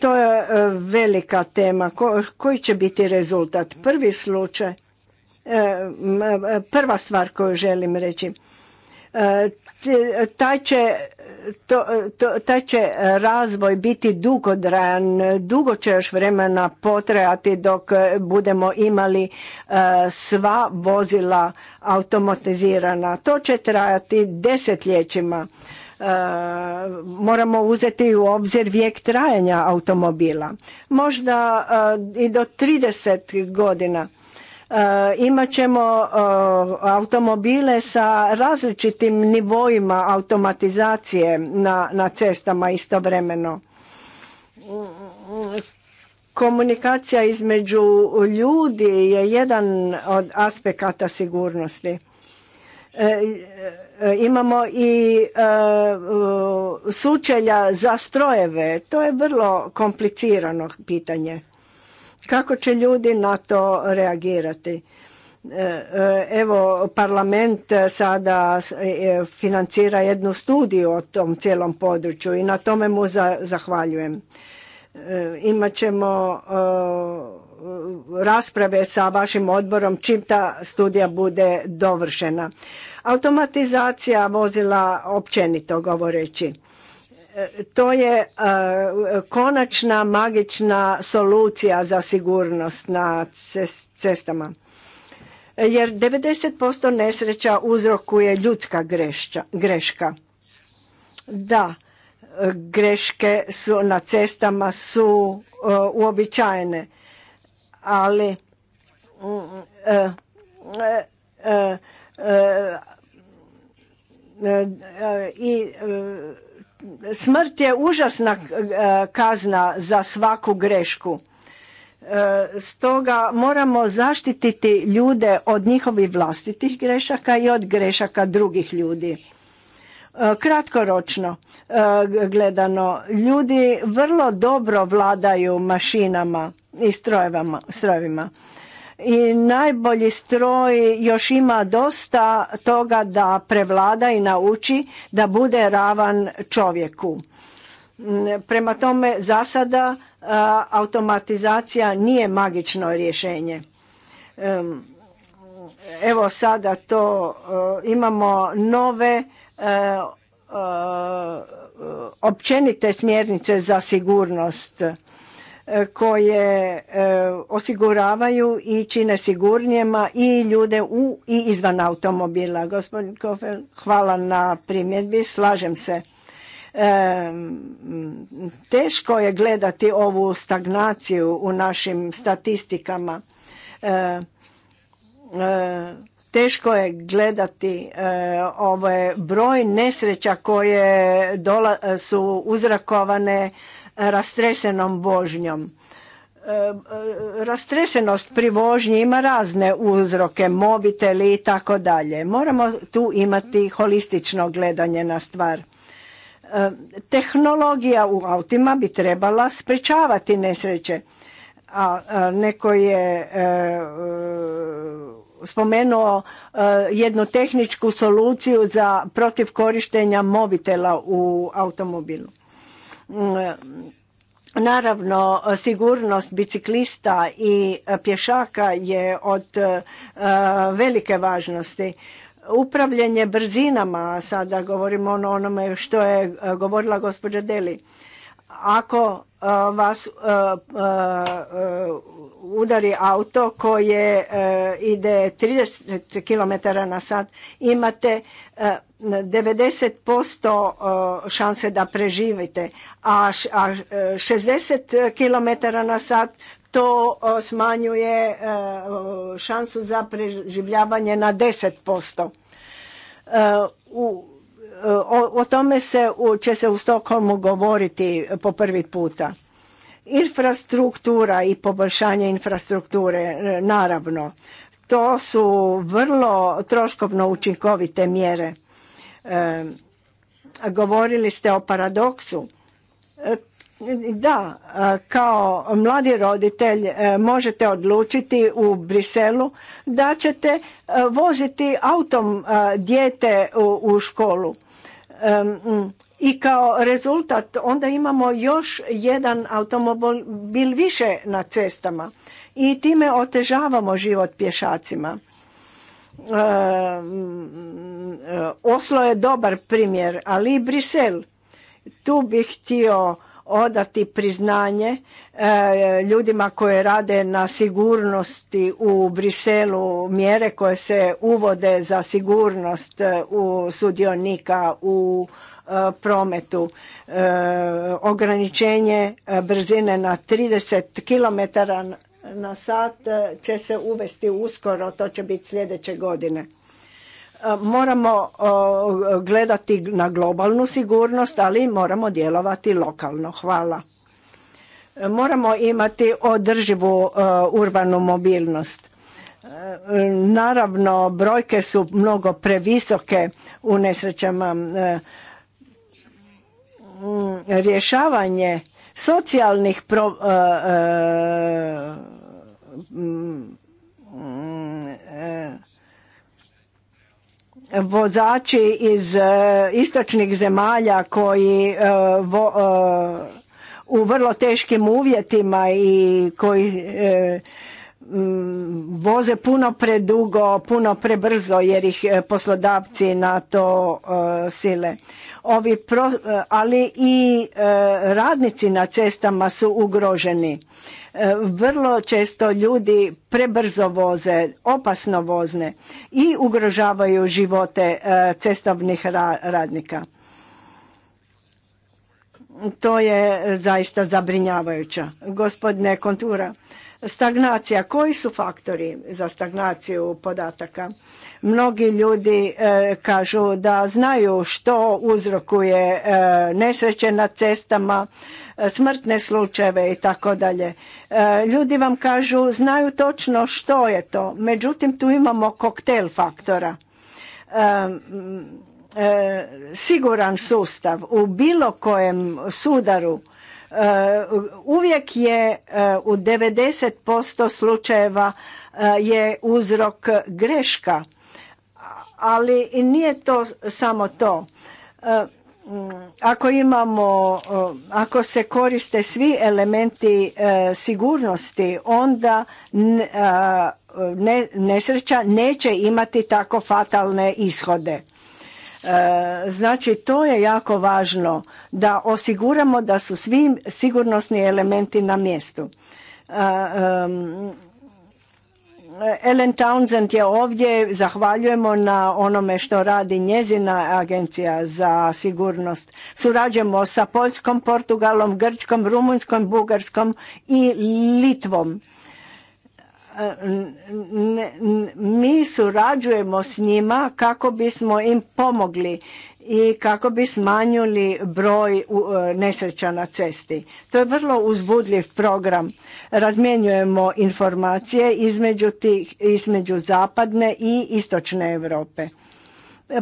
To je velika tema. Koji će biti rezultat? Prvi slučaj, prva stvar koju želim reći, taj će to, to, taj će razvoj biti dugodrajan, dugo će još vremena potrajati dok budemo imali e, sva vozila automatizirana. To će trajati desetljećima. E, moramo uzeti u obzir vijek trajanja automobila. Možda e, i do 30 godina Eh, imat ćemo eh, automobile sa različitim nivoima automatizacije na, cestama istovremeno. Komunikacija između ljudi je jedan od aspekata sigurnosti. Eh, imamo i sučelja za strojeve. To je vrlo komplicirano pitanje. Kako će ljudi na to reagirati? E, e, evo, parlament sada e, financira jednu studiju o tom cijelom području i na tome mu zahvaljujem. Imat ćemo rasprave sa vašim odborom čim ta studija bude dovršena. Automatizacija vozila općenito govoreći to je e, konačna magična solucija za sigurnost na cestama. Jer 90% nesreća uzrokuje ljudska greška. Da, greške su na cestama su e, uobičajene, ali e, i Smrt je užasna e, kazna za svaku grešku. E, stoga moramo zaštititi ljude od njihovih vlastitih grešaka i od grešaka drugih ljudi. E, kratkoročno gledano, ljudi vrlo dobro vladaju mašinama i strojevima i najbolji stroj još ima dosta toga da prevlada i nauči da bude ravan čovjeku. Mm, prema tome za sada automatizacija nije magično rješenje. Evo sada to imamo nove e, e, općenite smjernice za sigurnost E, koje e, osiguravaju i čine sigurnijema i ljude u i izvan automobila. Gospodin Kofel, hvala na primjedbi, slažem se. E, teško je gledati ovu stagnaciju u našim statistikama. Teško je gledati ovaj broj nesreća koje su uzrakovane rastresenom vožnjom. E, e, Rastresenost pri vožnji ima razne uzroke, mobiteli i tako dalje. Moramo tu imati holistično gledanje na stvar. E, tehnologija u autima bi trebala sprečavati nesreće. A neko je spomenuo jednu tehničku soluciju za protiv korištenja mobitela u automobilu. Mm, naravno, sigurnost biciklista i pješaka je od e, velike važnosti. Upravljanje brzinama, sada govorimo ono, o onome što je e, govorila gospođa Deli. Ako e, vas udari auto koje ide 30 km na sat, imate 90% e, šanse da preživite, a 60 e, km na sat to e, smanjuje šansu za preživljavanje na 10%. o, tome se, će se u Stokholmu govoriti po prvi puta. Infrastruktura i poboljšanje infrastrukture, naravno, to su vrlo troškovno učinkovite mjere Govorili ste o paradoksu. E, da, e, kao mladi roditelj e, možete odlučiti u Briselu da ćete voziti autom dijete u školu. I kao rezultat onda imamo još jedan automobil više na cestama i time otežavamo život pješacima. Eh, mm, eh, Oslo je dobar primjer, ali i Brisel. Tu bih htio odati priznanje eh, ljudima koji rade na sigurnosti u Briselu, mjere koje se uvode za sigurnost u sudionika u prometu. Ograničenje brzine na 30 km na sat e, će se uvesti uskoro, to će biti sljedeće godine. E, moramo gledati na globalnu sigurnost, ali moramo djelovati lokalno. Hvala. E, moramo imati održivu urbanu mobilnost. Naravno, brojke su mnogo previsoke u nesrećama. Rješavanje socijalnih Mm, mm, mm, vozači iz e, istočnih zemalja koji e, e, u vrlo teškim uvjetima i koji voze puno predugo, puno prebrzo jer ih poslodavci na to sile. Ovi ali i radnici na cestama su ugroženi. E, vrlo često ljudi prebrzo voze, opasno vozne i ugrožavaju živote e, cestovnih radnika. To je zaista zabrinjavajuća. Gospodine Kontura, stagnacija, koji su faktori za stagnaciju podataka? Mnogi ljudi e, kažu da znaju što uzrokuje e, nesreće na cestama, e, smrtne slučajeve i tako dalje. E, ljudi vam kažu znaju točno što je to, međutim tu imamo koktel faktora. siguran sustav u bilo kojem sudaru uvijek je e, u 90% slučajeva je uzrok greška ali i nije to samo to. E, mm, ako imamo, e, ako se koriste svi elementi e, sigurnosti, onda nesreća neće imati tako fatalne ishode. Znači, to je jako važno da osiguramo da su svi sigurnosni elementi na mjestu. Ellen Townsend je ovdje, zahvaljujemo na onome što radi njezina agencija za sigurnost. Surađujemo sa Poljskom, Portugalom, Grčkom, Rumunjskom, Bugarskom i Litvom. Mi surađujemo s njima kako bismo im pomogli i kako bi smanjili broj e, nesreća na cesti. To je vrlo uzbudljiv program. Razmjenjujemo informacije između, tih, između zapadne i istočne Europe.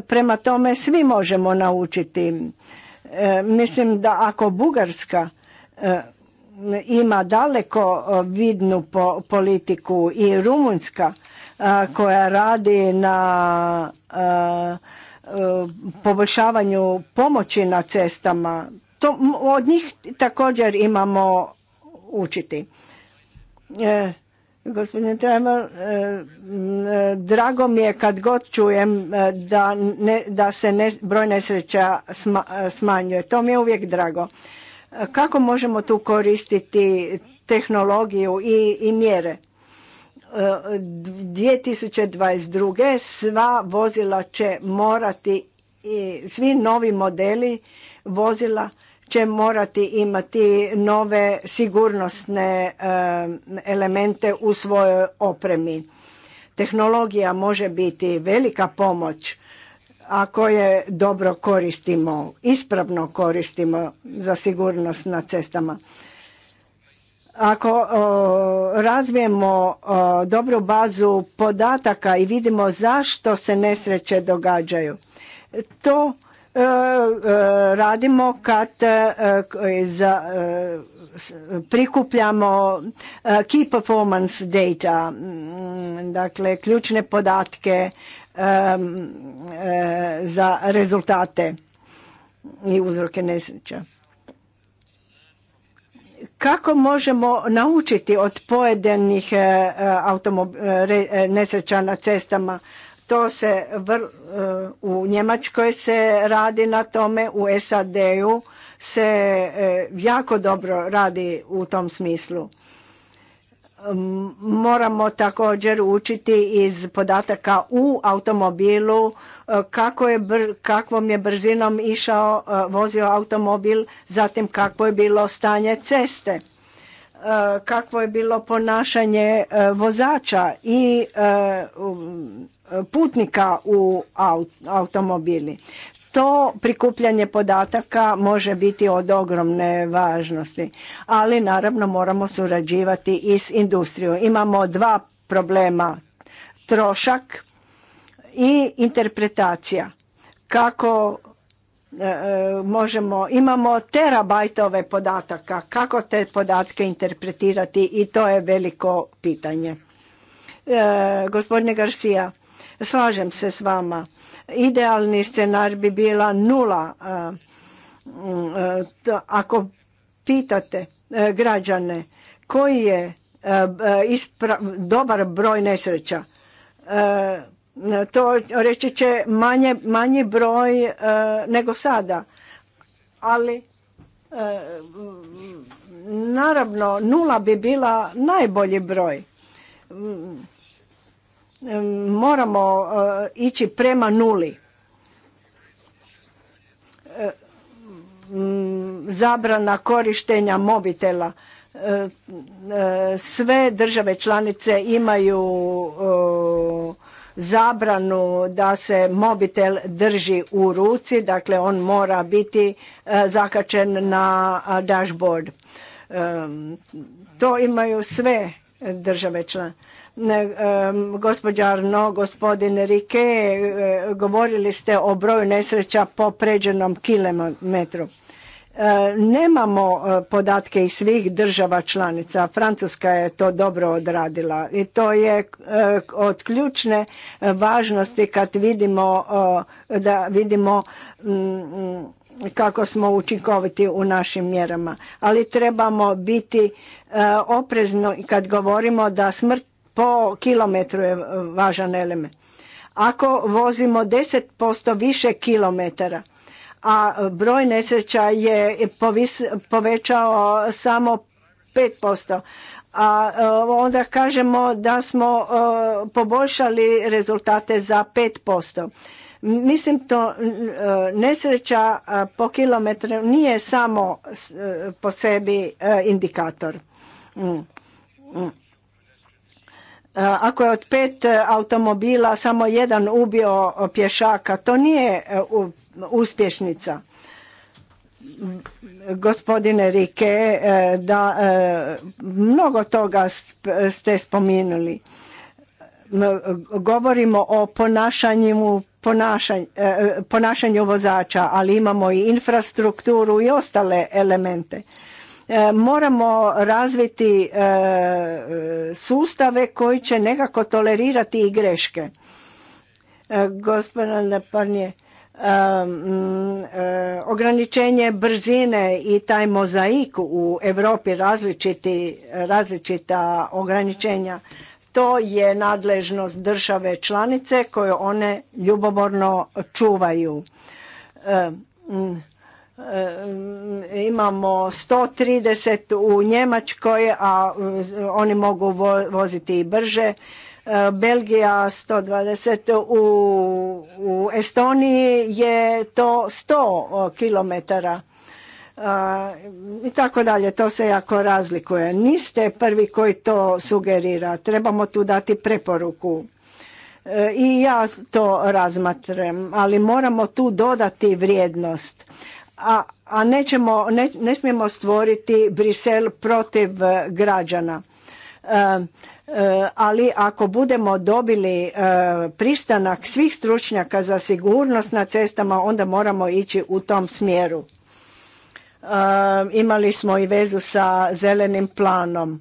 Prema tome svi možemo naučiti. E, mislim da ako Bugarska e, ima daleko vidnu politiku i Rumunjska koja radi na E, poboljšavanju pomoći na cestama. To, od njih također imamo učiti. E, Gospodine e, e, drago mi je kad god čujem e, da, ne, da se ne, broj nesreća smanjuje. To mi je uvijek drago. Kako možemo tu koristiti tehnologiju i, i mjere? 2022. sva vozila će morati, svi novi modeli vozila će morati imati nove sigurnosne eh, elemente u svojoj opremi. Tehnologija može biti velika pomoć ako je dobro koristimo, ispravno koristimo za sigurnost na cestama. Ako razvijemo dobru bazu podataka i vidimo zašto se nesreće događaju, to e, e, radimo kad e, za prikupljamo key performance data, mm, dakle ključne podatke za rezultate i uzroke nesreća. Kako možemo naučiti od pojedinih e, e, e, nesreća na cestama? To se u Njemačkoj se radi na tome, u SAD-u se jako dobro radi u tom smislu. Moramo također učiti iz podataka u automobilu e, kako je, kakvom je brzinom išao, e, vozio automobil, zatim kakvo je bilo stanje ceste, e, kakvo je bilo ponašanje vozača i putnika u automobili to prikupljanje podataka može biti od ogromne važnosti. Ali naravno moramo surađivati i s industriju. Imamo dva problema. Trošak i interpretacija. Kako e, e, možemo, imamo terabajtove podataka. Kako te podatke interpretirati i to je veliko pitanje. E, gospodine Garcia, slažem se s vama Idealni scenar bi bila nula. Ako pitate e, građane koji je e, dobar broj nesreća, e, to reći će manje, manji broj nego sada. Ali naravno nula bi bila najbolji broj moramo eh, ići prema nuli. Zabrana korištenja mobitela. Eh, sve države članice imaju eh, zabranu da se mobitel drži u ruci, dakle on mora biti zakačen na dashboard. To imaju sve države članice Gospođa Arno, gospodin Rike, e, govorili ste o broju nesreća po pređenom kilometru. E, nemamo e, podatke iz svih država članica. Francuska je to dobro odradila i to je od ključne važnosti kad vidimo da vidimo mm, kako smo učinkoviti u našim mjerama. Ali trebamo biti oprezni kad govorimo da smrt po kilometru je važan element. Ako vozimo 10% više kilometara, a broj nesreća je povećao samo 5%, a e, onda kažemo da smo e, poboljšali rezultate za 5%. Mislim to e, nesreća po kilometru nije samo po sebi indikator. Mm, mm. E, ako je od pet e, automobila samo jedan ubio pješaka, to nije e, uspješnica. Gospodine Rike, da mnogo toga ste spominuli. Govorimo o ponašanju ponašanju vozača, ali imamo i infrastrukturu i ostale elemente. E, moramo razviti e, e, sustave koji će nekako tolerirati i greške. Gospodin ograničenje brzine i taj mozaik u Europi različita ograničenja. To je nadležnost države članice koje one ljubomorno čuvaju. E, mm, imamo 130 u Njemačkoj, a mm, oni mogu voziti i brže. E, Belgija 120, u, u Estoniji je to 100 km e, i tako dalje, to se jako razlikuje. Niste prvi koji to sugerira, trebamo tu dati preporuku. I ja to razmatram, ali moramo tu dodati vrijednost a, ne, smijemo stvoriti Brisel protiv e, građana. E, e, ali ako budemo dobili pristanak svih stručnjaka za sigurnost na cestama, onda moramo ići u tom smjeru. Imali smo i vezu sa zelenim planom.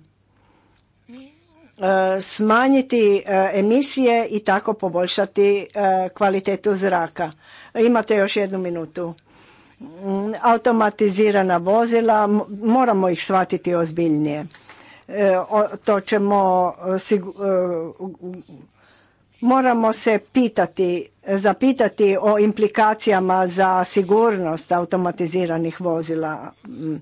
Smanjiti emisije i tako poboljšati kvalitetu zraka. Imate još jednu minutu. Mm, automatizirana vozila, moramo ih shvatiti ozbiljnije. E, to ćemo, e, e, moramo se pitati, zapitati o implikacijama za sigurnost automatiziranih vozila. Mm.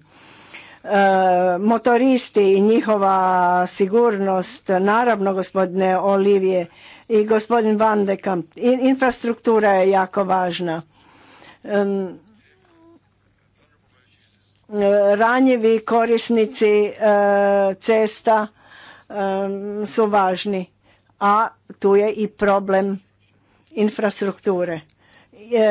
Motoristi i njihova sigurnost, naravno gospodine Olivije i gospodin Van infrastruktura je jako važna ranjivi korisnici e, cesta e, su važni, a tu je i problem infrastrukture. E,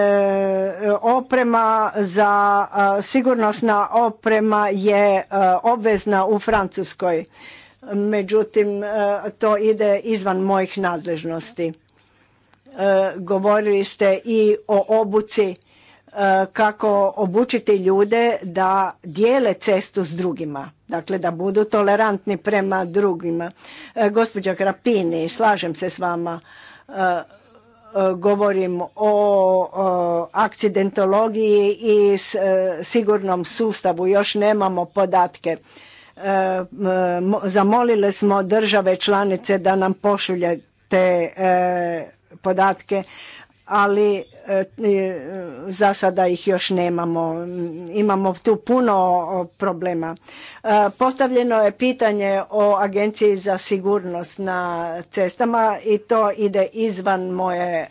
oprema za sigurnosna oprema je obvezna u Francuskoj. Međutim, to ide izvan mojih nadležnosti. Govorili ste i o obuci E, kako obučiti ljude da dijele cestu s drugima, dakle da budu tolerantni prema drugima. E, gospođa Krapini, slažem se s vama, e, govorim o akcidentologiji i sigurnom sustavu, još nemamo podatke. Zamolili smo države članice da nam pošulje te podatke, ali E, e, za sada ih još nemamo. Imamo tu puno problema. E, postavljeno je pitanje o Agenciji za sigurnost na cestama i to ide izvan moje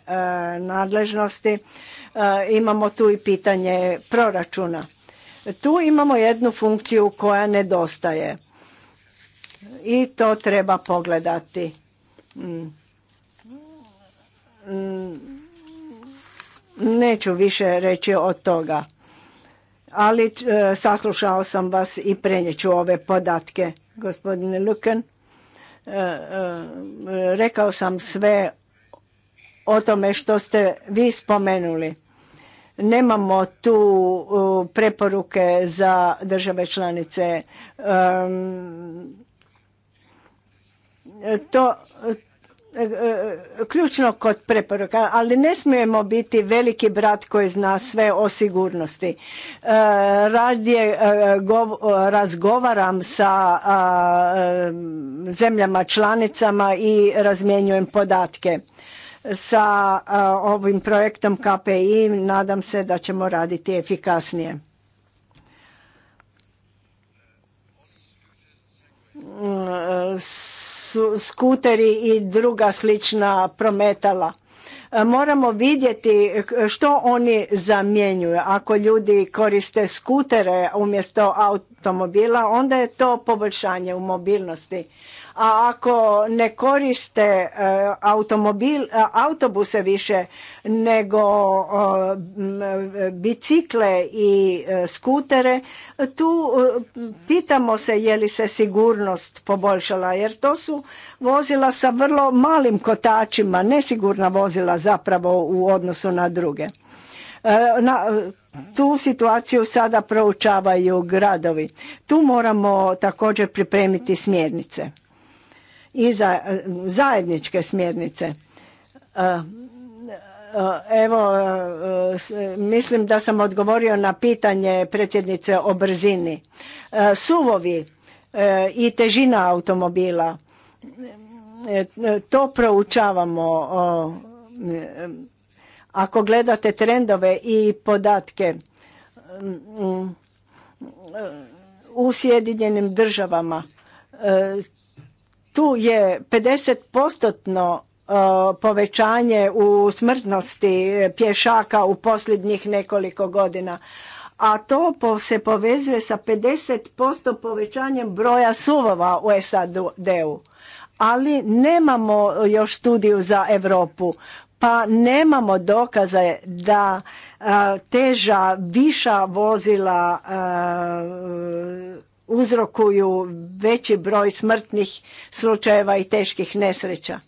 nadležnosti. Imamo tu i pitanje proračuna. Tu imamo jednu funkciju koja nedostaje i to treba pogledati. Mm. Mm. Neću više reći od toga, ali e, saslušao sam vas i prenjeću ove podatke, gospodine Luken. E, e, rekao sam sve o tome što ste vi spomenuli. Nemamo tu preporuke za države članice. To, E, e, ključno kod preporuka, ali ne smijemo biti veliki brat koji zna sve o sigurnosti. E, radije razgovaram sa zemljama članicama i razmjenjujem podatke. Sa ovim projektom KPI nadam se da ćemo raditi efikasnije. skuteri i druga slična prometala. E, moramo vidjeti što oni zamjenjuju. Ako ljudi koriste skutere umjesto automobila, onda je to poboljšanje u mobilnosti a ako ne koriste e, e, autobuse više nego bicikle i e, skutere, tu pitamo se je li se sigurnost poboljšala jer to su vozila sa vrlo malim kotačima, nesigurna vozila zapravo u odnosu na druge. Na, tu situaciju sada proučavaju gradovi. Tu moramo također pripremiti smjernice i za e, zajedničke smjernice. E, e, evo, mislim da sam odgovorio na pitanje predsjednice o brzini. Suvovi i težina automobila, to proučavamo. Ako gledate trendove i podatke mm, mm, u Sjedinjenim državama, tu je 50% e, povećanje u smrtnosti e, pješaka u posljednjih nekoliko godina. A to se povezuje sa 50% povećanjem broja suvova u SAD-u. Ali nemamo još studiju za Europu. Pa nemamo dokaze da e, teža, viša vozila uzrokuju veći broj smrtnih slučajeva i teških nesreća.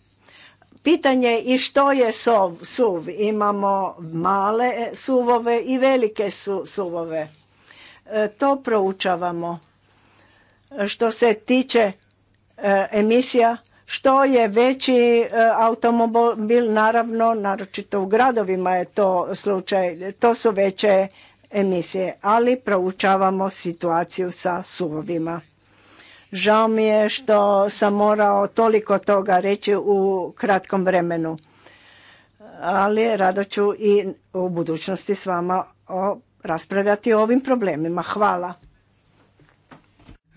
Pitanje je i što je suv. Imamo male suvove i velike su, suvove. E, to proučavamo. Što se tiče e, emisija, što je veći e, automobil, naravno, naročito u gradovima je to slučaj, to su veće emisije, ali proučavamo situaciju sa suvovima. Žao mi je što sam morao toliko toga reći u kratkom vremenu, ali rado ću i u budućnosti s vama o, raspravljati o ovim problemima. Hvala.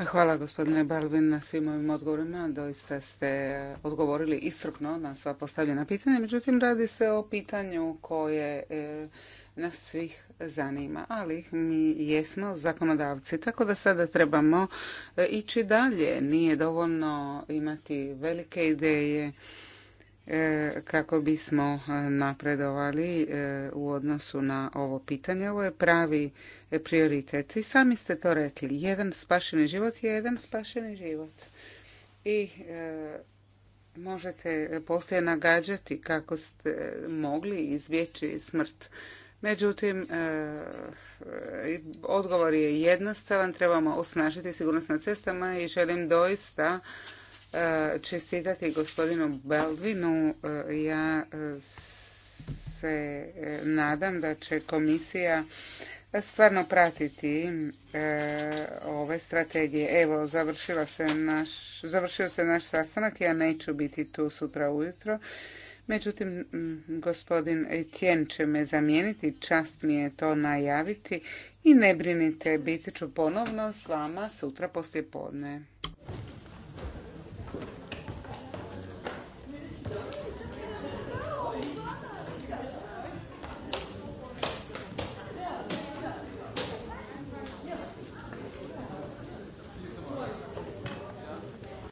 Hvala gospodine Balvin na svim ovim odgovorima. Doista ste odgovorili iscrpno na sva postavljena pitanja. Međutim, radi se o pitanju koje e, nas svih zanima, ali mi jesmo zakonodavci, tako da sada trebamo e, ići dalje. Nije dovoljno imati velike ideje e, kako bismo e, napredovali u odnosu na ovo pitanje. Ovo je pravi prioritet i sami ste to rekli. Jedan spašeni život je jedan spašeni život. I možete poslije nagađati kako ste mogli izvjeći smrt Međutim, e, odgovor je jednostavan, trebamo osnažiti sigurnost na cestama i želim doista e, čestitati gospodinu Belvinu. E, ja se nadam da će komisija stvarno pratiti ove strategije. Evo, završila se naš, završio se naš sastanak, ja neću biti tu sutra ujutro. Međutim, mm, gospodin Cijen će me zamijeniti, čast mi je to najaviti i ne brinite, biti ću ponovno s vama sutra poslije podne.